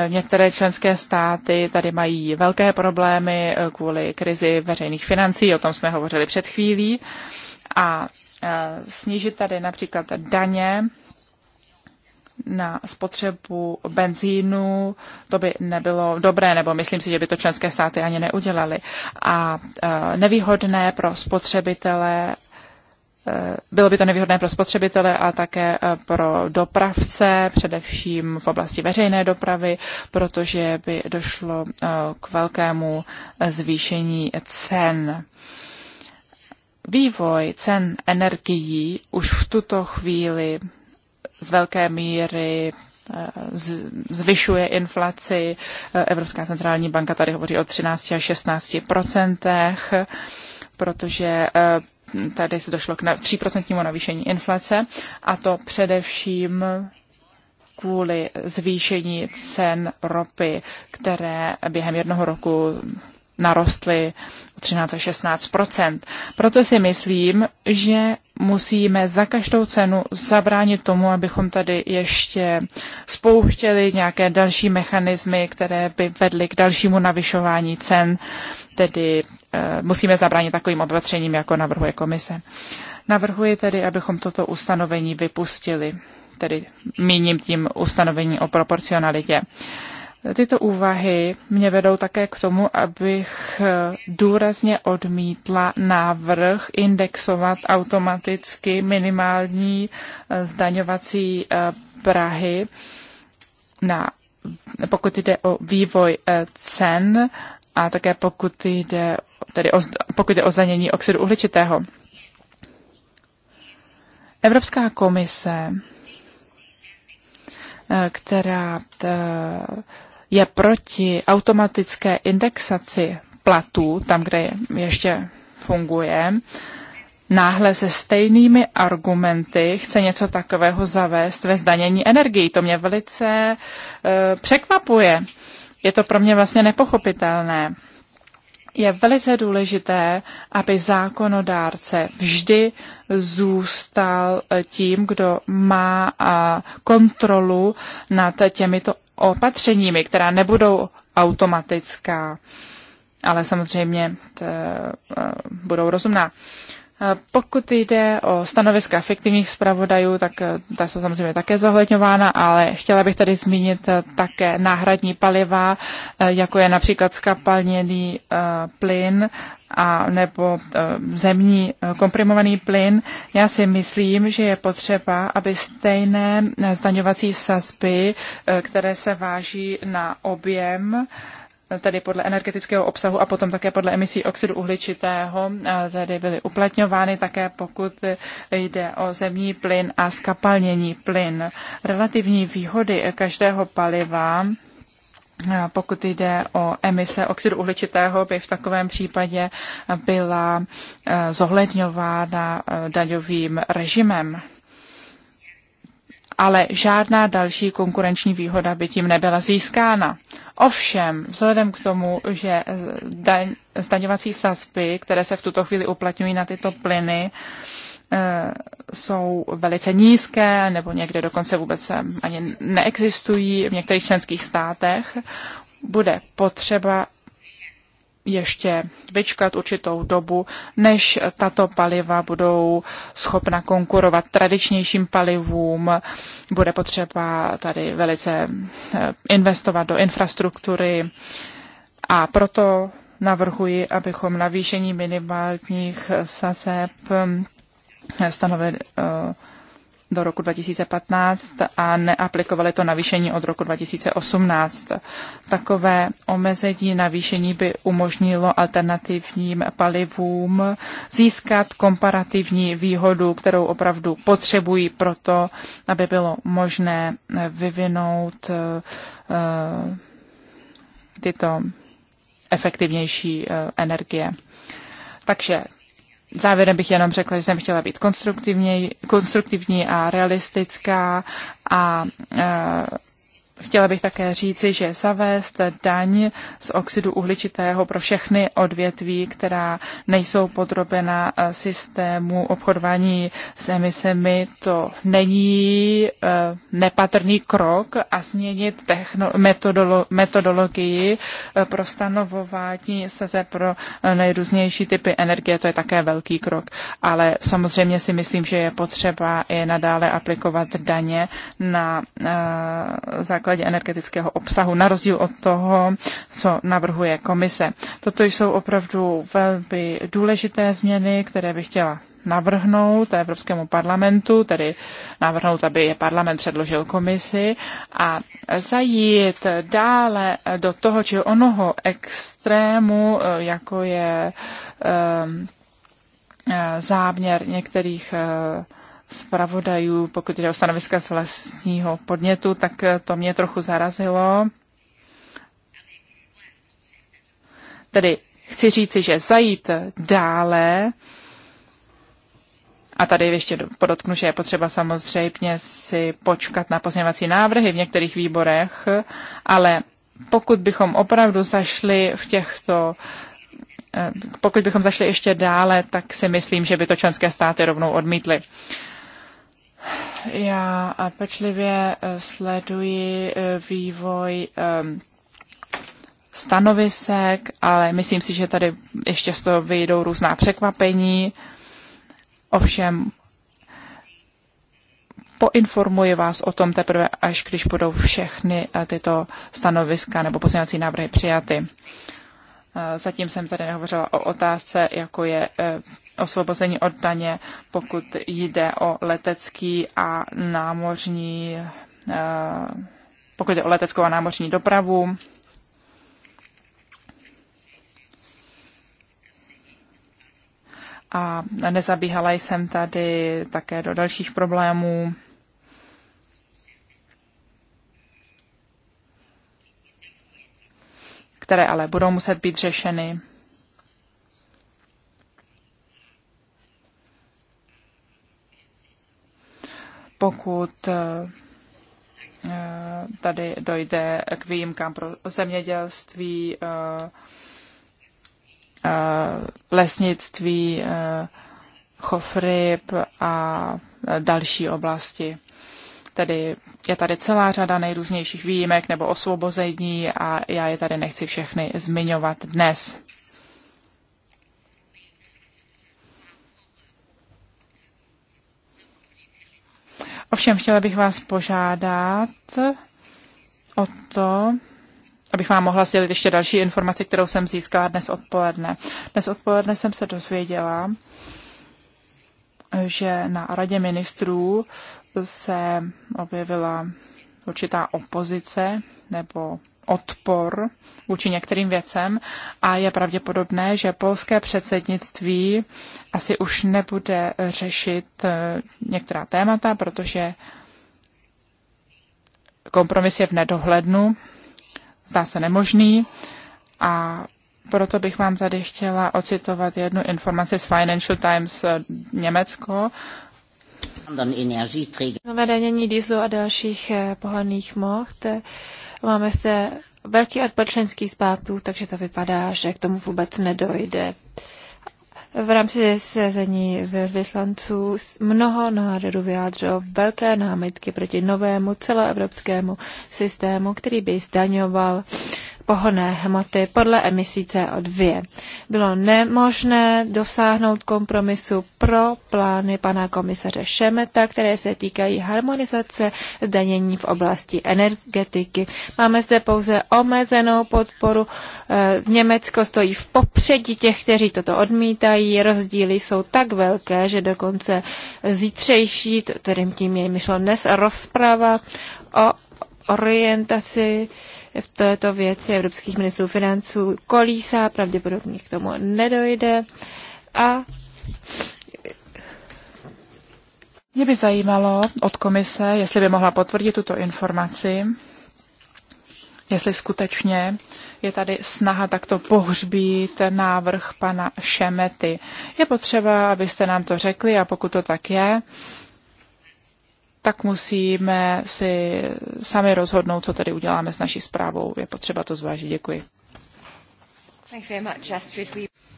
[SPEAKER 3] některé členské státy tady mají velké problémy kvůli krizi veřejných financí, o tom jsme hovořili před chvílí, a snížit tady například daně na spotřebu benzínu, to by nebylo dobré, nebo myslím si, že by to členské státy ani neudělali. A e, nevýhodné pro spotřebitele e, bylo by to nevýhodné pro spotřebitele a také e, pro dopravce, především v oblasti veřejné dopravy, protože by došlo k velkému zvýšení cen. Vývoj cen energií už v tuto chvíli z velké míry eh, zvyšuje inflaci. Eh, Evropská centrální banka tady hovoří o 13 až 16 procentech, protože eh, tady se došlo k 3% navýšení inflace a to především kvůli zvýšení cen ropy, které během jednoho roku narostly 13 až 16 Proto si myslím, že musíme za každou cenu zabránit tomu, abychom tady ještě spouštěli nějaké další mechanismy, které by vedly k dalšímu navyšování cen, tedy e, musíme zabránit takovým opatřením, jako navrhuje komise. Navrhuji tedy, abychom toto ustanovení vypustili, tedy míním tím ustanovení o proporcionalitě. E, Tyto úvahy mě vedou také k tomu, abych důrazně odmítla návrh indexovat automaticky minimální eh, zdaňovací eh, Prahy na pokud jde o vývoj eh, cen a také pokud jde, tedy o, pokud jde o zdanění oxidu uhličitého. Evropská komise, která t, je proti automatické indexaci platů, tam, kde ještě funguje, náhle se stejnými argumenty chce něco takového zavést ve zdanění energií. To mě velice e, překvapuje. Je to pro mě vlastně nepochopitelné. Je velice důležité, aby zákonodárce vždy zůstal e, tím, kdo má kontrolu nad těmito opatřeními, která nebudou automatická, ale samozřejmě e, budou rozumná. E, pokud jde o stanoviska fiktivních zpravodajů, tak e, ta jsou samozřejmě také zohledňována, ale chtěla bych tady zmínit také náhradní paliva, jako je například skapalněný plyn a nebo e, zemní e, komprimovaný plyn, já si myslím, že je potřeba, aby stejné e, zdaňovací sazby, které se váží na objem, tedy podle energetického obsahu a potom také podle emisí oxidu uhličitého, tedy byly uplatňovány také pokud jde o zemní plyn a skapalnění plyn. Relativní výhody každého paliva pokud jde o emise oxidu uhličitého, by v takovém případě byla e, zohledňována e, daňovým režimem. Ale žádná další konkurenční výhoda by tím nebyla získána. Ovšem, vzhledem k tomu, že zdaňovací sazby, které se v tuto chvíli uplatňují na tyto plyny, Eh, jsou velice nízké nebo někde dokonce vůbec eh, ani neexistují v některých členských státech, bude potřeba ještě vyčkat určitou dobu, než tato paliva budou schopna konkurovat tradičnějším palivům. Bude potřeba tady velice eh, investovat do infrastruktury a proto navrhuji, abychom navýšení minimálních sazeb stanovit eh, do roku 2015 a neaplikovali to navýšení od roku 2018. Takové omezení navýšení by umožnilo alternativním palivům získat komparativní výhodu, kterou opravdu potřebují proto, aby bylo možné vyvinout eh, eh, tyto efektivnější energie. Takže Závěrem bych jenom řekla, že jsem chtěla být konstruktivní a realistická a eh, Chtěla bych také říci, že zavést daň z oxidu uhličitého pro všechny odvětví, která nejsou podrobena eh, systému obchodování s emisemi, to není eh, nepatrný krok a změnit techno- metodolo- metodologii eh, pro stanovování seze pro nejrůznější typy energie. To je také velký krok. Ale samozřejmě si myslím, že je potřeba i nadále aplikovat daně na základní základě energetického obsahu, na rozdíl od toho, co navrhuje komise. Toto jsou opravdu velmi důležité změny, které bych chtěla navrhnout Evropskému parlamentu, tedy navrhnout, aby je parlament předložil komisi a zajít dále do toho či onoho extrému, eh, jako je eh, eh, záměr některých zpravodajů, pokud jde o stanoviska z vlastního podnětu, tak eh, to mě trochu zarazilo. Tedy chci říci, že zajít dále, a tady ještě podotknu, že je potřeba samozřejmě si počkat na pozměňovací návrhy v některých výborech, ale pokud bychom opravdu zašli v těchto eh, pokud bychom zašli ještě dále, tak si myslím, že by to členské státy rovnou odmítly. Já pečlivě eh, sleduji eh, vývoj ehm, stanovisek, ale myslím si, že tady ještě z toho vyjdou různá překvapení. Ovšem, poinformuji vás o tom teprve, až když budou všechny eh, tyto stanoviska nebo poslanecí návrhy přijaty. Zatím jsem tady nehovořila o otázce, jako je osvobození od daně, pokud jde o letecký a námořní, eh, pokud jde o leteckou a námořní dopravu. A nezabíhala jsem tady také do dalších problémů. které ale budou muset být řešeny pokud eh, tady dojde k výjimkám pro zemědělství, eh, eh, lesnictví, chov ryb a další oblasti. Tedy je tady celá řada nejrůznějších výjimek nebo osvobození a já je tady nechci všechny zmiňovat dnes. Ovšem, chtěla bych vás požádat o to, abych vám mohla sdělit ještě další informaci, kterou jsem získala dnes odpoledne. Dnes odpoledne jsem se dozvěděla, že na radě ministrů se objevila určitá opozice nebo odpor vůči některým věcem a je pravděpodobné, že polské předsednictví asi už nebude řešit eh, některá témata, protože kompromis je v nedohlednu, zdá se nemožný a proto bych vám tady chtěla ocitovat jednu informaci z Financial Times eh, Německo,
[SPEAKER 2] Zavedení dýzlu a dalších eh, pohonných moh, Máme se velký odpor členských států, takže to vypadá, že k tomu vůbec nedojde. V rámci sezení vyslanců mnoho národů vyjádřilo velké námitky proti novému celoevropskému systému, který by zdaňoval pohonné hmoty podle emisí CO2. Bylo nemožné dosáhnout kompromisu pro plány pana komisaře Šemeta, které se týkají harmonizace zdanění v oblasti energetiky. Máme zde pouze omezenou podporu. Eh, Německo stojí v popředí těch, kteří toto odmítají. Rozdíly jsou tak velké, že dokonce zítřejší, kterým tím je myšlo dnes, rozprava o orientaci v této věci evropských ministrů financů kolísá, pravděpodobně k tomu nedojde. A
[SPEAKER 3] mě by zajímalo od komise, jestli by mohla potvrdit tuto informaci, jestli skutečně je tady snaha takto pohřbít návrh pana Šemety. Je potřeba, abyste nám to řekli a pokud to tak je, tak musíme si sami rozhodnout, co tady uděláme s naší zprávou. Je potřeba to zvážit. Děkuji.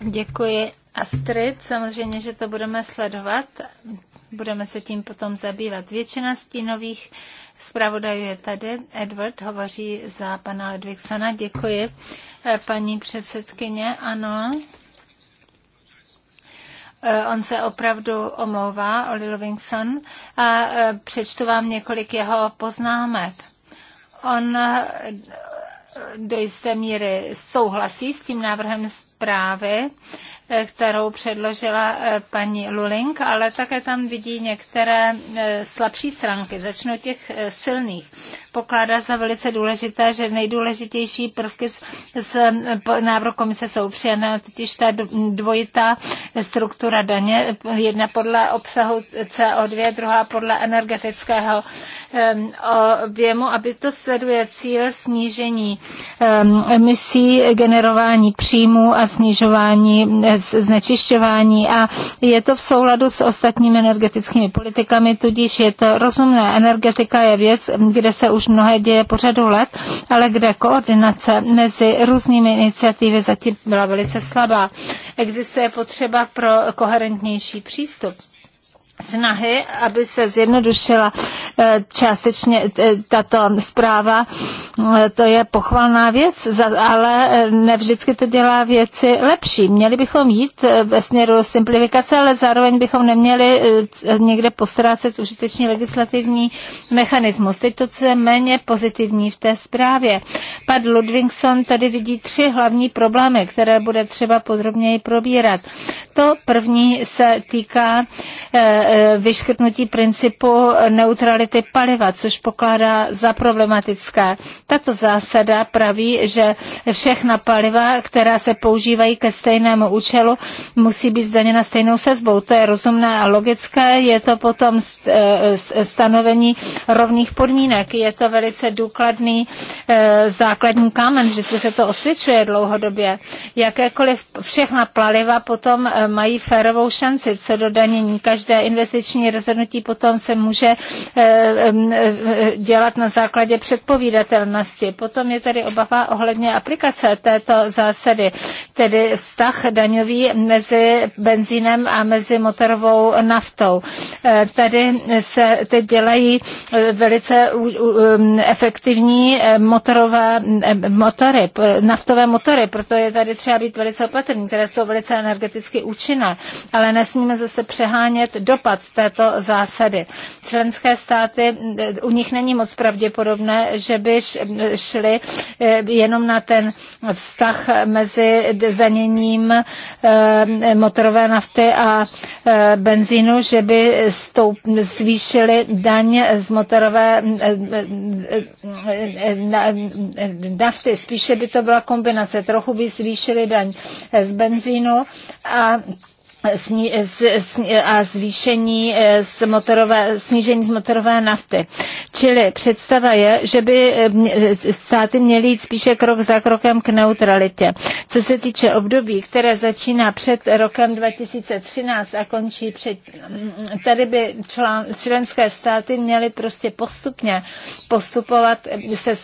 [SPEAKER 1] Děkuji. Astrid, samozřejmě, že to budeme sledovat. Budeme se tím potom zabývat. Většina z nových zpravodajů je tady. Edward hovoří za pana Ludvíksona. Děkuji, eh, paní předsedkyně. Ano Eh, on se opravdu omlouvá, Oli Livingston, a eh, přečtu vám několik jeho poznámek. On eh, do jisté míry souhlasí s tím návrhem zprávy, kterou předložila eh, paní Luling, ale také tam vidí některé eh, slabší stránky. Začnu těch eh, silných. Pokládá za velice důležité, že nejdůležitější prvky z, z návrhu komise jsou přijané, totiž ta dvojitá struktura daně, jedna podle obsahu CO2, druhá podle energetického Um, objemu, aby to sleduje cíl snížení um, emisí, generování příjmů a snižování eh, znečišťování a je to v souladu s ostatními energetickými politikami, tudíž je to rozumné. Energetika je věc, kde se už mnohé děje po řadu let, ale kde koordinace mezi různými iniciativy zatím byla velice slabá. Existuje potřeba pro koherentnější přístup snahy, aby se zjednodušila eh, částečně eh, tato zpráva. Eh, to je pochvalná věc, ale nevždycky to dělá věci lepší. Měli bychom jít ve směru simplifikace, ale zároveň bychom neměli někde postrácet užitečný legislativní mechanismus. Teď to, co je méně pozitivní v té zprávě. Pan Ludvingson tady vidí tři hlavní problémy, které bude třeba podrobněji probírat. To první se týká Eh, vyškrtnutí principu neutrality paliva, což pokládá za problematické. Tato zásada praví, že všechna paliva, která se používají ke stejnému účelu, musí být zdaněna stejnou sezbou. To je rozumné a logické, je to potom eh, eh, stanovení rovných podmínek. Je to velice důkladný základní kámen, že se to osvědčuje dlouhodobě. Jakékoliv všechna paliva potom mají férovou šanci co do danění. Každé investice investiční rozhodnutí potom se může eh, eh, eh, dělat na základě předpovídatelnosti. Potom je tady obava ohledně aplikace této zásady, tedy vztah daňový mezi benzínem a mezi motorovou naftou. Tady se teď dělají velice um, efektivní motorové motory, naftové motory, proto je tady třeba být velice opatrný, které jsou velice energeticky účinné, ale nesmíme zase přehánět dopad dopad této zásady. Členské státy, u nich není moc pravděpodobné, že by šli eh, jenom na ten vztah mezi zdaněním eh, motorové nafty a eh, benzínu, že by zvýšili daň z motorové nafty. Spíše by to byla kombinace. Trochu by zvýšili daň z benzínu a a zvýšení eh, motorové, snížení z motorové nafty. Čili představa je, že by eh, eh, státy měly jít spíše krok za krokem k neutralitě. Co se týče období, které začíná před rokem 2013 a končí před... Mm, tady by členské státy měly prostě postupně postupovat, se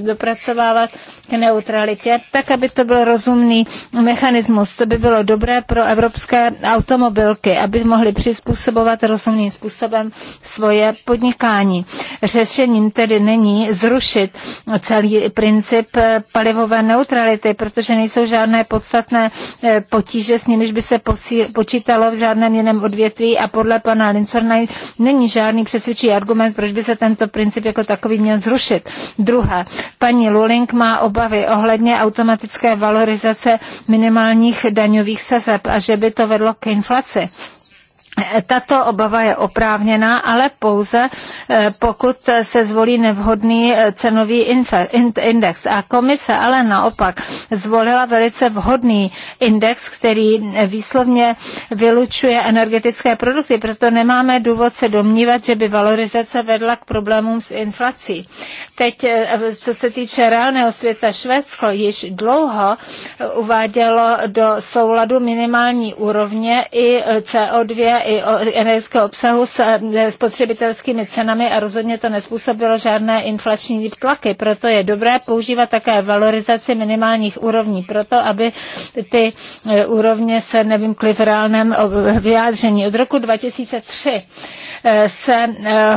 [SPEAKER 1] dopracovávat k neutralitě, tak, aby to byl rozumný mechanismus. To by bylo dobré pro evropské automobilky, aby mohly přizpůsobovat rozumným způsobem svoje podnikání. Řešením tedy není zrušit celý princip palivové neutrality, protože nejsou žádné podstatné eh, potíže, s nimiž by se počítalo v žádném jiném odvětví a podle pana Lincorna není žádný přesvědčí argument, proč by se tento princip jako takový měl zrušit. Druhá, paní Luling má obavy ohledně automatické valorizace minimálních daňových sazeb a že by to vedlo vedlo k inflaci tato obava je oprávněná, ale pouze eh, pokud se zvolí nevhodný eh, cenový index. A komise ale naopak zvolila velice vhodný index, který výslovně vylučuje energetické produkty, proto nemáme důvod se domnívat, že by valorizace vedla k problémům s inflací. Teď, eh, co se týče reálného světa, Švédsko již dlouho uvádělo do souladu minimální úrovně i CO2 i energetického obsahu s e, spotřebitelskými cenami a rozhodně to nespůsobilo žádné inflační tlaky. Proto je dobré používat také valorizaci minimálních úrovní, proto aby ty e, úrovně se nevymkly v reálném vyjádření. Od roku 2003 e, se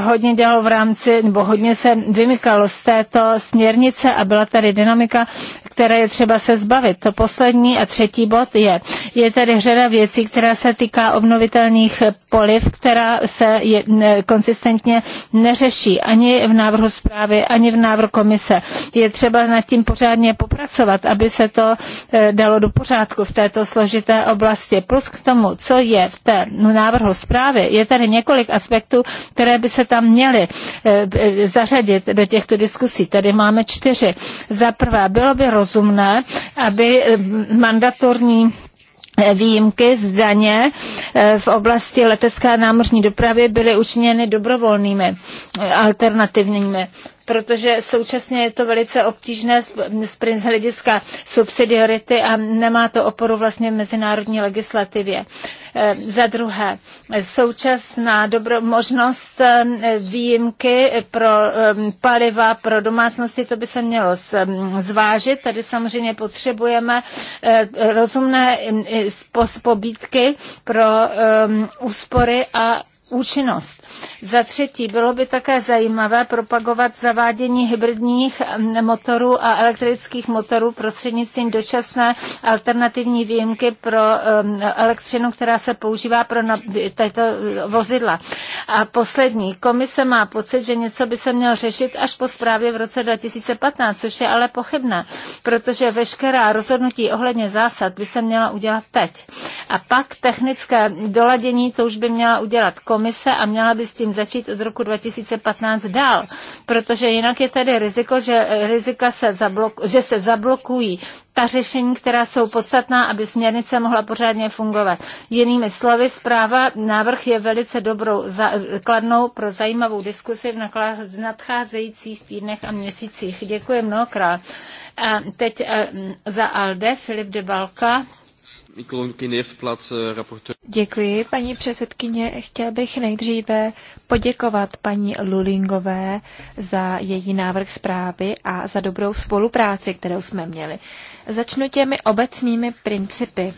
[SPEAKER 1] hodně dělalo v rámci, nebo hodně se vymykalo z této směrnice a byla tady dynamika, které je třeba se zbavit. To poslední a třetí bod je, je tady řada věcí, která se týká obnovitelných těch poliv, která se je, ne, konsistentně neřeší ani v návrhu zprávy, ani v návrhu komise. Je třeba nad tím pořádně popracovat, aby se to e, dalo do pořádku v této složité oblasti. Plus k tomu, co je v té návrhu zprávy, je tady několik aspektů, které by se tam měly e, e zařadit do těchto diskusí. Tady máme čtyři. Za prvé, bylo by rozumné, aby e, mandatorní výjimky z daně eh, v oblasti letecké a námořní dopravy byly učiněny dobrovolnými eh, alternativními protože současně je to velice obtížné z, z hlediska subsidiarity a nemá to oporu vlastně v mezinárodní legislativě. E, za druhé, současná dobro, možnost e, výjimky pro e, paliva pro domácnosti, to by se mělo zvážit. Tady samozřejmě potřebujeme rozumné pobídky pro úspory a účinnost. Za třetí, bylo by také zajímavé propagovat zavádění hybridních motorů a elektrických motorů prostřednictvím dočasné alternativní výjimky pro um, elektřinu, která se používá pro tato vozidla. A poslední, komise má pocit, že něco by se mělo řešit až po zprávě v roce 2015, což je ale pochybné, protože veškerá rozhodnutí ohledně zásad by se měla udělat teď. A pak technické doladění to už by měla udělat komise komise a měla by s tím začít od roku 2015 dál, protože jinak je tady riziko, že, rizika se, zablok, že se zablokují ta řešení, která jsou podstatná, aby směrnice mohla pořádně fungovat. Jinými slovy, zpráva, návrh je velice dobrou kladnou pro zajímavou diskusi v nadcházejících týdnech a měsících. Děkuji mnohokrát. A teď eh, za ALDE Filip de Balka. Děkuji, paní předsedkyně.
[SPEAKER 2] Chtěl bych nejdříve poděkovat paní Lulingové za její návrh zprávy a za dobrou spolupráci, kterou jsme měli. Začnu těmi obecnými principy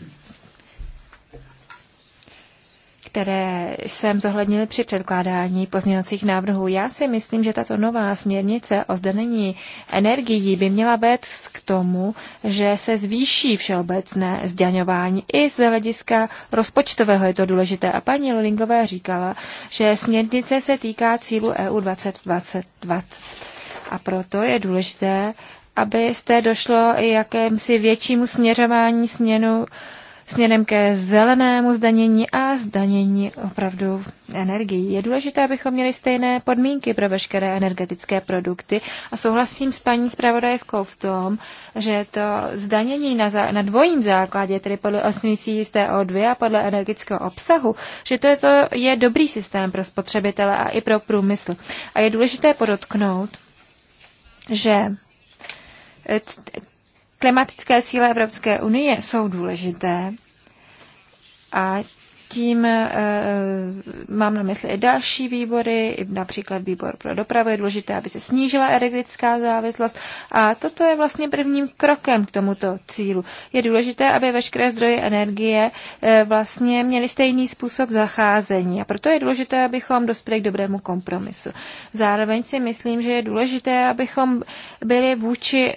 [SPEAKER 2] které jsem zohlednil při předkládání pozměňovacích návrhů. Já si myslím, že tato nová směrnice o zdanění energií by měla být k tomu, že se zvýší všeobecné zdaňování. I z hlediska rozpočtového je to důležité. A paní Lolingová říkala, že směrnice se týká cílu EU 2020. A proto je důležité, aby jste došlo i jakémsi většímu směřování směnu směrem ke zelenému zdanění a zdanění opravdu energií. Je důležité, abychom měli stejné podmínky pro veškeré energetické produkty a souhlasím s paní zpravodajkou v tom, že to zdanění na, zá- na dvojím základě, tedy podle osmicí z TO2 a podle energetického obsahu, že to je, to je dobrý systém pro spotřebitele a i pro průmysl. A je důležité podotknout, že Klimatické cíle Evropské unie jsou důležité a tím e, mám na mysli i další výbory, například výbor pro dopravu je důležité, aby se snížila energetická závislost a toto je vlastně prvním krokem k tomuto cílu. Je důležité, aby veškeré zdroje energie e, vlastně měly stejný způsob zacházení a proto je důležité, abychom dospěli k dobrému kompromisu. Zároveň si myslím, že je důležité, abychom byli vůči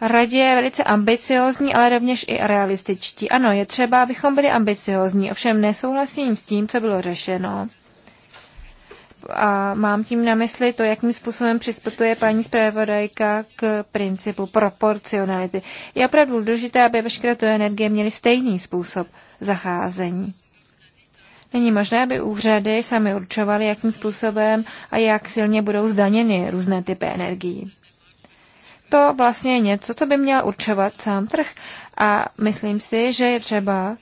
[SPEAKER 2] radě je velice ambiciozní, ale rovněž i realističtí. Ano, je třeba, abychom byli ambiciozní, ovšem nesouhlasím s tím, co bylo řešeno. A mám tím na mysli to, jakým způsobem přispotuje paní zpravodajka k principu proporcionality. Je opravdu důležité, aby veškeré to energie měly stejný způsob zacházení. Není možné, aby úřady sami určovaly, jakým způsobem a jak silně budou zdaněny různé typy energií to vlastně něco, co by měl určovat sám trh. A myslím si, že je třeba,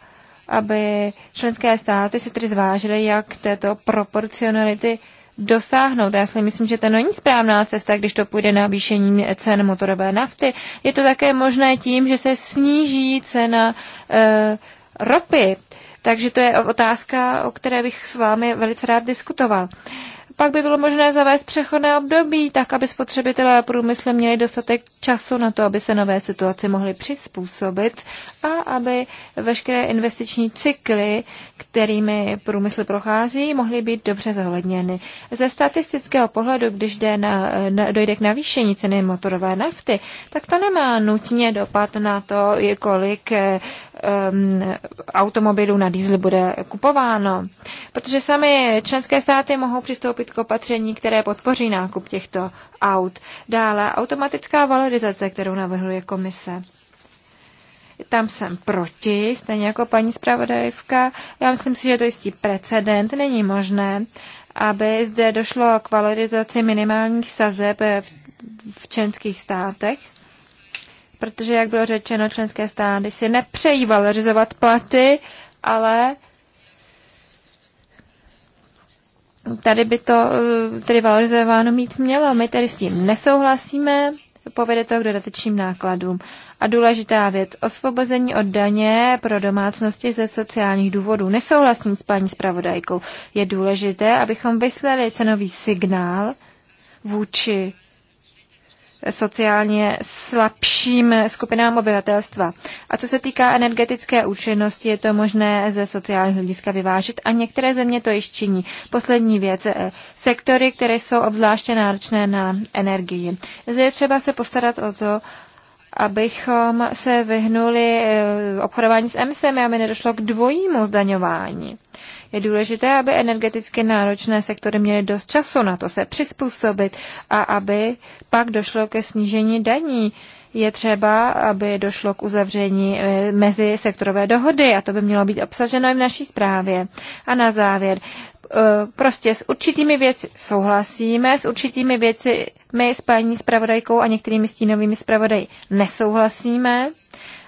[SPEAKER 2] aby členské státy si tedy zvážily, jak této proporcionality dosáhnout. Já si myslím, že to není správná cesta, když to půjde na výšení cen motorové nafty. Je to také možné tím, že se sníží cena e, ropy. Takže to je otázka, o které bych s vámi velice rád diskutoval. Pak by bylo možné zavést přechodné období, tak aby spotřebitelé a průmysl měli dostatek času na to, aby se nové situaci mohly přizpůsobit a aby veškeré investiční cykly, kterými průmysl prochází, mohly být dobře zohledněny. Ze statistického pohledu, když jde na, na, dojde k navýšení ceny motorové nafty, tak to nemá nutně dopad na to, kolik eh, um, automobilů na diesel bude kupováno. Protože sami členské státy mohou přistoupit k opatření, které podpoří nákup těchto aut. Dále automatická valorizace, kterou navrhuje komise. Tam jsem proti, stejně jako paní zpravodajivka. Já myslím si, že to jistý precedent. Není možné, aby zde došlo k valorizaci minimálních sazeb v, v členských státech protože, jak bylo řečeno, členské státy si nepřejí valorizovat platy, ale tady by to eh, tedy valorizováno mít mělo. My tedy s tím nesouhlasíme, povede to k dodatečným nákladům. A důležitá věc, osvobození od daně pro domácnosti ze sociálních důvodů. Nesouhlasím s paní zpravodajkou. Je důležité, abychom vyslali cenový signál vůči sociálně slabším skupinám obyvatelstva. A co se týká energetické účinnosti, je to možné ze sociálního hlediska vyvážit a některé země to již činí. Poslední věc, eh, sektory, které jsou obzvláště náročné na energii. Zde je třeba se postarat o to, abychom se vyhnuli eh, obchodování s MSM, aby nedošlo k dvojímu zdaňování. Je důležité, aby energeticky náročné sektory měly dost času na to se přizpůsobit a aby pak došlo ke snížení daní je třeba, aby došlo k uzavření eh, mezi sektorové dohody a to by mělo být obsaženo i v naší zprávě. A na závěr, eh, prostě s určitými věci souhlasíme, s určitými věci my s paní zpravodajkou a některými stínovými zpravodaji nesouhlasíme.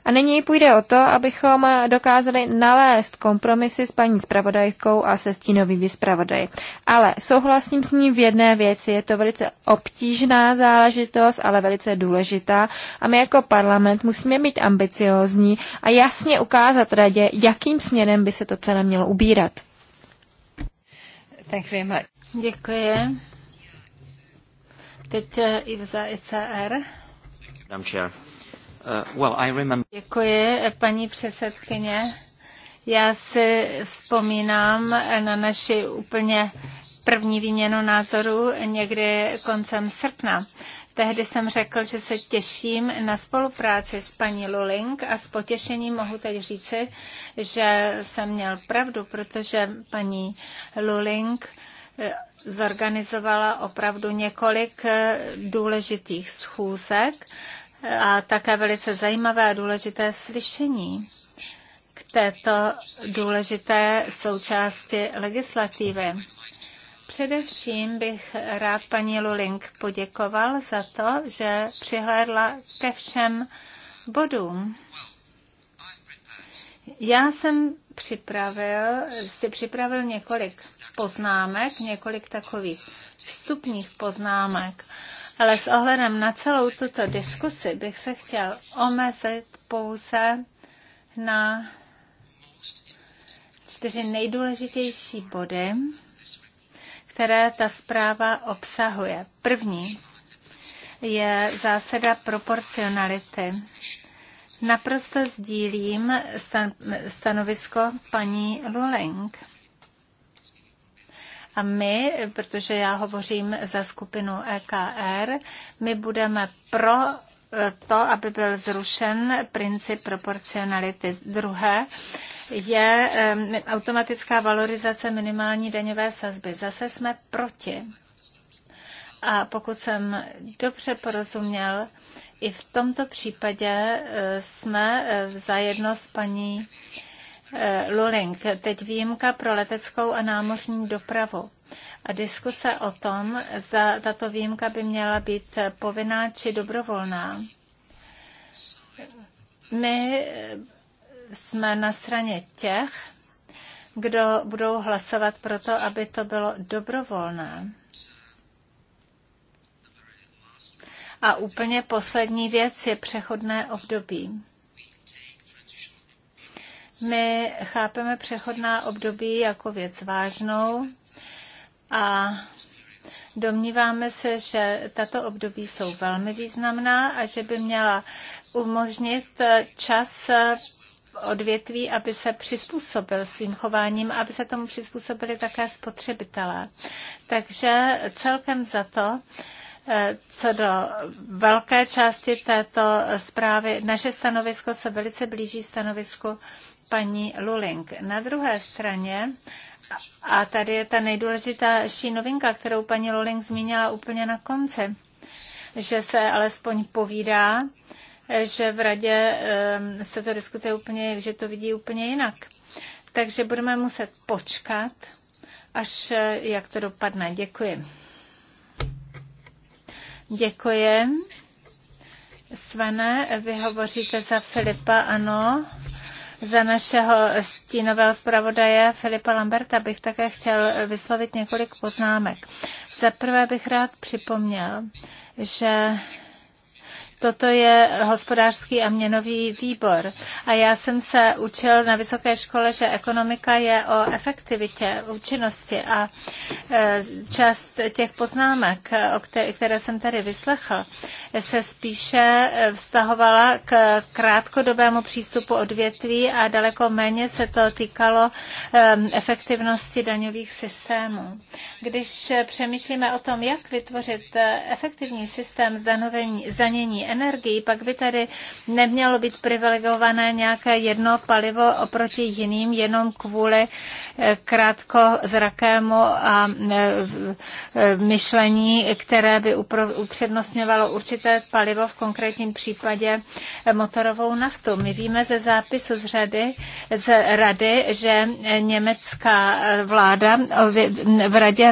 [SPEAKER 2] A nyní půjde o to, abychom dokázali nalézt kompromisy s paní zpravodajkou a se stínovými zpravodaji. Ale souhlasím s ním v jedné věci. Je to velice obtížná záležitost, ale velice důležitá. A my jako parlament musíme být ambiciózní a jasně ukázat radě, jakým směrem by se to celé mělo ubírat.
[SPEAKER 1] Thank you very much. Děkuji. Teď eh, i za ICR. E
[SPEAKER 2] Madam Uh,
[SPEAKER 1] Děkuji, paní předsedkyně. Já si vzpomínám na naši úplně první výměnu názoru někdy koncem srpna. Tehdy jsem řekl, že se těším na spolupráci s paní Luling a s potěšením mohu teď říci, že jsem měl pravdu, protože paní Luling eh, zorganizovala opravdu několik eh, důležitých schůzek a také velice zajímavé a důležité slyšení k této důležité součásti legislativy. Především bych rád paní Luling poděkoval za to, že přihlédla ke všem bodům. Já jsem připravil, si připravil několik poznámek, několik takových vstupních poznámek, ale s ohledem na celou tuto diskusi bych se chtěl omezit pouze na čtyři nejdůležitější body, které ta zpráva obsahuje. První je zásada proporcionality. Naprosto sdílím stan- stanovisko paní Luling a my, protože já hovořím za skupinu EKR, my budeme pro eh, to, aby byl zrušen princip proporcionality. Druhé je eh, automatická valorizace minimální daňové sazby. Zase jsme proti. A pokud jsem dobře porozuměl, i v tomto případě eh, jsme zajedno s paní Eh, Luling, teď výjimka pro leteckou a námořní dopravu. A diskuse o tom, zda tato výjimka by měla být povinná či dobrovolná. My eh, jsme na straně těch, kdo budou hlasovat pro to, aby to bylo dobrovolné. A úplně poslední věc je přechodné období. My chápeme přechodná období jako věc vážnou a Domníváme se, že tato období jsou velmi významná a že by měla umožnit čas odvětví, aby se přizpůsobil svým chováním, aby se tomu přizpůsobili také spotřebitelé. Takže celkem za to, eh, co do velké části této zprávy, naše stanovisko se velice blíží stanovisku paní Luling. Na druhé straně a tady je ta nejdůležitější novinka, kterou paní Luling zmínila úplně na konci, že se alespoň povídá, že v radě ehm, se to diskutuje úplně, že to vidí úplně jinak. Takže budeme muset počkat, až eh, jak to dopadne. Děkuji. Děkuji. Svane, vy hovoříte za Filipa, ano. Za našeho stínového zpravodaje Filipa Lamberta bych také chtěl vyslovit několik poznámek. Za prvé bych rád připomněl, že Toto je hospodářský a měnový výbor. A já jsem se učil na vysoké škole, že ekonomika je o efektivitě, účinnosti a e, část těch poznámek, které jsem tady vyslechl, se spíše e, vztahovala k krátkodobému přístupu odvětví a daleko méně se to týkalo e, efektivnosti daňových systémů. Když přemýšlíme o tom, jak vytvořit efektivní systém zdanění energií, pak by tady nemělo být privilegované nějaké jedno palivo oproti jiným jenom kvůli eh, krátko zrakému a eh, eh, myšlení, které by upřednostňovalo určité palivo, v konkrétním případě motorovou naftu. My víme ze zápisu z, řady, z rady, že německá vláda v radě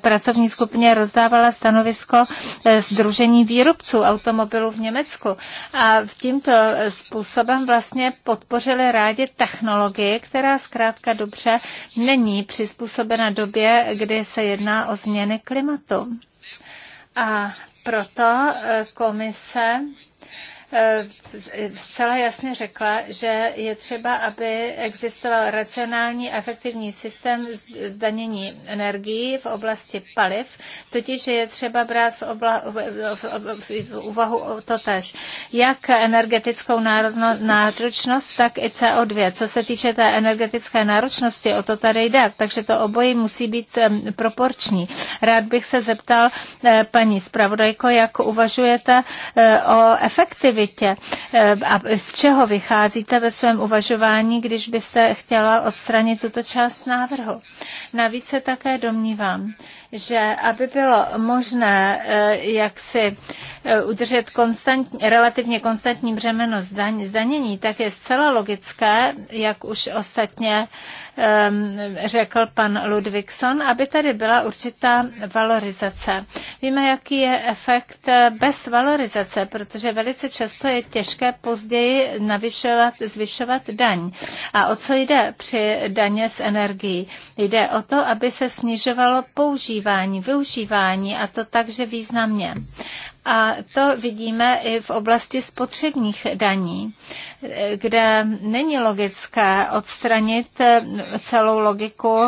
[SPEAKER 1] pracovní skupině rozdávala stanovisko Združení výrobců automobilů v Německu. A tímto způsobem vlastně podpořili rádi technologii, která zkrátka dobře není přizpůsobena době, kdy se jedná o změny klimatu. A proto eh, komise Eh, zcela jasně řekla, že je třeba, aby existoval racionální a efektivní systém zdanění energií v oblasti paliv, totiž je třeba brát v, obla, v, v, v úvahu jak energetickou náročnost, tak i CO2. Co se týče té energetické náročnosti, o to tady jde, takže to obojí musí být proporční. Rád bych se zeptal eh, paní zpravodajko, jak uvažujete eh, o efektivitě aktivitě. Eh, a z čeho vycházíte ve svém uvažování, když byste chtěla odstranit tuto část návrhu? Navíc se také domnívám, že aby bylo možné eh, jak si eh, udržet konstant, relativně konstantní břemeno zdanění, tak je zcela logické, jak už ostatně um, řekl pan Ludvigson, aby tady byla určitá valorizace. Víme, jaký je efekt bez valorizace, protože velice často často je těžké později navyšovat, zvyšovat daň. A o co jde při daně z energií? Jde o to, aby se snižovalo používání, využívání a to takže významně. A to vidíme i v oblasti spotřebních daní, kde není logické odstranit celou logiku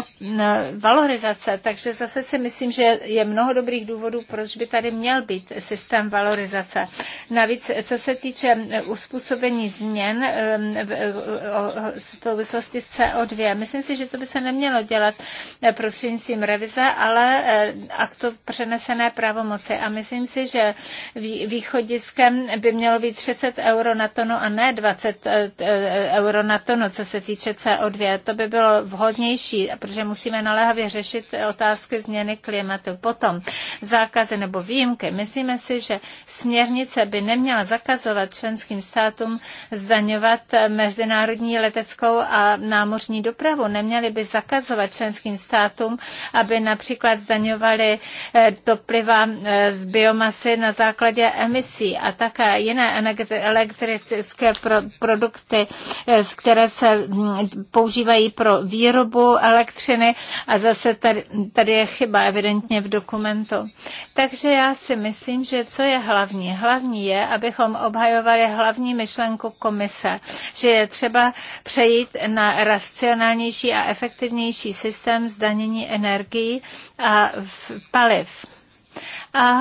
[SPEAKER 1] valorizace. Takže zase si myslím, že je mnoho dobrých důvodů, proč by tady měl být systém valorizace. Navíc, co se týče uspůsobení změn um, v souvislosti s CO2, myslím si, že to by se nemělo dělat prostřednictvím revize, ale eh, aktu přenesené pravomoci. A myslím si, že východiskem by mělo být 30 euro na tonu a ne 20 eh, eh, euro na tonu, co se týče CO2. To by bylo vhodnější, protože musíme naléhavě řešit otázky změny klimatu. Potom zákazy nebo výjimky. Myslíme si, že směrnice by neměla zakazovat členským státům zdaňovat eh, mezinárodní leteckou a námořní dopravu. Neměli by zakazovat členským státům, aby například zdaňovali topliva z biomasy na základě emisí a také jiné elektrické pro, produkty, eh, které se hm, používají pro výrobu elektřiny a zase tady, tady je chyba evidentně v dokumentu. Takže já si myslím, že co je hlavní? Hlavní je, abychom obhajovali hlavní myšlenku komise, že je třeba přejít na racionálnější a efektivnější systém zdanění energií a paliv. A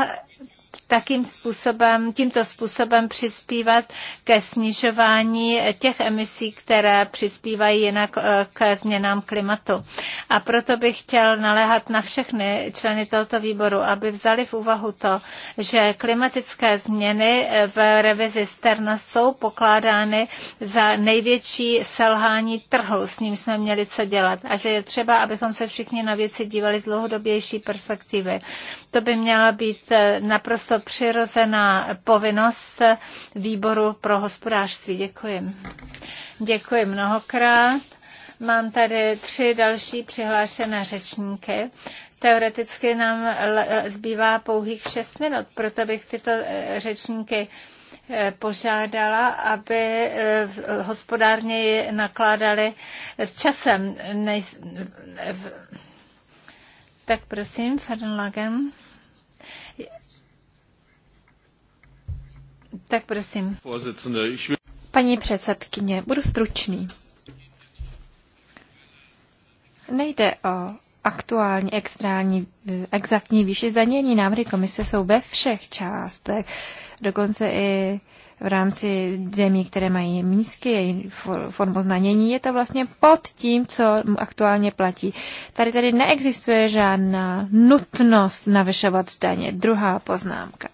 [SPEAKER 1] takým způsobem, tímto způsobem přispívat ke snižování těch emisí, které přispívají jinak eh, k změnám klimatu. A proto bych chtěl naléhat na všechny členy tohoto výboru, aby vzali v úvahu to, že klimatické změny eh, v revizi Sterna jsou pokládány za největší selhání trhu, s ním jsme měli co dělat. A že je třeba, abychom se všichni na věci dívali z dlouhodobější perspektivy. To by měla být eh, naprosto přirozená povinnost výboru pro hospodářství. Děkuji. Děkuji mnohokrát. Mám tady tři další přihlášené řečníky. Teoreticky nám zbývá pouhých šest minut, proto bych tyto e, řečníky e, požádala, aby e, hospodárněji nakládali s časem. Tak prosím, Ferdinand Lagen. Tak prosím. Paní předsedkyně, budu stručný.
[SPEAKER 2] Nejde o aktuální, extrální, eh, exaktní výši zdanění. Návrhy komise jsou ve všech částech, dokonce i v rámci zemí, které mají nízké formu znanění, je to vlastně pod tím, co aktuálně platí. Tady tedy neexistuje žádná nutnost navyšovat daně. Druhá poznámka.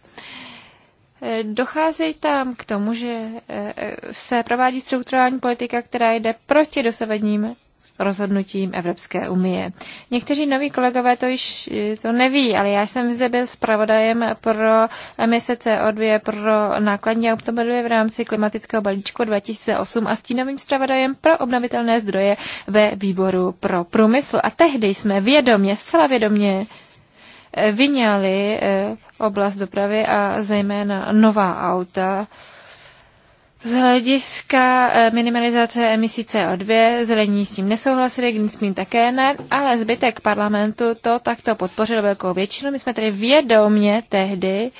[SPEAKER 2] Docházejí tam k tomu, že eh, se provádí strukturální politika, která jde proti dosavadním rozhodnutím Evropské unie. Někteří noví kolegové to již eh, to neví, ale já jsem zde byl zpravodajem pro emise CO2 pro nákladní automobily v rámci klimatického balíčku 2008 a stínovým zpravodajem pro obnovitelné zdroje ve výboru pro průmysl. A tehdy jsme vědomě, zcela vědomě vyňali eh, oblast dopravy a zejména nová auta z hlediska eh, minimalizace emisí CO2 zelení s tím nesouhlasili, Green s tím také ne, ale zbytek parlamentu to takto podpořil velkou většinu. My jsme tedy vědomě tehdy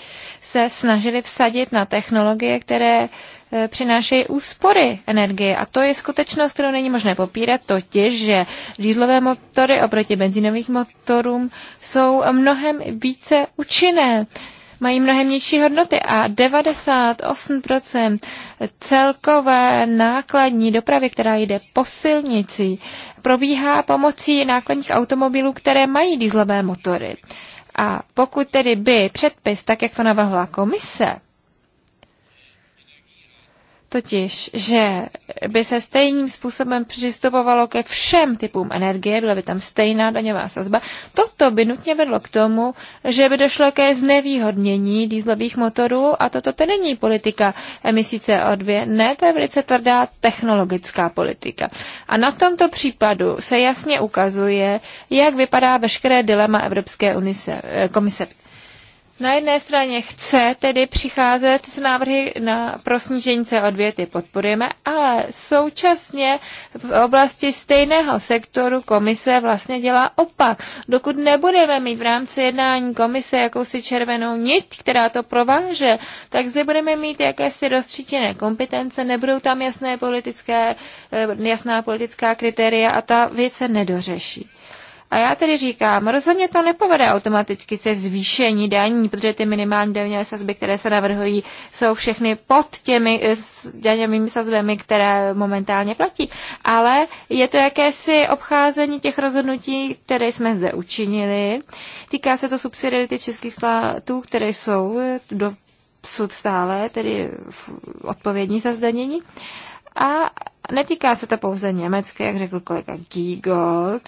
[SPEAKER 2] se snažili vsadit na technologie, které Eh, přinášejí úspory energie. A to je skutečnost, kterou není možné popírat, totiž, že dýzlové motory oproti benzínových motorům jsou mnohem více účinné mají mnohem nižší hodnoty a 98% celkové nákladní dopravy, která jde po silnici, probíhá pomocí nákladních automobilů, které mají dýzlové motory. A pokud tedy by předpis, tak jak to navrhla komise, totiž, že by se stejným způsobem přistupovalo ke všem typům energie, byla by tam stejná daňová sazba, toto by nutně vedlo k tomu, že by došlo ke znevýhodnění dýzlových motorů a toto to není politika emisí CO2, ne, to je velice tvrdá technologická politika. A na tomto případu se jasně ukazuje, jak vypadá veškeré dilema Evropské unise, eh, komise na jedné straně chce tedy přicházet s návrhy na prosnížení CO2, ty podporujeme, ale současně v oblasti stejného sektoru komise vlastně dělá opak. Dokud nebudeme mít v rámci jednání komise jakousi červenou niť, která to prováže, tak zde budeme mít jakési rozstřítěné kompetence, nebudou tam jasné politické, eh, jasná politická kritéria a ta věc se nedořeší. A já tedy říkám, rozhodně to nepovede automaticky se zvýšení daní, protože ty minimální daňové sazby, které se navrhují, jsou všechny pod těmi eh, daňovými sazbami, které momentálně platí. Ale je to jakési obcházení těch rozhodnutí, které jsme zde učinili. Týká se to subsidiarity českých států, které jsou eh, do sud stále, tedy odpovědní za zdanění. A netýká se to pouze Německé, jak řekl kolega Giegold,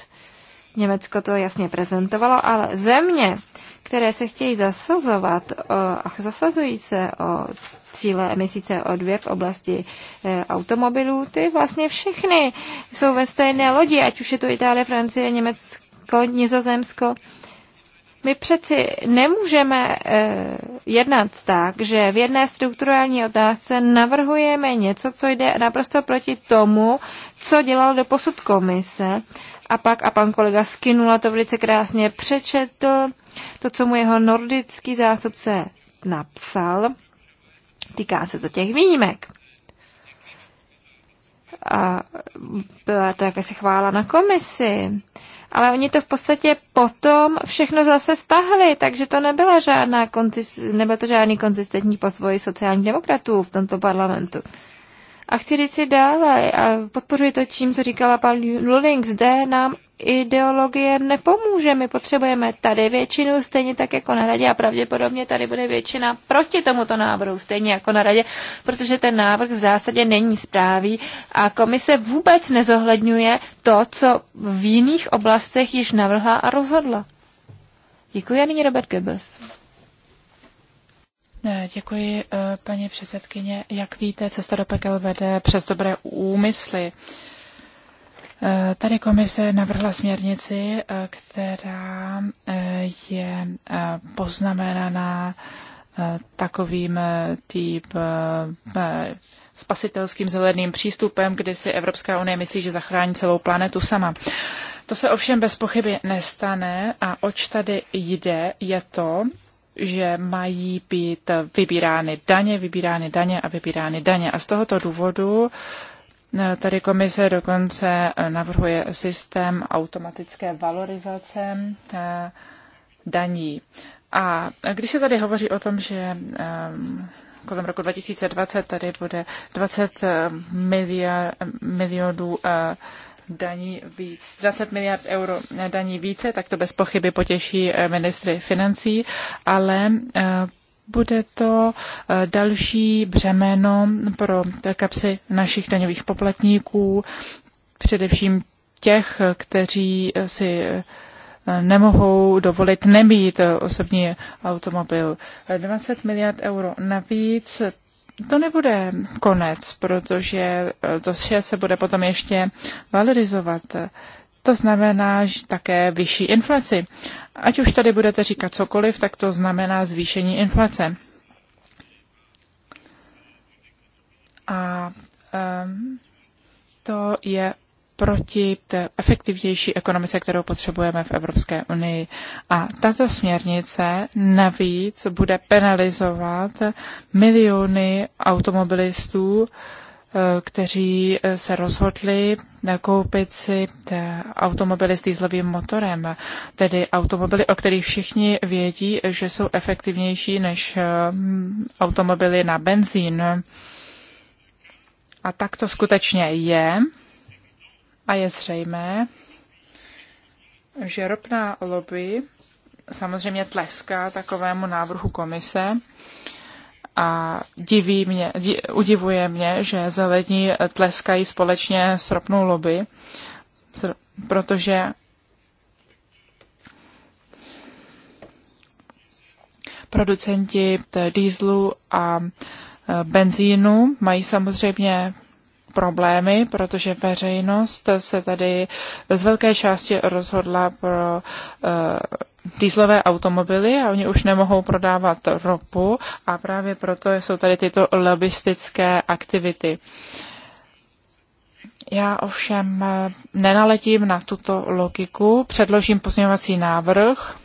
[SPEAKER 2] Německo to jasně prezentovalo, ale země, které se chtějí zasazovat a zasazují se o cíle emisí CO2 v oblasti e, automobilů, ty vlastně všechny jsou ve stejné lodi, ať už je to Itálie, Francie, Německo, Nizozemsko. My přeci nemůžeme e, jednat tak, že v jedné strukturální otázce navrhujeme něco, co jde naprosto proti tomu, co dělal do posud komise a pak, a pan kolega Skinula to velice krásně přečetl, to, co mu jeho nordický zástupce napsal, týká se to těch výjimek. A byla to jakési chvála na komisi. Ale oni to v podstatě potom všechno zase stahli, takže to nebyla žádná nebyl to žádný konzistentní posvoj sociálních demokratů v tomto parlamentu. A chci říct si dále, a podpořuji to tím, co říkala pan Luling, zde nám ideologie nepomůže. My potřebujeme tady většinu, stejně tak jako na radě a pravděpodobně tady bude většina proti tomuto návrhu, stejně jako na radě, protože ten návrh v zásadě není správný a komise vůbec nezohledňuje to, co v jiných oblastech již navrhla a rozhodla. Děkuji a nyní Robert Goebbels.
[SPEAKER 3] Děkuji, eh, paní předsedkyně. Jak víte, cesta do pekel vede přes dobré úmysly. Eh, tady komise navrhla směrnici, eh, která je poznamenaná takovým typ spasitelským zeleným přístupem, kdy si Evropská unie myslí, že zachrání celou planetu sama. To se ovšem bez pochyby nestane a oč tady jde, je to, že mají být vybírány daně, vybírány daně a vybírány daně. A z tohoto důvodu eh, tady komise dokonce eh, navrhuje systém automatické valorizace eh, daní. A když se tady hovoří o tom, že kolem roku 2020 tady bude 20 miliard, milionů daní víc, 20 miliard euro eh, daní více, tak to bez pochyby potěší eh, ministry financí, ale eh, bude to další břemeno pro kapsy našich daňových poplatníků, především těch, kteří si nemohou dovolit nemít osobní automobil. 20 miliard euro navíc, to nebude konec, protože eh, to vše se bude potom ještě valorizovat. To znamená že také vyšší inflaci. Ať už tady budete říkat cokoliv, tak to znamená zvýšení inflace. A um, to je proti té efektivnější ekonomice, kterou potřebujeme v Evropské unii. A tato směrnice navíc bude penalizovat miliony automobilistů, eh, kteří eh, se rozhodli eh, koupit si automobily s dýzlovým motorem, tedy automobily, o kterých všichni vědí, že jsou efektivnější než automobily na benzín. A tak to skutečně je a je zřejmé, že ropná lobby samozřejmě tleská takovému návrhu komise a diví mě, di, udivuje mě, že zelení tleskají společně s ropnou lobby, protože producenti dýzlu a e, benzínu mají samozřejmě problémy, protože veřejnost se tady z velké části rozhodla pro eh, dýzlové automobily a oni už nemohou prodávat ropu a právě proto jsou tady tyto lobbystické aktivity. Já ovšem eh, nenaletím na tuto logiku, předložím pozměňovací návrh,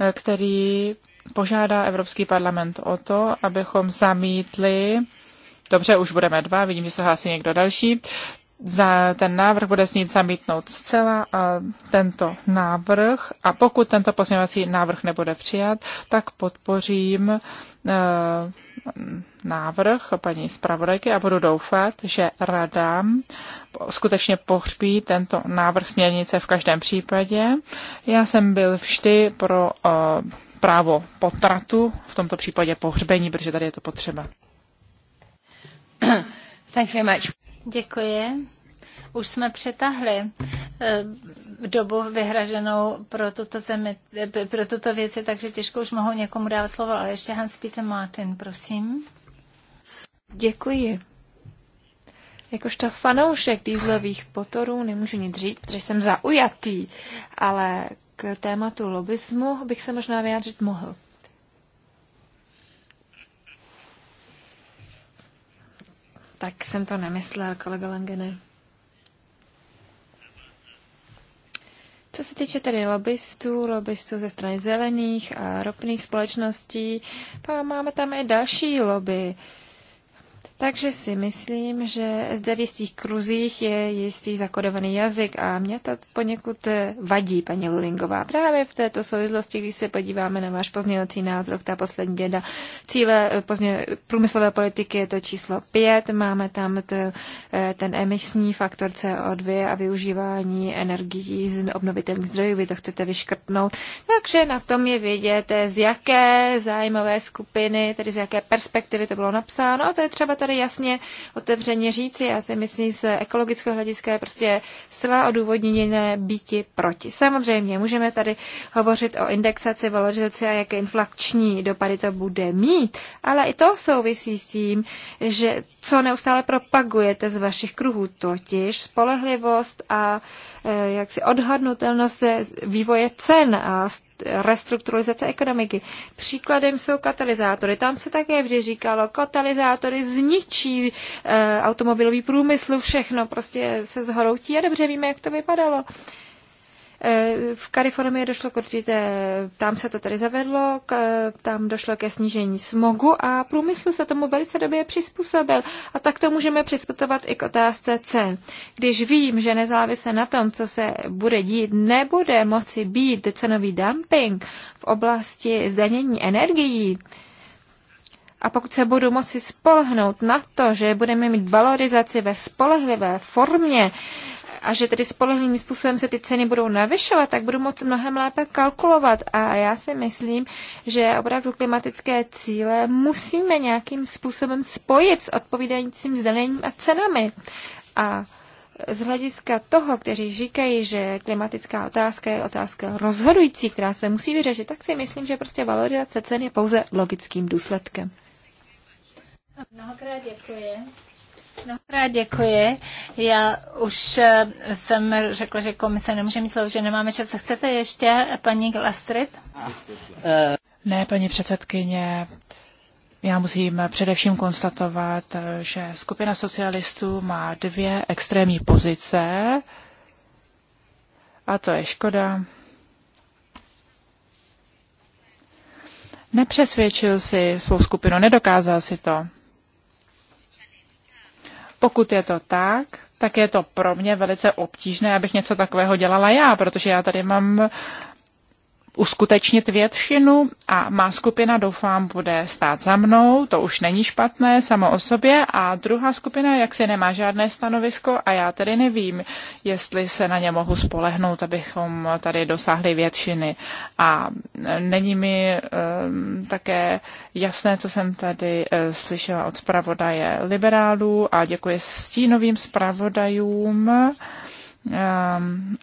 [SPEAKER 3] eh, který požádá Evropský parlament o to, abychom zamítli Dobře, už budeme dva, vidím, že se hlásí někdo další. Za ten návrh bude znít zamítnout zcela tento návrh a pokud tento pozměňovací návrh nebude přijat, tak podpořím e, návrh paní zpravodajky a budu doufat, že rada skutečně pohřbí tento návrh směrnice v každém případě. Já jsem byl vždy pro e, právo potratu, v tomto případě pohřbení, protože tady je to potřeba.
[SPEAKER 1] [clears throat] Děkuji. Už jsme přetahli eh, dobu vyhraženou pro tuto, zemi, eh, pro tuto věci, takže těžko už mohu někomu dát slovo, ale ještě Hans Peter Martin, prosím. Děkuji. Jakožto fanoušek
[SPEAKER 2] dýzlových potorů nemůžu nic říct, protože jsem zaujatý, ale k tématu lobismu bych se možná vyjádřit mohl. Tak jsem to nemyslel, kolega Langene. Co se týče tedy lobbystů, lobbystů ze strany zelených a ropných společností, pak máme tam i další lobby. Takže si myslím, že zde v jistých kruzích je jistý zakodovaný jazyk a mě to poněkud eh, vadí, paní Lulingová. Právě v této souvislosti, když se podíváme na váš pozměňovací názor, ta poslední věda, cíle eh, pozměn... průmyslové politiky je to číslo 5, máme tam t, eh, ten emisní faktor CO2 a využívání energií z obnovitelných zdrojů, vy to chcete vyškrtnout. Takže na tom je vidět, z jaké zájmové skupiny, tedy z jaké perspektivy to bylo napsáno a to je třeba ta tady jasně otevřeně říci. Já si myslím, z ekologického hlediska je prostě zcela odůvodněné býti proti. Samozřejmě můžeme tady hovořit o indexaci, valorizaci a jaké inflační dopady to bude mít, ale i to souvisí s tím, že co neustále propagujete z vašich kruhů, totiž spolehlivost a eh, jaksi odhadnutelnost vývoje cen a restrukturalizace ekonomiky. Příkladem jsou katalyzátory. Tam se také vždy říkalo, katalyzátory zničí e, automobilový průmysl, všechno prostě se zhoroutí a dobře víme, jak to vypadalo. E, Eh, v Kalifornii došlo k určité, tam se to tady zavedlo, k, tam došlo ke snížení smogu a průmysl se tomu velice dobře přizpůsobil. A tak to můžeme přizpůsobovat i k otázce cen. Když vím, že nezávisle na tom, co se bude dít, nebude moci být cenový dumping v oblasti zdanění energií, a pokud se budu moci spolehnout na to, že budeme mít valorizaci ve spolehlivé formě, a že tedy spolehlivým způsobem se ty ceny budou navyšovat, tak budu moc mnohem lépe kalkulovat. A já si myslím, že opravdu klimatické cíle musíme nějakým způsobem spojit s odpovídajícím zdaněním a cenami. A z hlediska toho, kteří říkají, že klimatická otázka je otázka rozhodující, která se musí vyřešit, tak si myslím, že prostě valorizace cen je pouze logickým důsledkem.
[SPEAKER 1] Mnohokrát děkuji rád děkuji. Já už eh, jsem řekla, že komise nemůže mít slovo, že nemáme čas. Chcete ještě, paní Glastrit?
[SPEAKER 3] Eh, ne, paní předsedkyně. Já musím především konstatovat, eh, že skupina socialistů má dvě extrémní pozice a to je škoda. Nepřesvědčil si svou skupinu, nedokázal si to. Pokud je to tak, tak je to pro mě velice obtížné, abych něco takového dělala já, protože já tady mám uskutečnit většinu a má skupina, doufám, bude stát za mnou, to už není špatné samo o sobě a druhá skupina jak si nemá žádné stanovisko a já tedy nevím, jestli se na ně mohu spolehnout, abychom tady dosáhli většiny a není mi um, také jasné, co jsem tady uh, slyšela od zpravodaje liberálů a děkuji stínovým zpravodajům um,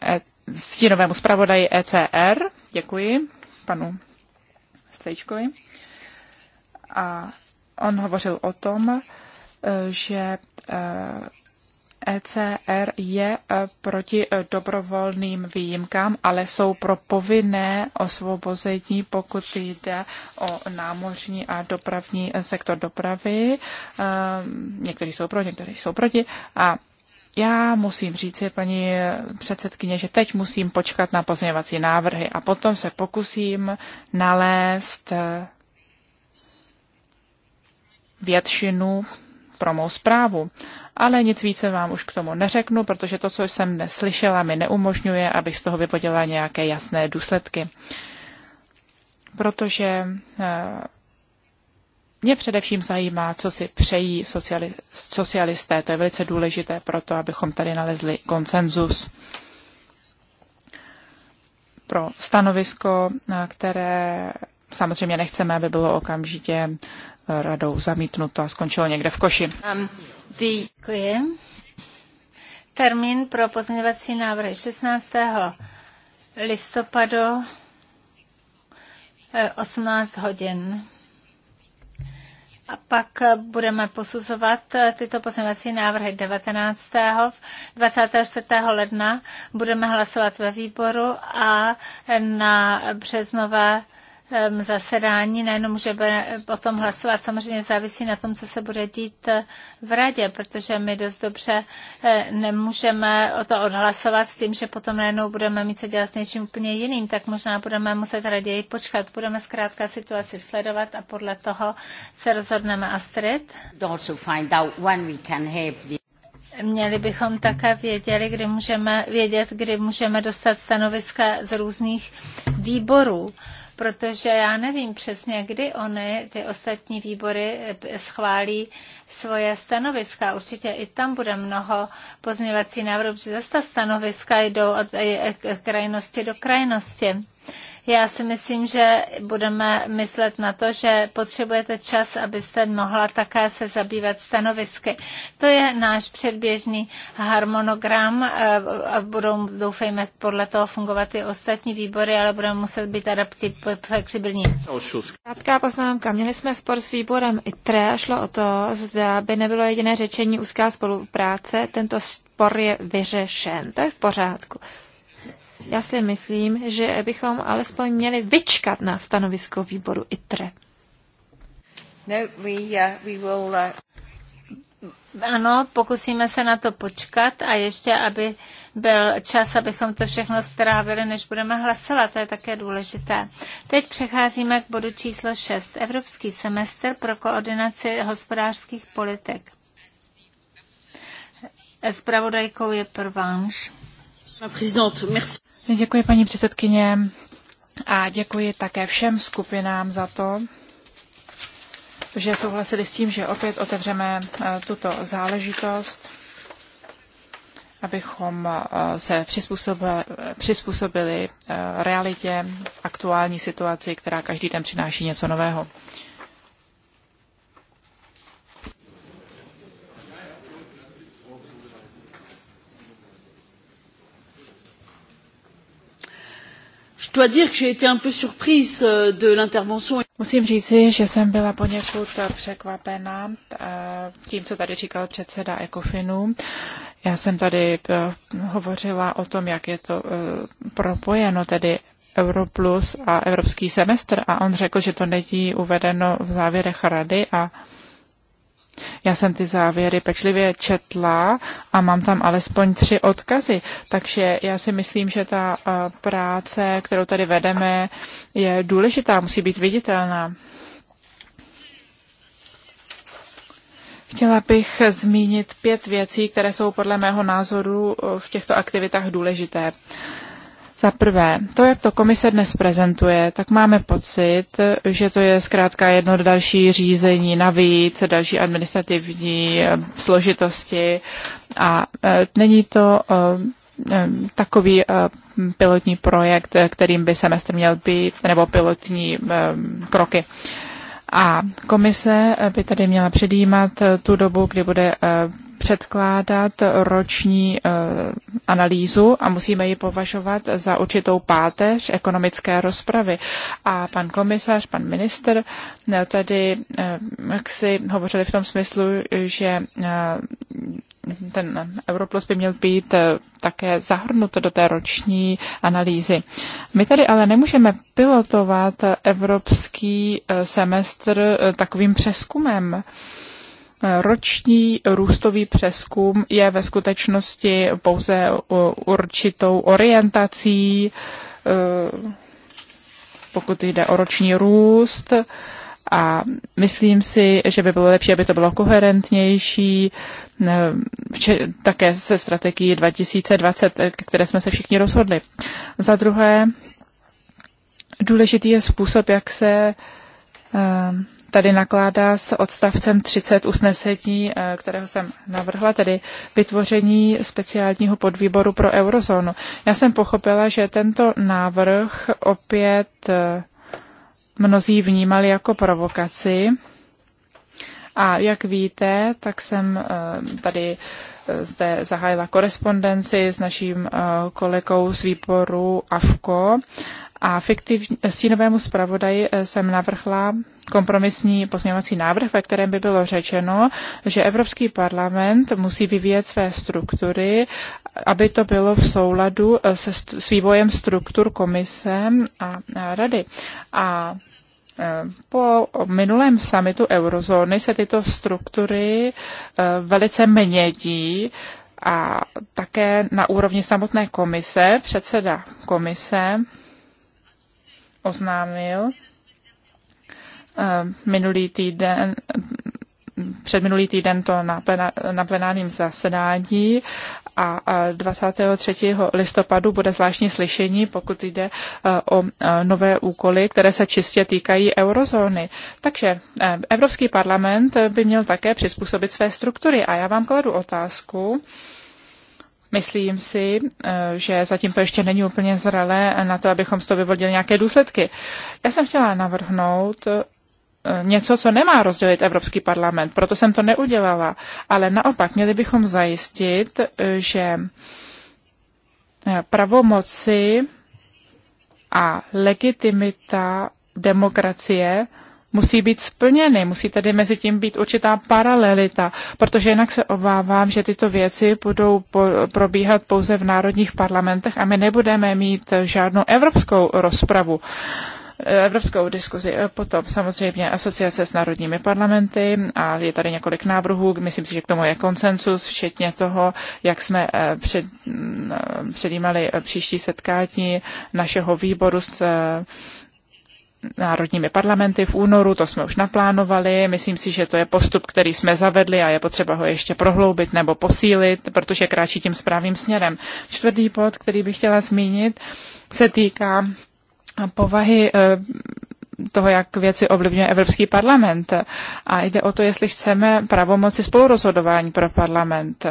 [SPEAKER 3] stínovému zpravodaji ECR, Děkuji panu Strejčkovi. A on hovořil o tom, eh, že ECR eh, e je eh, proti dobrovolným výjimkám, ale jsou pro povinné osvobození, pokud jde o námořní a dopravní sektor dopravy. Někteří jsou pro, někteří jsou proti. A já musím říci, paní předsedkyně, že teď musím počkat na pozměňovací návrhy a potom se pokusím nalézt eh, většinu pro mou zprávu. Ale nic více vám už k tomu neřeknu, protože to, co jsem dnes slyšela, mi neumožňuje, abych z toho vypodělala nějaké jasné důsledky. Protože eh, mě především zajímá, co si přejí sociali- socialisté. To je velice důležité pro to, abychom tady nalezli konsenzus pro stanovisko, eh, které samozřejmě nechceme, aby bylo okamžitě eh, radou zamítnuto a skončilo někde v koši.
[SPEAKER 1] Um, the... Děkuji. Termín pro pozměňovací návrhy 16. listopadu 18 eh, hodin. A pak budeme posuzovat tyto poslanecí návrhy 19. 24. ledna. Budeme hlasovat ve výboru a na březnové zasedání, nejenom můžeme o tom hlasovat, samozřejmě závisí na tom, co se bude dít eh, v radě, protože my dost dobře eh, nemůžeme o to odhlasovat s tím, že potom najednou budeme mít co dělat s něčím úplně jiným, tak možná budeme muset raději počkat. Budeme zkrátka situaci sledovat a podle toho se rozhodneme Astrid. Měli bychom také věděli, kdy můžeme, vědět, kdy můžeme dostat stanoviska z různých výborů protože já nevím přesně, kdy oni, ty ostatní výbory, schválí svoje stanoviska. Určitě i tam bude mnoho pozměvací návrhů, protože zase ta stanoviska jdou od eh, eh, krajnosti do krajnosti. Já si myslím, že budeme myslet na to, že potřebujete čas, abyste mohla také se zabývat stanovisky. To je náš předběžný harmonogram. Eh, budou, doufejme, podle toho fungovat i ostatní výbory, ale budeme muset být adaptiv, flexibilní. Krátká poznámka. Měli jsme spor s výborem
[SPEAKER 2] ITRE a šlo o to, zda by nebylo jediné řečení úzká spolupráce. Tento spor je vyřešen. To je v pořádku já si myslím, že bychom alespoň měli vyčkat na stanovisko výboru ITRE.
[SPEAKER 1] No, we, uh, we will, uh... Ano, pokusíme se na to počkat a ještě, aby byl čas, abychom to všechno strávili, než budeme hlasovat. To je také důležité. Teď přecházíme k bodu číslo 6. Evropský semestr pro koordinaci hospodářských politik. Spravodajkou je děkuji.
[SPEAKER 3] Děkuji, paní předsedkyně, a děkuji také všem skupinám za to, že souhlasili s tím, že opět otevřeme e, tuto záležitost, abychom e, se přizpůsobili, přizpůsobili e, realitě, aktuální situaci, která každý den přináší něco nového. Musím říci, že jsem byla poněkud eh, překvapena eh, tím, co tady říkal předseda Ecofinu. Já jsem tady eh, hovořila o tom, jak je to propojeno, tedy Europlus a Evropský semestr a on řekl, že to není uvedeno v závěrech rady a já jsem ty závěry pečlivě četla a mám tam alespoň tři odkazy, takže já si myslím, že ta eh, práce, kterou tady vedeme, je důležitá, musí být viditelná. Chtěla bych zmínit pět věcí, které jsou podle mého názoru eh, v těchto aktivitách důležité. Za prvé, to, jak to komise dnes prezentuje, tak máme pocit, že to je zkrátka jedno další řízení navíc, další administrativní eh, složitosti a eh, není to eh, takový pilotní projekt, kterým by semestr měl být, nebo pilotní kroky. A komise by tady měla předjímat tu dobu, kdy bude předkládat roční eh, analýzu a musíme ji považovat za určitou páteř ekonomické rozpravy. A pan komisař, pan minister eh, tady eh, jak si hovořili v tom smyslu, že ten Europlus by měl být také zahrnut do té roční analýzy. My tady ale nemůžeme pilotovat evropský semestr takovým přeskumem roční růstový přeskum je ve skutečnosti pouze určitou orientací, eh, pokud jde o roční růst. A myslím si, že by bylo lepší, aby to bylo koherentnější, eh, také se strategií 2020, eh, které jsme se všichni rozhodli. Za druhé, důležitý je způsob, jak se tady nakládá s odstavcem 30 usnesení, eh, kterého jsem navrhla, tedy vytvoření speciálního podvýboru pro eurozónu. Já jsem pochopila, že tento návrh opět eh, mnozí vnímali jako provokaci. A jak víte, tak jsem eh, tady zde zahájila korespondenci s naším kolegou z výboru AFKO a fiktivní, stínovému zpravodaji eh, jsem navrhla kompromisní pozměňovací návrh, ve kterém by bylo řečeno, že Evropský parlament musí vyvíjet své struktury, aby to bylo v souladu eh, se s vývojem struktur komise a rady. A eh, po minulém samitu eurozóny se tyto struktury velice mědí a také na úrovni samotné komise, předseda komise oznámil eh, minulý týden, před minulý týden to na, plena, na plenárním zasedání a 23. listopadu bude zvláštní slyšení, pokud jde eh, o eh, nové úkoly, které se čistě týkají eurozóny. Takže Evropský parlament by měl také přizpůsobit své struktury a já vám kladu otázku, Myslím si, eh, že zatím to ještě není úplně zralé na to, abychom z toho vyvodili nějaké důsledky. Já jsem chtěla navrhnout eh, něco, co nemá rozdělit Evropský parlament, proto jsem to neudělala. Ale naopak, měli bychom zajistit, eh, že pravomoci a legitimita demokracie musí být splněny. Musí tedy mezi tím být určitá paralelita, protože jinak se obávám, že tyto věci budou po, probíhat pouze v národních parlamentech a my nebudeme mít žádnou evropskou rozpravu eh, evropskou diskuzi. Eh, potom samozřejmě asociace s národními parlamenty a je tady několik návrhů. Myslím si, že k tomu je konsensus, včetně toho, jak jsme eh, před, mm, předjímali příští setkání našeho výboru s národními parlamenty v únoru, to jsme už naplánovali. Myslím si, že to je postup, který jsme zavedli a je potřeba ho ještě prohloubit nebo posílit, protože kráčí tím správným směrem. Čtvrtý bod, který bych chtěla zmínit, se týká povahy eh, toho, jak věci ovlivňuje Evropský parlament. A jde o to, jestli chceme pravomoci spolurozhodování pro parlament.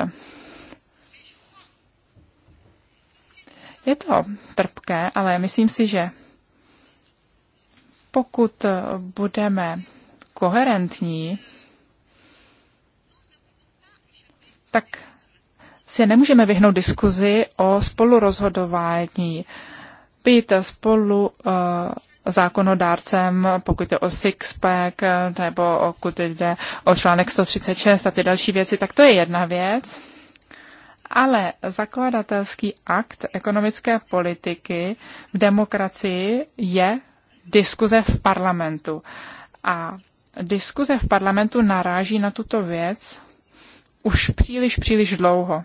[SPEAKER 3] Je to trpké, ale myslím si, že pokud budeme koherentní, tak si nemůžeme vyhnout diskuzi o spolurozhodování. Být spolu uh, zákonodárcem, pokud je o Sixpack nebo pokud jde o článek 136 a ty další věci, tak to je jedna věc. Ale zakladatelský akt ekonomické politiky v demokracii je diskuze v parlamentu. A diskuze v parlamentu naráží na tuto věc už příliš, příliš dlouho.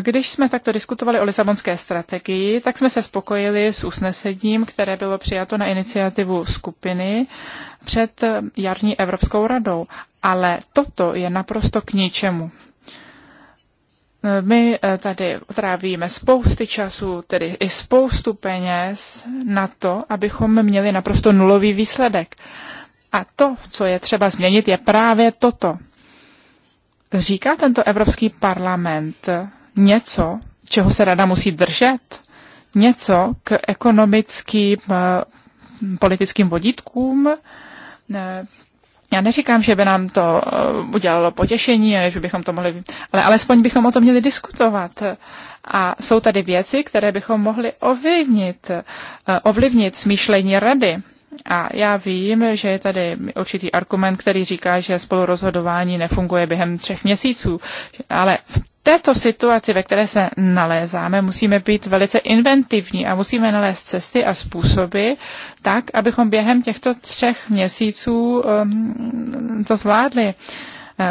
[SPEAKER 3] Když jsme takto diskutovali o Lisabonské strategii, tak jsme se spokojili s usnesením, které bylo přijato na iniciativu skupiny před jarní Evropskou radou. Ale toto je naprosto k ničemu. My eh, tady trávíme spousty času, tedy i spoustu peněz na to, abychom měli naprosto nulový výsledek. A to, co je třeba změnit, je právě toto. Říká tento Evropský parlament něco, čeho se rada musí držet? Něco k ekonomickým eh, politickým vodítkům? Eh, já neříkám, že by nám to eh, udělalo potěšení, že bychom to mohli, ale alespoň bychom o tom měli diskutovat. A jsou tady věci, které bychom mohli ovlivnit, eh, ovlivnit smýšlení rady. A já vím, že je tady určitý argument, který říká, že spolurozhodování nefunguje během třech měsíců, ale v této situaci, ve které se nalézáme, musíme být velice inventivní a musíme nalézt cesty a způsoby tak, abychom během těchto třech měsíců um, to zvládli.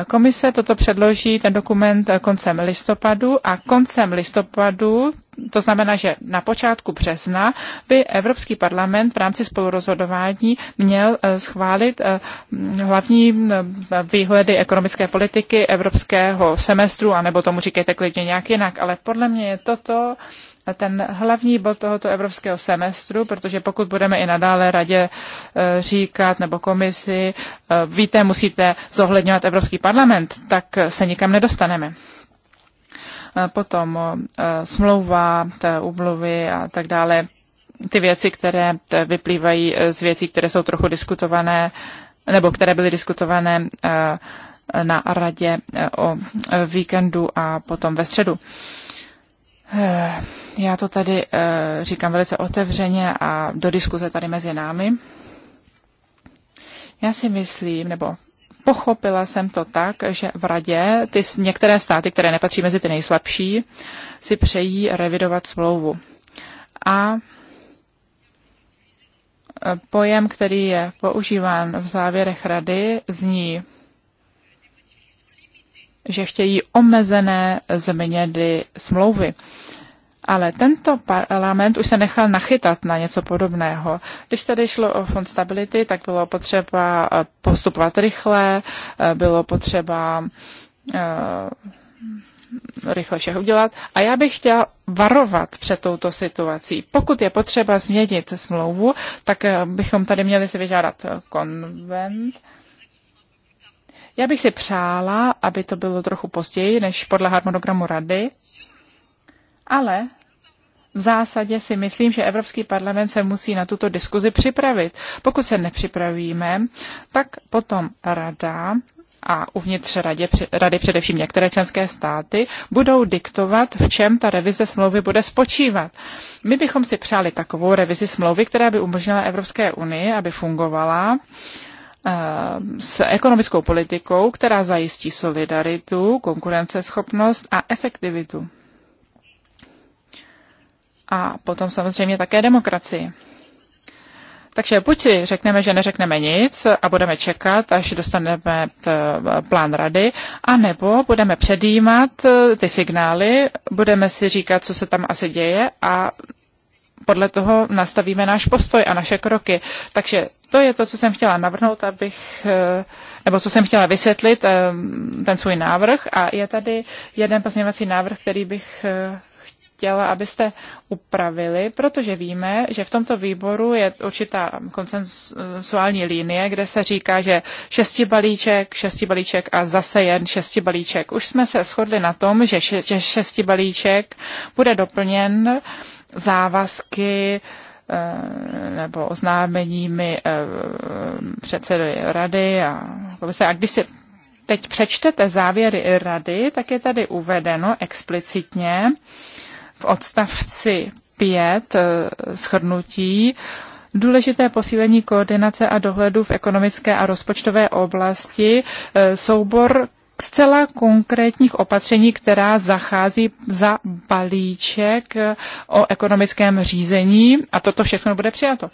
[SPEAKER 3] Komise toto předloží, ten dokument koncem listopadu a koncem listopadu to znamená, že na počátku března by Evropský parlament v rámci spolurozhodování měl eh, schválit eh, hlavní výhledy ekonomické politiky evropského semestru, anebo tomu říkejte klidně nějak jinak, ale podle mě je toto eh, ten hlavní bod tohoto evropského semestru, protože pokud budeme i nadále radě říkat nebo komisi, víte, musíte zohledňovat Evropský parlament, tak se nikam nedostaneme. Potom e, smlouva, úmluvy a tak dále, ty věci, které vyplývají e, z věcí, které jsou trochu diskutované, nebo které byly diskutované e, na radě o víkendu a potom ve středu. Já to tady říkám velice otevřeně a do diskuze tady mezi námi. Já si myslím, nebo Pochopila jsem to tak, že v radě ty některé státy, které nepatří mezi ty nejslabší, si přejí revidovat smlouvu. A e, pojem, který je používán v závěrech rady, zní, že chtějí omezené změny smlouvy. Ale tento parlament už se nechal nachytat na něco podobného. Když tady šlo o fond stability, tak bylo potřeba eh, postupovat rychle, eh, bylo potřeba eh, rychle všeho udělat. A já bych chtěla varovat před touto situací. Pokud je potřeba změnit smlouvu, tak bychom tady měli si vyžádat konvent. Já bych si přála, aby to bylo trochu později, než podle harmonogramu rady ale v zásadě si myslím, že Evropský parlament se musí na tuto diskuzi připravit. Pokud se nepřipravíme, tak potom rada a uvnitř radě, rady především některé členské státy budou diktovat, v čem ta revize smlouvy bude spočívat. My bychom si přáli takovou revizi smlouvy, která by umožnila Evropské unii, aby fungovala eh, s ekonomickou politikou, která zajistí solidaritu, konkurenceschopnost a efektivitu a potom samozřejmě také demokracii. Takže buď si řekneme, že neřekneme nic a budeme čekat, až dostaneme plán rady, anebo budeme předjímat e, ty signály, budeme si říkat, co se tam asi děje a podle toho nastavíme náš postoj a naše kroky. Takže to je to, co jsem chtěla navrhnout, abych, e, nebo co jsem chtěla vysvětlit, e, ten svůj návrh. A je tady jeden pozměňovací návrh, který bych chtěla, abyste upravili, protože víme, že v tomto výboru je určitá konsensuální linie, kde se říká, že šesti balíček, šesti balíček a zase jen šesti balíček. Už jsme se shodli na tom, že šesti balíček bude doplněn závazky eh, nebo oznámeními eh, předsedy rady a komise. A když si teď přečtete závěry rady, tak je tady uvedeno explicitně, v odstavci 5 eh, shrnutí Důležité posílení koordinace a dohledu v ekonomické a rozpočtové oblasti, eh, soubor zcela konkrétních opatření, která zachází za balíček eh, o ekonomickém řízení a toto všechno bude přijato.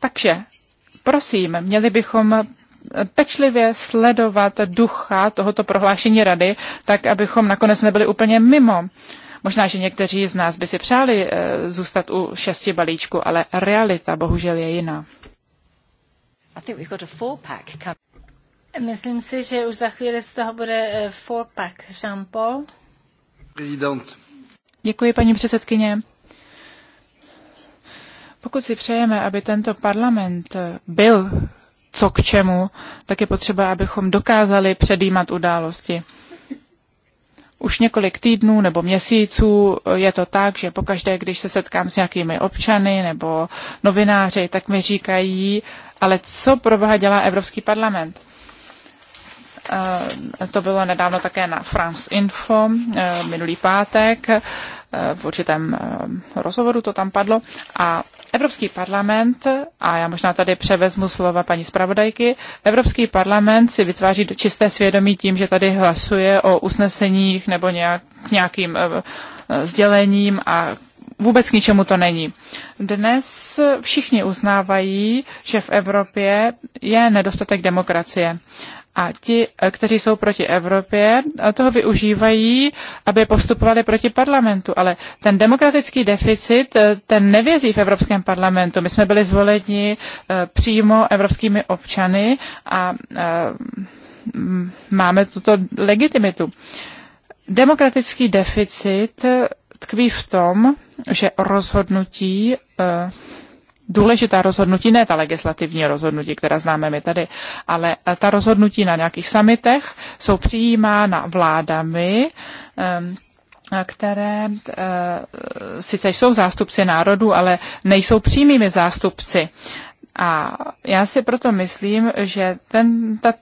[SPEAKER 3] Takže, prosím, měli bychom pečlivě sledovat ducha tohoto prohlášení rady, tak abychom nakonec nebyli úplně mimo. Uh, Možná, že někteří z nás by si přáli eh, zůstat u šesti balíčku, ale realita bohužel je jiná.
[SPEAKER 1] Myslím si, že už za chvíli z toho bude eh, four-pack. Jean-Paul?
[SPEAKER 3] Děkuji, paní předsedkyně. Pokud si přejeme, aby tento parlament eh, byl co k čemu, tak je potřeba, abychom dokázali předjímat události už několik týdnů nebo měsíců je to tak, že pokaždé, když se setkám s nějakými občany nebo novináři, tak mi říkají, ale co pro boha dělá Evropský parlament? Eh, to bylo nedávno také na France Info eh, minulý pátek, eh, v určitém rozhovoru to tam padlo a Evropský parlament, a já možná tady převezmu slova paní zpravodajky, Evropský parlament si vytváří čisté svědomí tím, že tady hlasuje o usneseních nebo nějak, nějakým uh, sdělením a vůbec k ničemu to není. Dnes všichni uznávají, že v Evropě je nedostatek demokracie. A ti, eh, kteří jsou proti Evropě, eh, toho využívají, aby postupovali proti parlamentu. Ale ten demokratický deficit, eh, ten nevězí v Evropském parlamentu. My jsme byli zvoleni přímo evropskými občany a máme tuto legitimitu. Demokratický deficit tkví v tom, že rozhodnutí důležitá rozhodnutí, ne ta legislativní rozhodnutí, která známe my tady, ale eh, ta rozhodnutí na nějakých samitech jsou přijímána vládami, ehm, které eh, sice jsou zástupci národů, ale nejsou přímými zástupci. A já si proto myslím, že ten, ta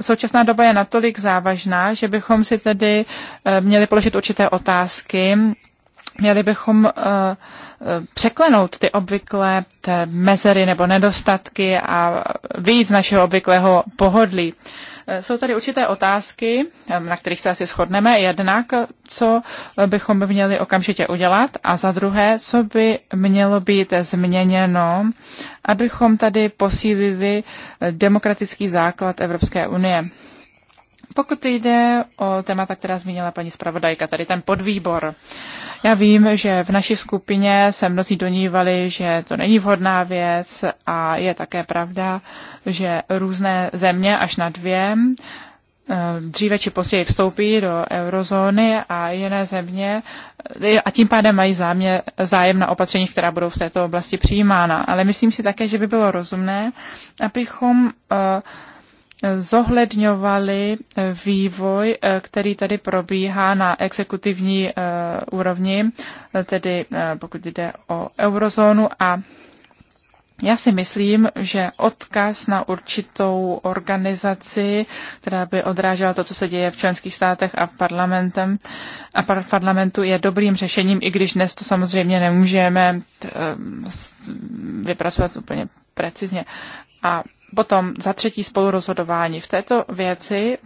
[SPEAKER 3] současná doba je natolik závažná, že bychom si tedy eh, měli položit určité otázky Měli bychom eh, eh, překlenout ty obvyklé mezery nebo nedostatky a vyjít z našeho obvyklého pohodlí. Eh, jsou tady určité otázky, na kterých se asi shodneme. Jednak, co bychom měli okamžitě udělat a za druhé, co by mělo být změněno, abychom tady posílili demokratický základ Evropské unie. Pokud jde o témata, která zmínila paní zpravodajka, tady ten podvýbor. Já vím, že v naší skupině se mnozí donívali, že to není vhodná věc a je také pravda, že různé země až na dvě eh, dříve či později vstoupí do eurozóny a jiné země eh, a tím pádem mají zámě, zájem na opatření, která budou v této oblasti přijímána. Ale myslím si také, že by bylo rozumné, abychom uh, zohledňovali eh, vývoj, eh, který tady probíhá na exekutivní eh, úrovni, tedy pokud jde o eurozónu a já si myslím, že odkaz na určitou organizaci, která by odrážela to, co se děje v členských státech a, parlamentem, a parlamentu, je dobrým řešením, i když dnes to samozřejmě nemůžeme vypracovat úplně precizně. A Potom za třetí spolurozhodování. V této věci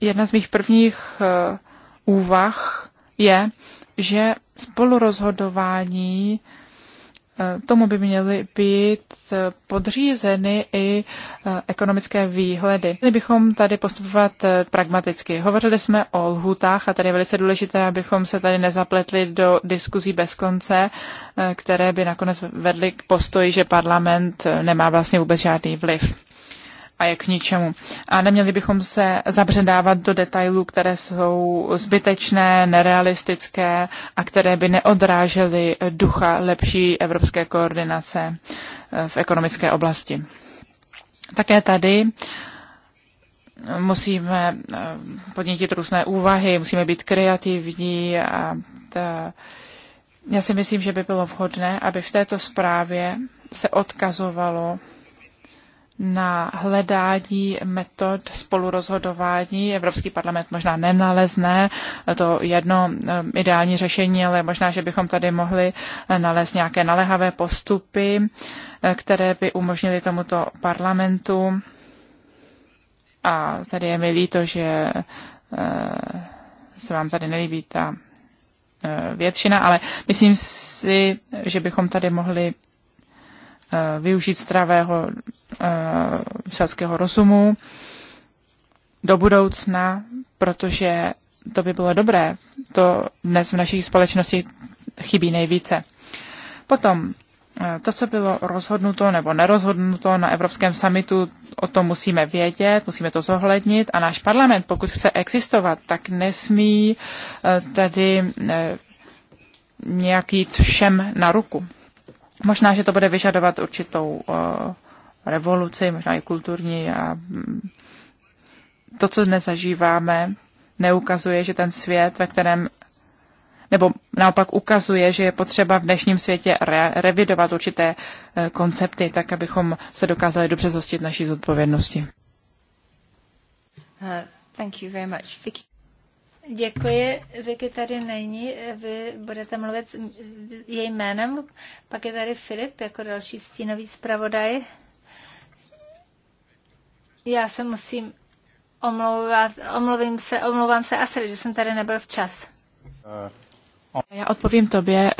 [SPEAKER 3] jedna z mých prvních eh, úvah je, že spolurozhodování Eh, tomu by měly být eh, podřízeny i eh, ekonomické výhledy. Měli bychom tady postupovat pragmaticky. Hovořili jsme o lhutách a tady je velice důležité, abychom se tady nezapletli do diskuzí bez konce, které by nakonec vedly k postoji, že parlament nemá vlastně vůbec žádný vliv a je k ničemu. A neměli bychom se zabředávat do detailů, které jsou zbytečné, nerealistické a které by neodrážely ducha lepší evropské koordinace eh, v ekonomické oblasti. Také tady musíme eh, podnítit různé úvahy, musíme být kreativní a ta, já si myslím, že by bylo vhodné, aby v této zprávě se odkazovalo na hledání metod spolurozhodování. Evropský parlament možná nenalezne to jedno eh, ideální řešení, ale možná, že bychom tady mohli eh, nalézt nějaké naléhavé postupy, eh, které by umožnily tomuto parlamentu. A tady je mi líto, že se vám tady nelíbí ta většina, ale myslím si, že bychom tady mohli Eh, využít zdravého eh, selského rozumu do budoucna, protože to by bylo dobré. To dnes v naší společnosti chybí nejvíce. Potom eh, to, co bylo rozhodnuto nebo nerozhodnuto na Evropském samitu, o tom musíme vědět, musíme to zohlednit a náš parlament, pokud chce existovat, tak nesmí tedy nějak jít všem na ruku. Možná, že to bude vyžadovat určitou eh, revoluci, možná i kulturní a mm, to, co dnes zažíváme, neukazuje, že ten svět, ve kterém nebo naopak ukazuje, že je potřeba v dnešním světě re- revidovat určité eh, koncepty, tak abychom se dokázali dobře zhostit naší zodpovědnosti.
[SPEAKER 1] Uh, thank you very much. Vicky. Děkuji. Vicky tady není. Vy budete mluvit jejím jménem. Pak je tady Filip jako další stínový zpravodaj. Já se musím omlouvat, omluvím se, omlouvám se Astrid, že jsem tady nebyl včas.
[SPEAKER 3] Eh, já odpovím tobě,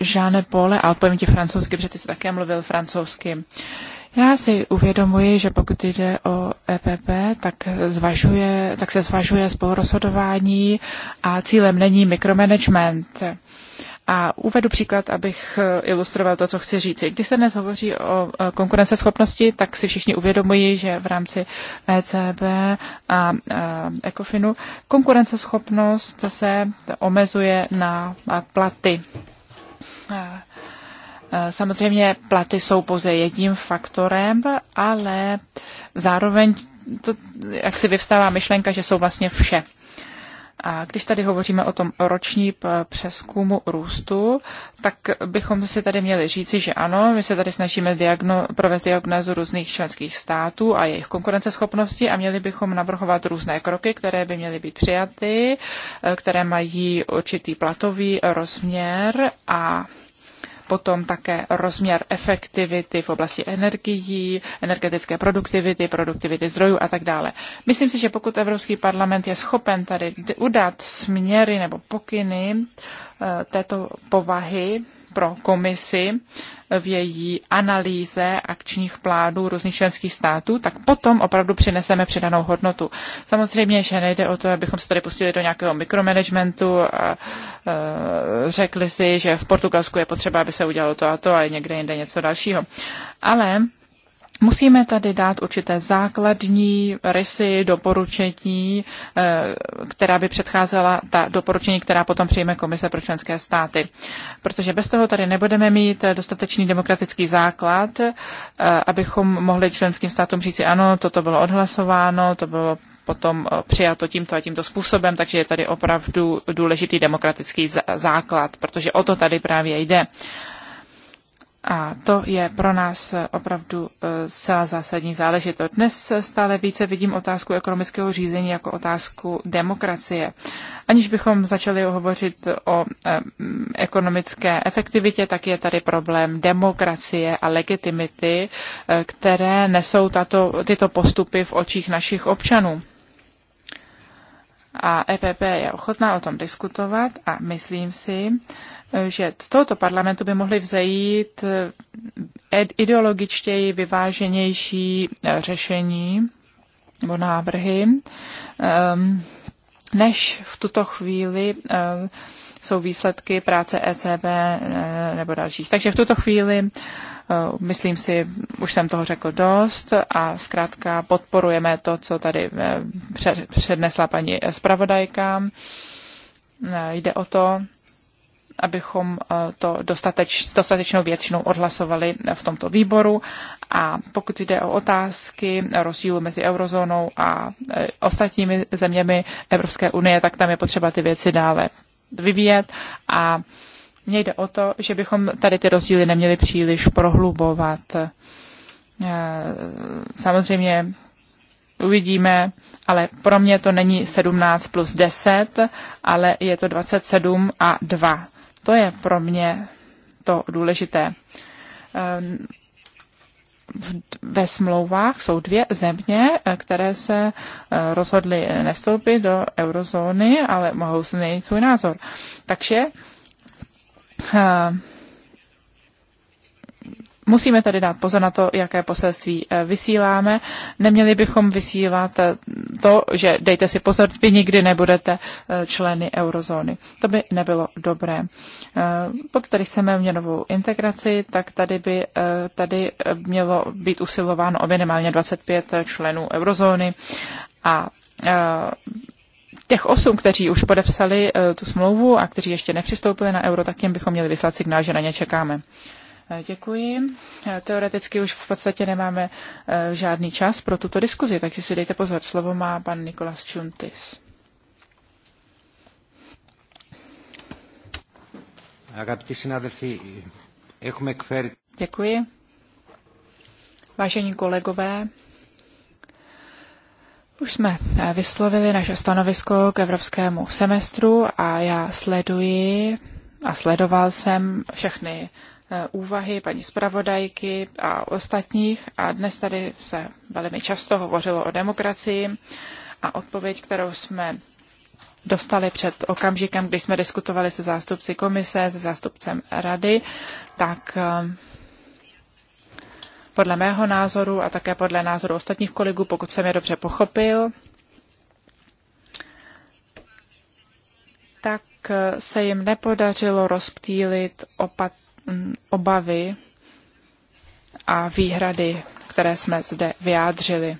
[SPEAKER 3] Žáne eh, Pole, a odpovím ti francouzsky, protože ty jsi také mluvil francouzsky. Uh, já si uvědomuji, že pokud jde o EPP, tak, zvažuje, tak se zvažuje spolurozhodování a cílem není mikromanagement. A uvedu příklad, abych ilustroval to, co chci říct. Když se dnes hovoří o konkurenceschopnosti, tak si všichni uvědomují, že v rámci ECB a ECOFINu konkurenceschopnost se omezuje na platy. Samozřejmě platy jsou pouze jedním faktorem, ale zároveň to, jak si vyvstává myšlenka, že jsou vlastně vše. A když tady hovoříme o tom roční přeskumu růstu, tak bychom si tady měli říci, že ano, my se tady snažíme diagno, provést diagnozu různých členských států a jejich konkurenceschopnosti a měli bychom navrhovat různé kroky, které by měly být přijaty, eh, které mají určitý platový rozměr a potom také rozměr efektivity v oblasti energií, energetické produktivity, produktivity zdrojů a tak dále. Myslím si, že pokud Evropský parlament je schopen tady udat směry nebo pokyny eh, této povahy, pro komisi v její analýze akčních plánů různých členských států, tak potom opravdu přineseme přidanou hodnotu. Samozřejmě, že nejde o to, abychom se tady pustili do nějakého mikromanagementu a e, řekli si, že v Portugalsku je potřeba, aby se udělalo to a to a někde jinde něco dalšího. Ale Musíme tady dát určité základní rysy doporučení, eh, která by předcházela ta doporučení, která potom přijme Komise pro členské státy. Protože bez toho tady nebudeme mít dostatečný demokratický základ, eh, abychom mohli členským státům říci, ano, toto bylo odhlasováno, to bylo potom eh, přijato tímto a tímto způsobem, takže je tady opravdu důležitý demokratický základ, protože o to tady právě jde. A to je pro nás opravdu e, zcela zásadní záležitost. Dnes stále více vidím otázku ekonomického řízení jako otázku demokracie. Aniž bychom začali hovořit o e, ekonomické efektivitě, tak je tady problém demokracie a legitimity, e, které nesou tato, tyto postupy v očích našich občanů. A EPP je ochotná o tom diskutovat a myslím si, že z tohoto parlamentu by mohly vzejít eh, ideologičtěji vyváženější eh, řešení nebo návrhy, ehm, než v tuto chvíli eh, jsou výsledky práce ECB nebo dalších. Takže v tuto chvíli, myslím si, už jsem toho řekl dost a zkrátka podporujeme to, co tady přednesla paní zpravodajka. Jde o to, abychom eh, to dostateč, s dostatečnou většinou odhlasovali eh, v tomto výboru. A pokud jde o otázky rozdílu mezi eurozónou a eh, ostatními zeměmi Evropské unie, tak tam je potřeba ty věci dále vyvíjet. A mně jde o to, že bychom tady ty rozdíly neměli příliš prohlubovat. Samozřejmě uvidíme, ale pro mě to není 17 plus 10, ale je to 27 a 2. To je pro mě to důležité. Ehm, ve smlouvách jsou dvě země, eh, které se eh, rozhodly nestoupit do eurozóny, ale mohou změnit svůj názor. Takže ehm, Musíme tady dát pozor na to, jaké poselství eh, vysíláme. Neměli bychom vysílat eh, to, že dejte si pozor, vy nikdy nebudete eh, členy eurozóny. To by nebylo dobré. Pokud tady chceme měnovou integraci, tak tady by tady mělo být usilováno o minimálně 25 členů eurozóny a těch osm, kteří už podepsali tu smlouvu a kteří ještě nepřistoupili na euro, tak jim bychom měli vyslat signál, že na ně čekáme. Děkuji. Teoreticky už v podstatě nemáme eh, žádný čas pro tuto diskuzi, takže si dejte pozor. Slovo má pan Nikolas Čuntis. Děkuji. Vážení kolegové, už jsme eh, vyslovili naše stanovisko k evropskému semestru a já sleduji a sledoval jsem všechny Eh, úvahy paní zpravodajky a ostatních a dnes tady se velmi často hovořilo o demokracii a odpověď, kterou jsme dostali před okamžikem, když jsme diskutovali se zástupci komise, se zástupcem rady, tak eh, podle mého názoru a také podle názoru ostatních kolegů, pokud jsem je dobře pochopil, tak eh, se jim nepodařilo rozptýlit opat Mm, obavy a výhrady, které jsme zde vyjádřili.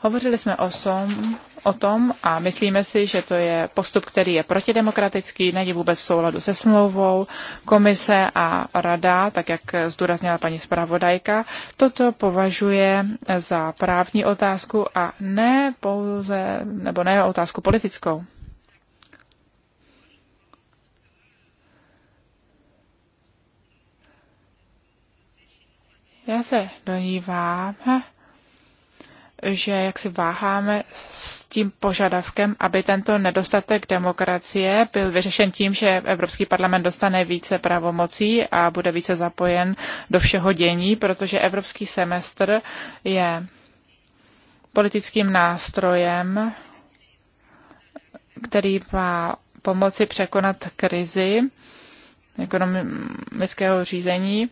[SPEAKER 3] Hovořili jsme o, som, o tom a myslíme si, že to je postup, který je protidemokratický, není vůbec souladu se smlouvou. Komise a rada, tak jak zdůraznila paní zpravodajka, toto považuje za právní otázku a ne pouze, nebo ne otázku politickou. Já se donívám, že jak si váháme s tím požadavkem, aby tento nedostatek demokracie byl vyřešen tím, že Evropský parlament dostane více pravomocí a bude více zapojen do všeho dění, protože Evropský semestr je politickým nástrojem, který má pomoci překonat krizi ekonomického řízení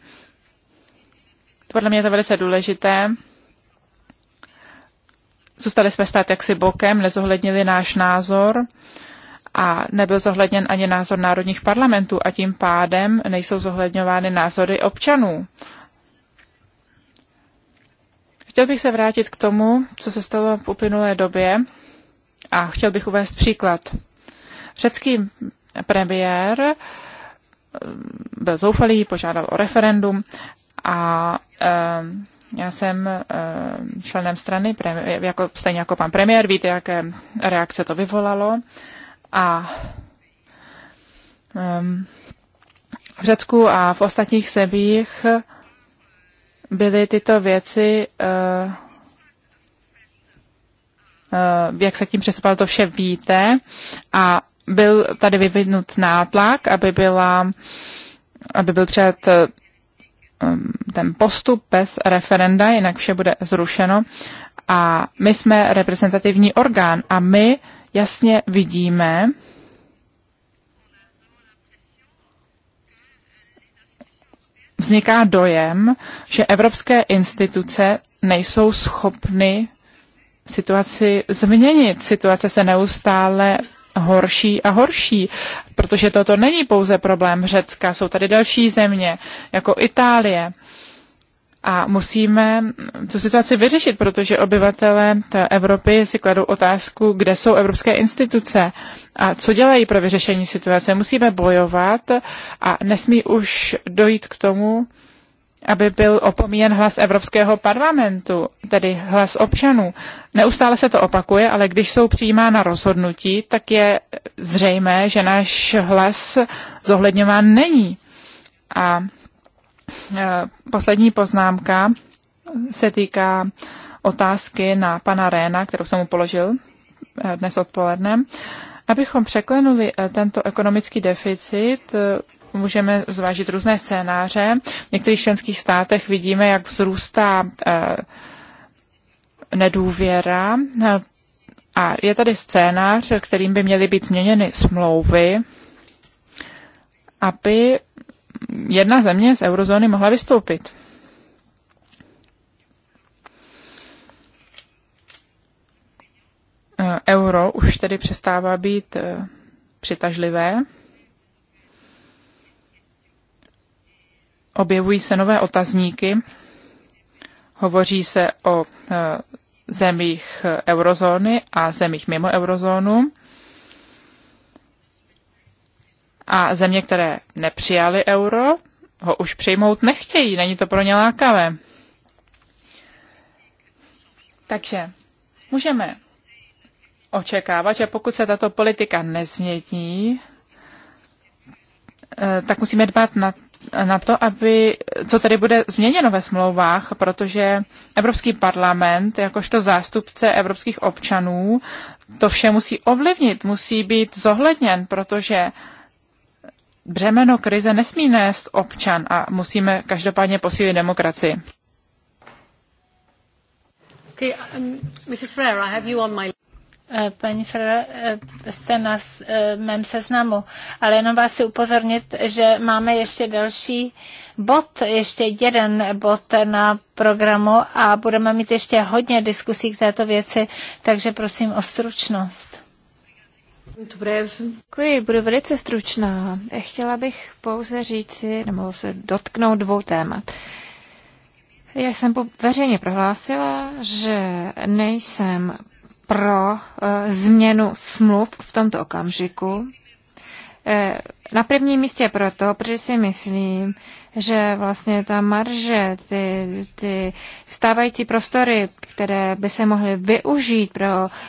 [SPEAKER 3] podle mě je to velice důležité. Zůstali jsme stát jaksi bokem, nezohlednili náš názor a nebyl zohledněn ani názor národních parlamentů a tím pádem nejsou zohledňovány názory občanů. Chtěl bych se vrátit k tomu, co se stalo v uplynulé době a chtěl bych uvést příklad. Řecký premiér eh, byl zoufalý, požádal o referendum a ehm, já jsem ehm, členem strany, jako, stejně jako pan premiér, víte, jaké reakce to vyvolalo. A ehm, v Řecku a v ostatních sebích byly tyto věci, eh, eh, jak se tím přesupalo, to vše víte. A byl tady vyvinut nátlak, aby byla aby byl přijat Um, ten postup bez referenda, jinak vše bude zrušeno. A my jsme reprezentativní orgán a my jasně vidíme, vzniká dojem, že evropské instituce nejsou schopny situaci změnit. Situace se neustále horší a horší, protože toto není pouze problém Řecka, jsou tady další země, jako Itálie. A musíme tu situaci vyřešit, protože obyvatele té Evropy si kladou otázku, kde jsou evropské instituce a co dělají pro vyřešení situace. Musíme bojovat a nesmí už dojít k tomu, aby byl opomíjen hlas Evropského parlamentu, tedy hlas občanů. Neustále se to opakuje, ale když jsou přijímána rozhodnutí, tak je zřejmé, že náš hlas zohledňován není. A e, poslední poznámka se týká otázky na pana Réna, kterou jsem mu položil e, dnes odpoledne. Abychom překlenuli e, tento ekonomický deficit, můžeme zvážit různé scénáře. V některých členských státech vidíme, jak vzrůstá eh, nedůvěra a je tady scénář, kterým by měly být změněny smlouvy, aby jedna země z eurozóny mohla vystoupit. Eh, euro už tedy přestává být eh, přitažlivé. objevují se nové otazníky. Hovoří se o e, zemích e, eurozóny a zemích mimo eurozónu. A země, které nepřijali euro, ho už přijmout nechtějí. Není to pro ně lákavé. Takže můžeme očekávat, že pokud se tato politika nezmění, e, tak musíme dbát na na to, aby, co tedy bude změněno ve smlouvách, protože Evropský parlament, jakožto zástupce evropských občanů, to vše musí ovlivnit, musí být zohledněn, protože břemeno krize nesmí nést občan a musíme každopádně posílit demokracii.
[SPEAKER 1] Okay, um, Mrs. Frere, I have you on my... Eh, paní Ferrer, eh, jste na eh, mém seznamu, ale jenom vás si upozornit, že máme ještě další bod, ještě jeden bod na programu a budeme mít ještě hodně diskusí k této věci, takže prosím o stručnost. Děkuji,
[SPEAKER 2] budu velice stručná. Chtěla bych pouze říci, nebo se dotknout dvou témat. Já jsem veřejně prohlásila, že nejsem pro eh, změnu smluv v tomto okamžiku. Eh, na prvním místě proto, protože si myslím, že vlastně ta marže, ty, ty stávající prostory, které by se mohly využít pro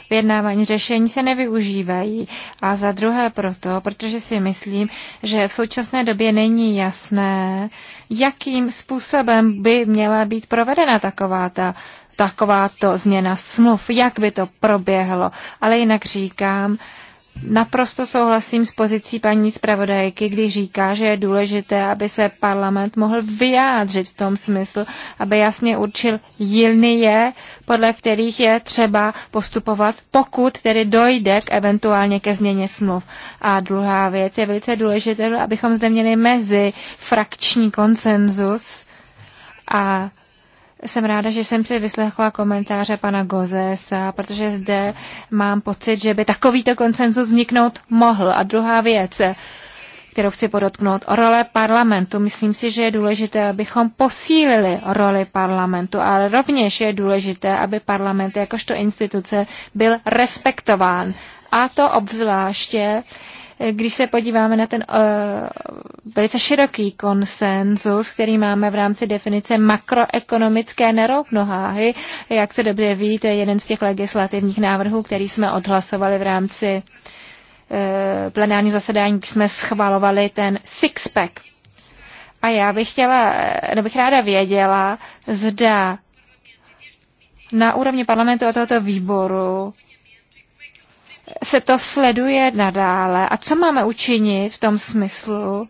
[SPEAKER 2] vyjednávání řešení, se nevyužívají. A za druhé proto, protože si myslím, že v současné době není jasné, jakým způsobem by měla být provedena taková ta takováto změna smluv, jak by to proběhlo. Ale jinak říkám, Naprosto souhlasím s pozicí paní zpravodajky, když říká, že je důležité, aby se parlament mohl vyjádřit v tom smyslu, aby jasně určil je, podle kterých je třeba postupovat, pokud tedy dojde k eventuálně ke změně smluv. A druhá věc je velice důležité, abychom zde měli mezi frakční konsenzus a jsem ráda, že jsem si vyslechla komentáře pana Gozesa, protože zde mám pocit, že by takovýto konsenzus vzniknout mohl. A druhá věc, kterou chci podotknout, o role parlamentu. Myslím si, že je důležité, abychom posílili roli parlamentu, ale rovněž je důležité, aby parlament jakožto instituce byl respektován. A to obzvláště uh, když se podíváme na ten uh, velice široký konsenzus, který máme v rámci definice makroekonomické nerovnováhy, jak se dobře ví, to je jeden z těch legislativních návrhů, který jsme odhlasovali v rámci uh, zasedání, když jsme schvalovali ten six-pack. A já bych chtěla, nebo bych ráda věděla, zda na úrovni parlamentu a tohoto výboru se to sleduje nadále a co máme učinit v tom smyslu,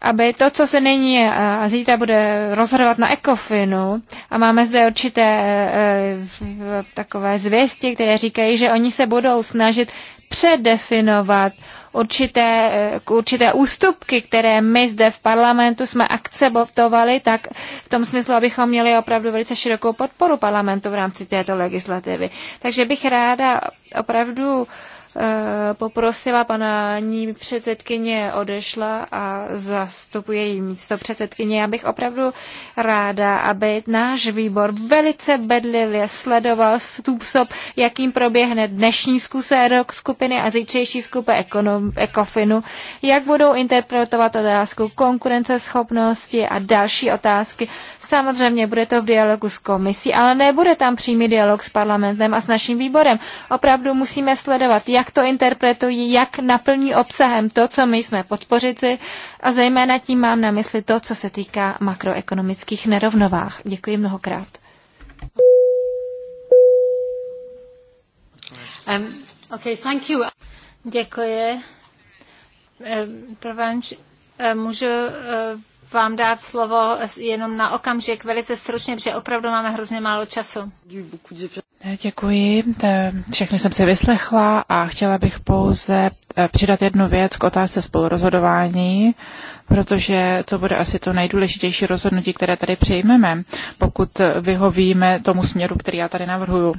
[SPEAKER 2] aby to, co se nyní eh, a zítra bude rozhodovat na ekofinu, a máme zde určité e, takové zvěsti, které říkají, že oni se budou snažit předefinovat určité, eh, určité ústupky, které my zde v parlamentu jsme akceptovali, tak v tom smyslu, abychom měli opravdu velice širokou podporu parlamentu v rámci této legislativy. Takže bych ráda opravdu Eh, poprosila paní předsedkyně odešla a zastupuje její místo předsedkyně. Já bych opravdu ráda, aby náš výbor velice bedlivě sledoval způsob, jakým proběhne dnešní zkuse rok skupiny a zítřejší skupe ekofinu, jak budou interpretovat otázku konkurenceschopnosti a další otázky, Samozřejmě bude to v dialogu s komisí, ale nebude tam přímý dialog s parlamentem a s naším výborem. Opravdu musíme sledovat, jak to interpretují, jak naplní obsahem to, co my jsme podpořici a zejména tím mám na mysli to, co se týká makroekonomických nerovnovách. Děkuji mnohokrát.
[SPEAKER 1] Um, okay, thank you. Děkuji. Um, eh, Prvenč, um, eh, můžu uh, vám dát slovo jenom na okamžik, velice stručně, protože opravdu máme hrozně málo času.
[SPEAKER 3] Děkuji. Všechny jsem si vyslechla a chtěla bych pouze e, přidat jednu věc k otázce spolurozhodování, protože to bude asi to nejdůležitější rozhodnutí, které tady přijmeme, pokud vyhovíme tomu směru, který já tady navrhuju.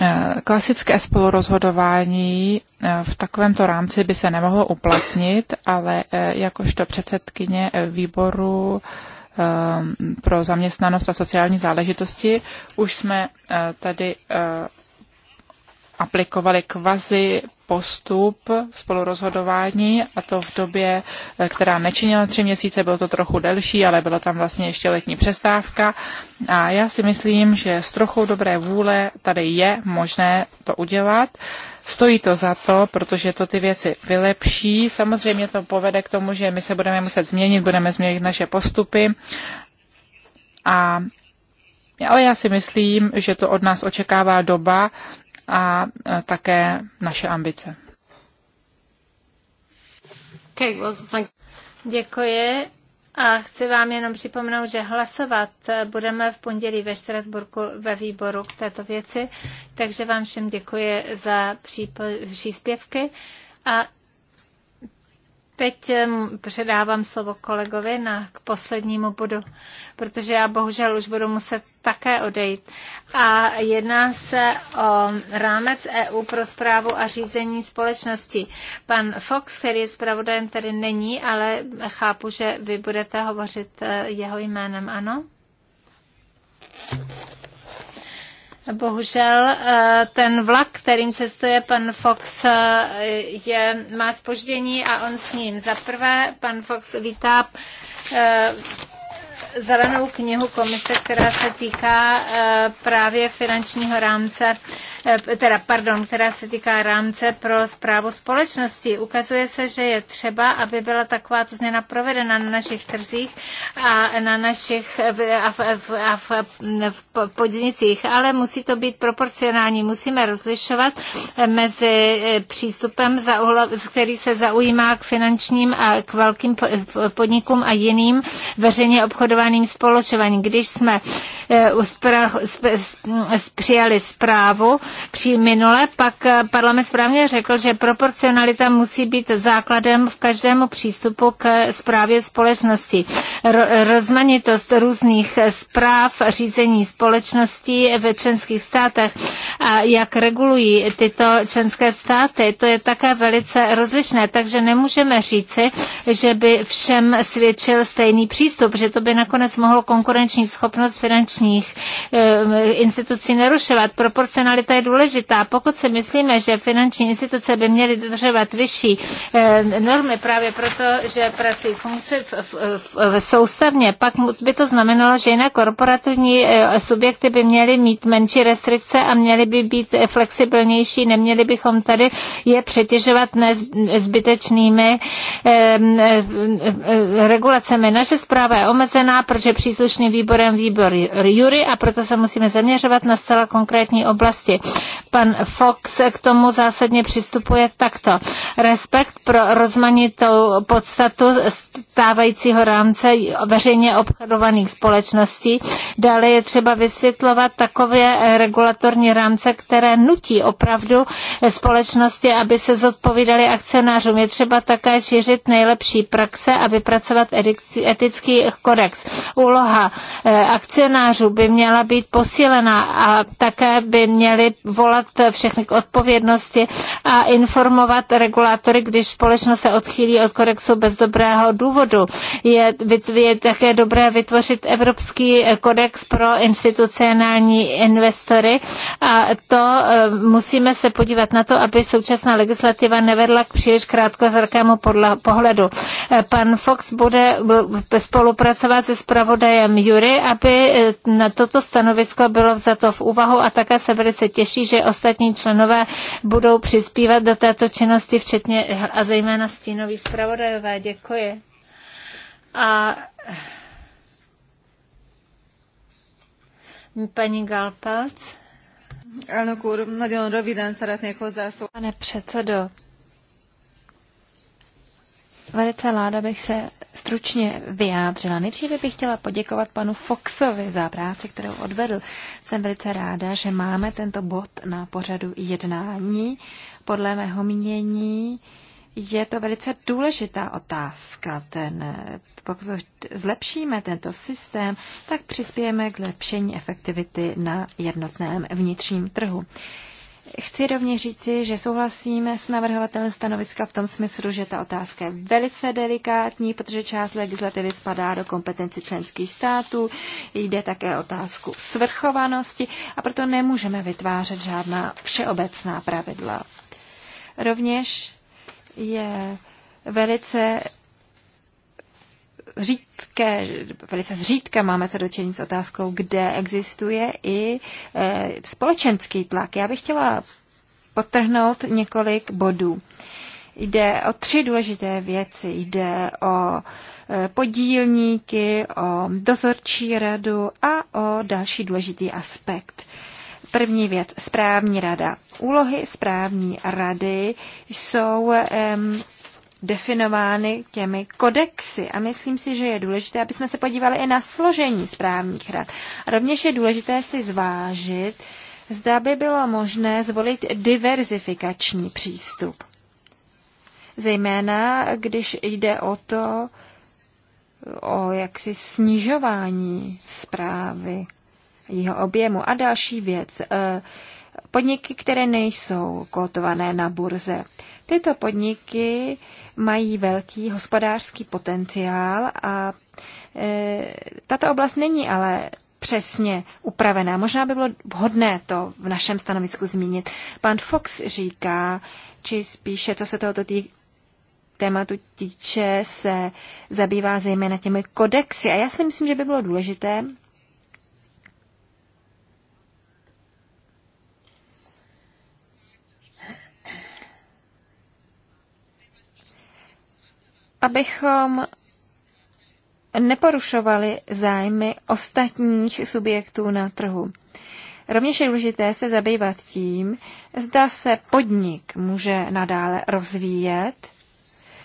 [SPEAKER 3] Eh, klasické spolurozhodování eh, v takovémto rámci by se nemohlo uplatnit, ale eh, jakožto předsedkyně výboru pro zaměstnanost a sociální záležitosti už jsme tady aplikovali kvazi postup spolurozhodování a to v době, která nečinila tři měsíce, bylo to trochu delší, ale byla tam vlastně ještě letní přestávka a já si myslím, že s trochou dobré vůle tady je možné to udělat. Stojí to za to, protože to ty věci vylepší. Samozřejmě to povede k tomu, že my se budeme muset změnit, budeme změnit naše postupy a ale já si myslím, že to od nás očekává doba, a e, také naše ambice.
[SPEAKER 1] Okay, well, thank Děkuji a chci vám jenom připomenout, že hlasovat budeme v pondělí ve Štrasburku ve výboru k této věci, takže vám všem děkuji za příspěvky a Teď předávám slovo kolegovi na k poslednímu bodu, protože já bohužel už budu muset také odejít. A jedná se o rámec EU pro zprávu a řízení společnosti. Pan Fox, který je zpravodajem, tady není, ale chápu, že vy budete hovořit eh, jeho jménem, ano? Bohužel eh, ten vlak, kterým cestuje pan Fox, eh, je, má spoždění a on s ním. Za prvé, pan Fox vítá eh, zelenou knihu komise, která se týká právě finančního rámce Eh, teda pardon, která se týká rámce pro zprávu společnosti. Ukazuje se, že je třeba, aby byla taková změna provedena na našich trzích a na našich a v, a v, a v, v podnicích, ale musí to být proporcionální. Musíme rozlišovat mezi eh, přístupem, za, který se zaujímá k finančním a k velkým eh, podnikům a jiným veřejně obchodovaným společováním. Když jsme sp, sp, přijali zprávu, při minule, pak parlament správně řekl, že proporcionalita musí být základem v každému přístupu k zprávě společnosti. Rozmanitost různých zpráv řízení společností ve členských státech a jak regulují tyto členské státy, to je také velice rozlišné, takže nemůžeme říci, že by všem svědčil stejný přístup, že to by nakonec mohlo konkurenční schopnost finančních e, institucí narušovat. Proporcionalita je důležitá. Pokud si myslíme, že finanční instituce by měly dodržovat vyšší eh, normy právě proto, že pracují funkci v, v, v, soustavně, pak by to znamenalo, že jinak korporativní eh, subjekty by měly mít menší restrikce a měly by být eh, flexibilnější, neměli bychom tady je přetěžovat zbytečnými ehm, regulacemi. Naše zpráva je omezená, protože příslušným výborem výbor jury a proto se musíme zaměřovat na zcela konkrétní oblasti. Pan Fox k tomu zásadně přistupuje takto. Respekt pro rozmanitou podstatu stávajícího rámce veřejně obchodovaných společností. Dále je třeba vysvětlovat takové regulatorní rámce, které nutí opravdu společnosti, aby se zodpovídali akcionářům. Je třeba také šířit nejlepší praxe a vypracovat etický kodex. Úloha eh, akcionářů by měla být posílená a také by měly volat všechny k odpovědnosti a informovat regulátory, když společnost se odchýlí od kodexu bez dobrého důvodu. Je, je také dobré vytvořit Evropský kodex pro institucionální investory a to eh, musíme se podívat na to, aby současná legislativa nevedla k příliš krátkozrakému pohledu. Eh, pan Fox bude eh, spolupracovat se spravodajem Jury, aby na toto stanovisko bylo vzato v úvahu a také se velice těší těší, že ostatní členové budou přispívat do této činnosti, včetně a zejména stínový zpravodajové. Děkuji. A paní Galpac. Pane předsedo,
[SPEAKER 2] Velice láda bych se stručně vyjádřila. Nejdříve bych chtěla poděkovat panu Foxovi za práci, kterou odvedl. Jsem velice ráda, že máme tento bod na pořadu jednání. Podle mého mínění je to velice důležitá otázka. Ten, pokud zlepšíme tento systém, tak přispějeme k zlepšení efektivity na jednotném vnitřním trhu. Chci rovněž říci, že souhlasíme s navrhovatelem stanoviska v tom smyslu, že ta otázka je velice delikátní, protože část legislativy spadá do kompetenci členských států, jde také o otázku svrchovanosti a proto nemůžeme vytvářet žádná všeobecná pravidla. Rovněž je velice řídké, velice zřídka máme se dočení s otázkou, kde existuje i eh, společenský tlak. Já bych chtěla potrhnout několik bodů. Jde o tři důležité věci. Jde o eh, podílníky, o dozorčí radu a o další důležitý aspekt. První věc, správní rada. Úlohy správní rady jsou um, definovány těmi kodexy. A myslím si, že je důležité, aby jsme se podívali i na složení správních rad. A rovněž je důležité si zvážit, zda by bylo možné zvolit diverzifikační přístup. Zejména, když jde o to, o jaksi snižování zprávy, jeho objemu. A další věc, eh, podniky, které nejsou kotované na burze. Tyto podniky mají velký hospodářský potenciál a e, tato oblast není ale přesně upravená. Možná by bylo vhodné to v našem stanovisku zmínit. Pan Fox říká, či spíše, co se tohoto tý, tématu týče, se zabývá zejména těmi kodexy. A já si myslím, že by bylo důležité, abychom neporušovali zájmy ostatních subjektů na trhu. Rovněž je důležité se zabývat tím, zda se podnik může nadále rozvíjet,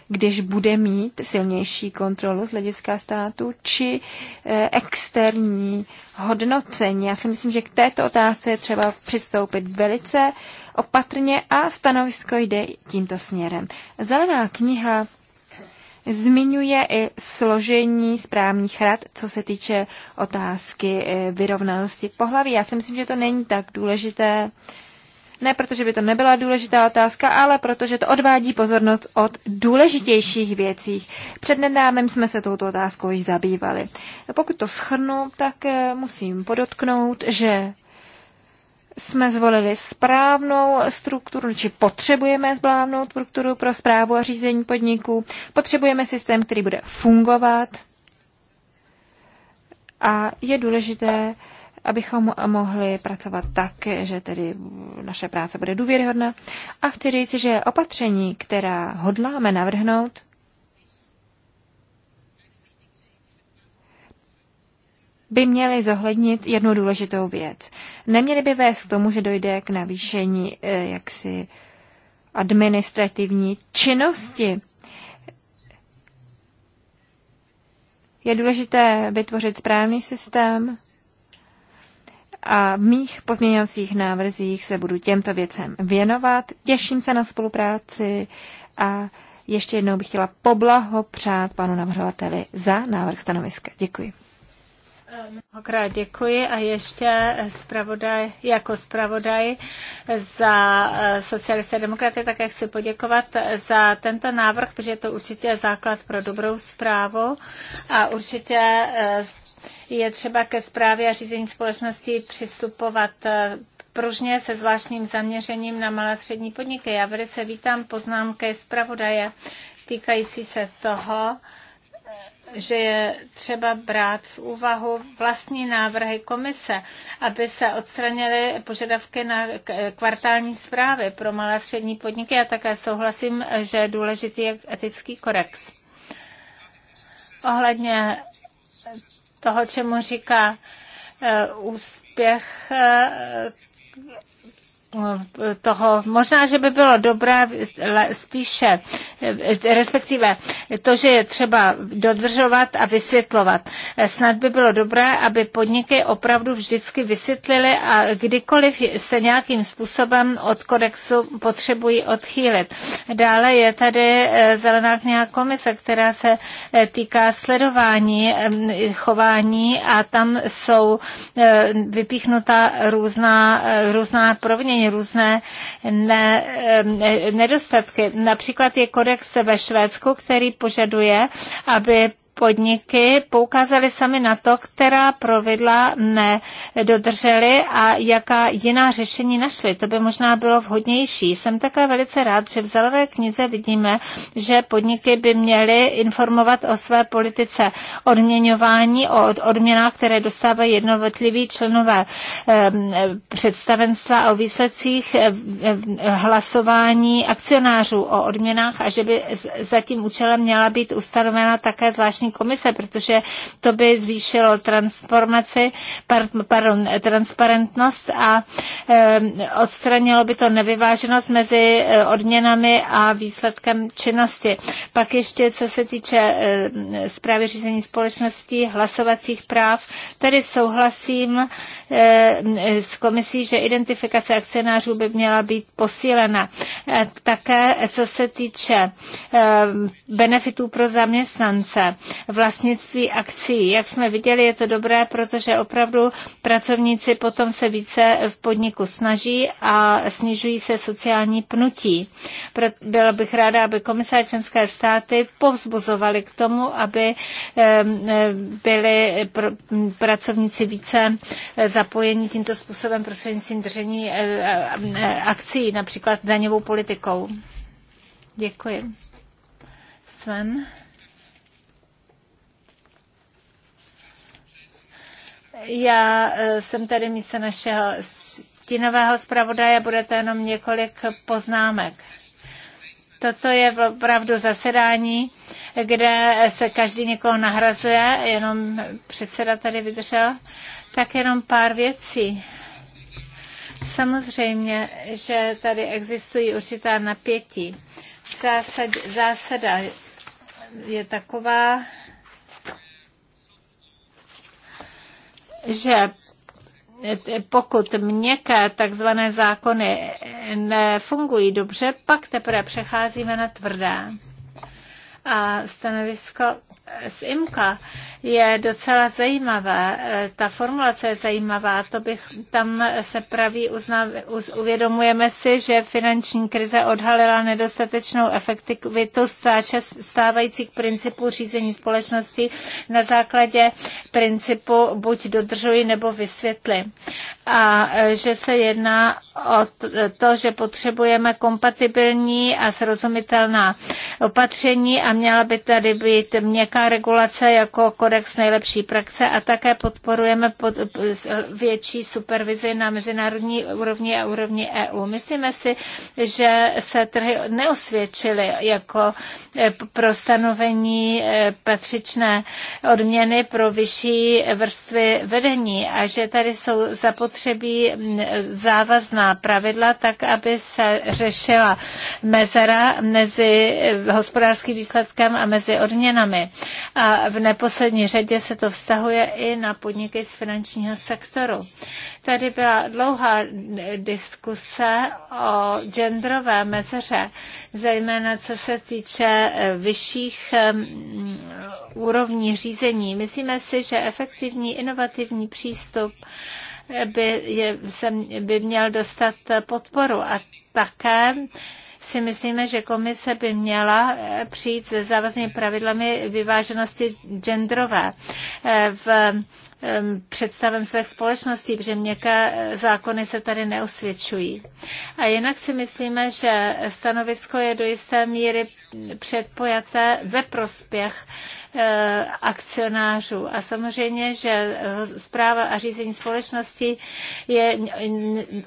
[SPEAKER 2] když bude mít silnější kontrolu z hlediska státu, či eh, externí hodnocení. Já si myslím, že k této otázce je třeba přistoupit velice opatrně a stanovisko jde tímto směrem. Zelená kniha zmiňuje i složení správních rad, co se týče otázky eh, vyrovnanosti pohlaví. Já si myslím, že to není tak důležité, ne protože by to nebyla důležitá otázka, ale protože to odvádí pozornost od důležitějších věcí. Před nedávnem jsme se touto otázkou již zabývali. Pokud to schrnu, tak eh, musím podotknout, že jsme zvolili správnou strukturu, či potřebujeme správnou strukturu pro zprávu a řízení podniků. Potřebujeme systém, který bude fungovat a je důležité, abychom mohli pracovat tak, že tedy naše práce bude důvěryhodná. A chci říct, že opatření, která hodláme navrhnout, by měly zohlednit jednu důležitou věc. Neměly by vést k tomu, že dojde k navýšení eh, jaksi administrativní činnosti. Je důležité vytvořit správný systém a v mých pozměňovacích návrzích se budu těmto věcem věnovat. Těším se na spolupráci a ještě jednou bych chtěla poblahopřát panu navrhovateli za návrh stanoviska. Děkuji.
[SPEAKER 1] Mnohokrát děkuji a ještě zpravodaj, jako zpravodaj za eh, socialisté demokraty také chci poděkovat za tento návrh, protože je to určitě je základ pro dobrou zprávu a určitě eh, je třeba ke zprávě a řízení společnosti přistupovat eh, pružně se zvláštním zaměřením na malé střední podniky. Já velice vítám poznámky zpravodaje týkající se toho, že je třeba brát v úvahu vlastní návrhy komise, aby se odstranily požadavky na kvartální zprávy pro malé a střední podniky. Já také souhlasím, že je důležitý je etický korex. Ohledně toho, čemu říká eh, úspěch eh, toho, možná, že by bylo dobré spíše, respektive to, že je třeba dodržovat a vysvětlovat. Snad by bylo dobré, aby podniky opravdu vždycky vysvětlili a kdykoliv se nějakým způsobem od kodexu potřebují odchýlit. Dále je tady eh, zelená kniha komise, která se eh, týká sledování eh, chování a tam jsou vypíchnuta různá, různá provinění různé ne, nedostatky. Například je kodex ve Švédsku, který požaduje, aby podniky poukázaly sami na to, která providla nedodrželi a jaká jiná řešení našly. To by možná bylo vhodnější. Jsem také velice rád, že v zelené knize vidíme, že podniky by měly informovat o své politice odměňování, o odměnách, které dostávají jednotliví členové ehm, představenstva, o výsledcích ehm, ehm, hlasování akcionářů o odměnách a že by za tím účelem měla být ustanovena také zvláštní informační komise, protože to by zvýšilo transformaci, pardon, transparentnost a odstranilo by to nevyváženost mezi eh, odměnami a výsledkem činnosti. Pak ještě, co se týče eh, zprávy řízení společností, hlasovacích práv, tady souhlasím eh, s komisí, že identifikace akcionářů by měla být posílena. Také, co se týče benefitů pro zaměstnance, vlastnictví akcí. Jak jsme viděli, je to dobré, protože opravdu pracovníci potom se více v podniku snaží a snižují se sociální pnutí. Byla bych ráda, aby komisář členské státy povzbuzovali k tomu, aby byli pracovníci více eh, zapojeni tímto způsobem prostřednictvím držení eh, eh, akcí, například daňovou politikou. Děkuji. Sven. Já e, jsem tady místo našeho stínového zpravodaje, bude to jenom několik poznámek. Toto je opravdu zasedání, kde se každý někoho nahrazuje, jenom předseda tady vydržel, tak jenom pár věcí. Samozřejmě, že tady existují určitá napětí. Zásad, zásada je taková, že pokud měkké takzvané zákony nefungují dobře, pak teprve přecházíme na tvrdé. A stanovisko z IMKA je docela zajímavá. E, ta formulace je zajímavá, to bych tam se praví, uznav, uz, uvědomujeme si, že finanční krize odhalila nedostatečnou efektivitu stávajících principů řízení společnosti na základě principu buď dodržuji nebo vysvětli. A e, že se jedná o to, že potřebujeme kompatibilní a srozumitelná opatření a měla by tady být měkká regulace jako kodex nejlepší praxe a také podporujeme pod větší supervizi na mezinárodní úrovni a úrovni EU. Myslíme si, že se trhy neosvědčily jako e, pro stanovení e, patřičné odměny pro vyšší vrstvy vedení a že tady jsou zapotřebí závazná jasná pravidla, tak aby se řešila mezera mezi hospodářským výsledkem a mezi odměnami. A v neposlední řadě se to vztahuje i na podniky z finančního sektoru. Tady byla dlouhá diskuse o genderové mezeře, zejména co se týče eh, vyšších úrovní řízení. Myslíme si, že efektivní inovativní přístup by, je, se, by měl dostat podporu. A také si myslíme, že komise by měla přijít se závaznými pravidlami vyváženosti genderové eh, v představem své společnosti, protože měkké zákony se tady neusvědčují. A jinak si myslíme, že stanovisko je do jisté míry předpojaté ve prospěch Eh, akcionářů. A samozřejmě, že eh, zpráva a řízení společnosti je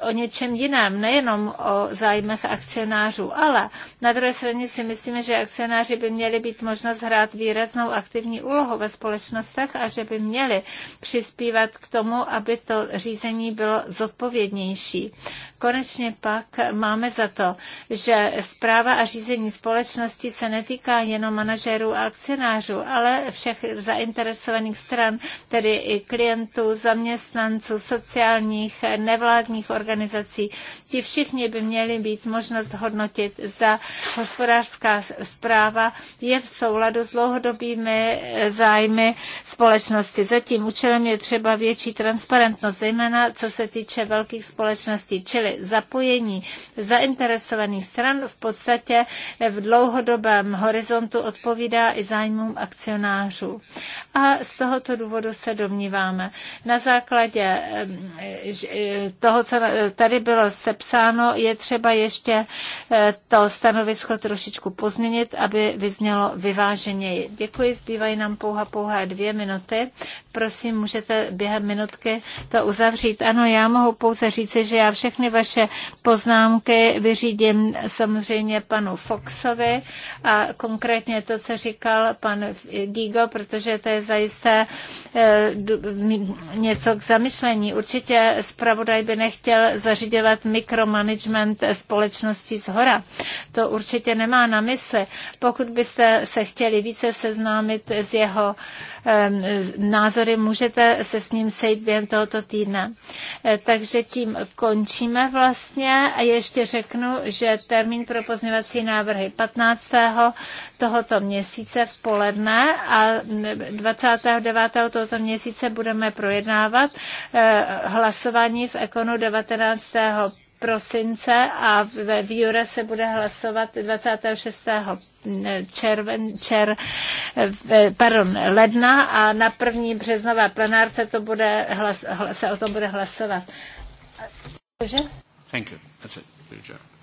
[SPEAKER 1] o něčem jiném, nejenom o zájmech akcionářů, ale na druhé straně si myslíme, že akcionáři by měli být možnost hrát výraznou aktivní úlohu ve společnostech a že by měli přispívat k tomu, aby to řízení bylo zodpovědnější. Konečně pak máme za to, že zpráva a řízení společnosti se netýká jenom manažerů a akcionářů, ale všech zainteresovaných stran, tedy i klientů, zaměstnanců, sociálních, nevládních organizací. Ti všichni by měli být možnost hodnotit, zda hospodářská zpráva je v souladu s dlouhodobými eh, zájmy společnosti. Zatím účelem je třeba větší transparentnost, zejména co se týče velkých společností, čili byli zapojení zainteresovaných stran v podstatě v dlouhodobém horizontu odpovídá i zájmům akcionářů. A z tohoto důvodu se domníváme. Na základě eh, eh, toho, co tady bylo sepsáno, je třeba ještě eh, to stanovisko trošičku pozměnit, aby vyznělo vyváženěji. Děkuji, zbývají nám pouha pouhé dvě minuty. Prosím, můžete během minutky to uzavřít. Ano, já mohu pouze říci, že já všechny vaše poznámky vyřídím samozřejmě panu Foxovi a konkrétně to, co říkal pan Digo, protože to je zajisté eh, něco k zamyšlení. Určitě zpravodaj by nechtěl zařidělat mikromanagement společnosti z hora. To určitě nemá na mysli. Pokud byste se chtěli více seznámit s jeho názory, můžete se s ním sejít během tohoto týdne. E, takže tím končíme vlastně a ještě řeknu, že termín pro pozměvací návrhy 15 tohoto měsíce v poledne a 29. tohoto měsíce budeme projednávat e, hlasování v Ekonu 19 prosince a ve Výura se bude hlasovat 26. Červen, čer, pardon, ledna a na první březnové plenárce to bude hlas, se o tom bude hlasovat. Takže?
[SPEAKER 3] Thank you. That's it.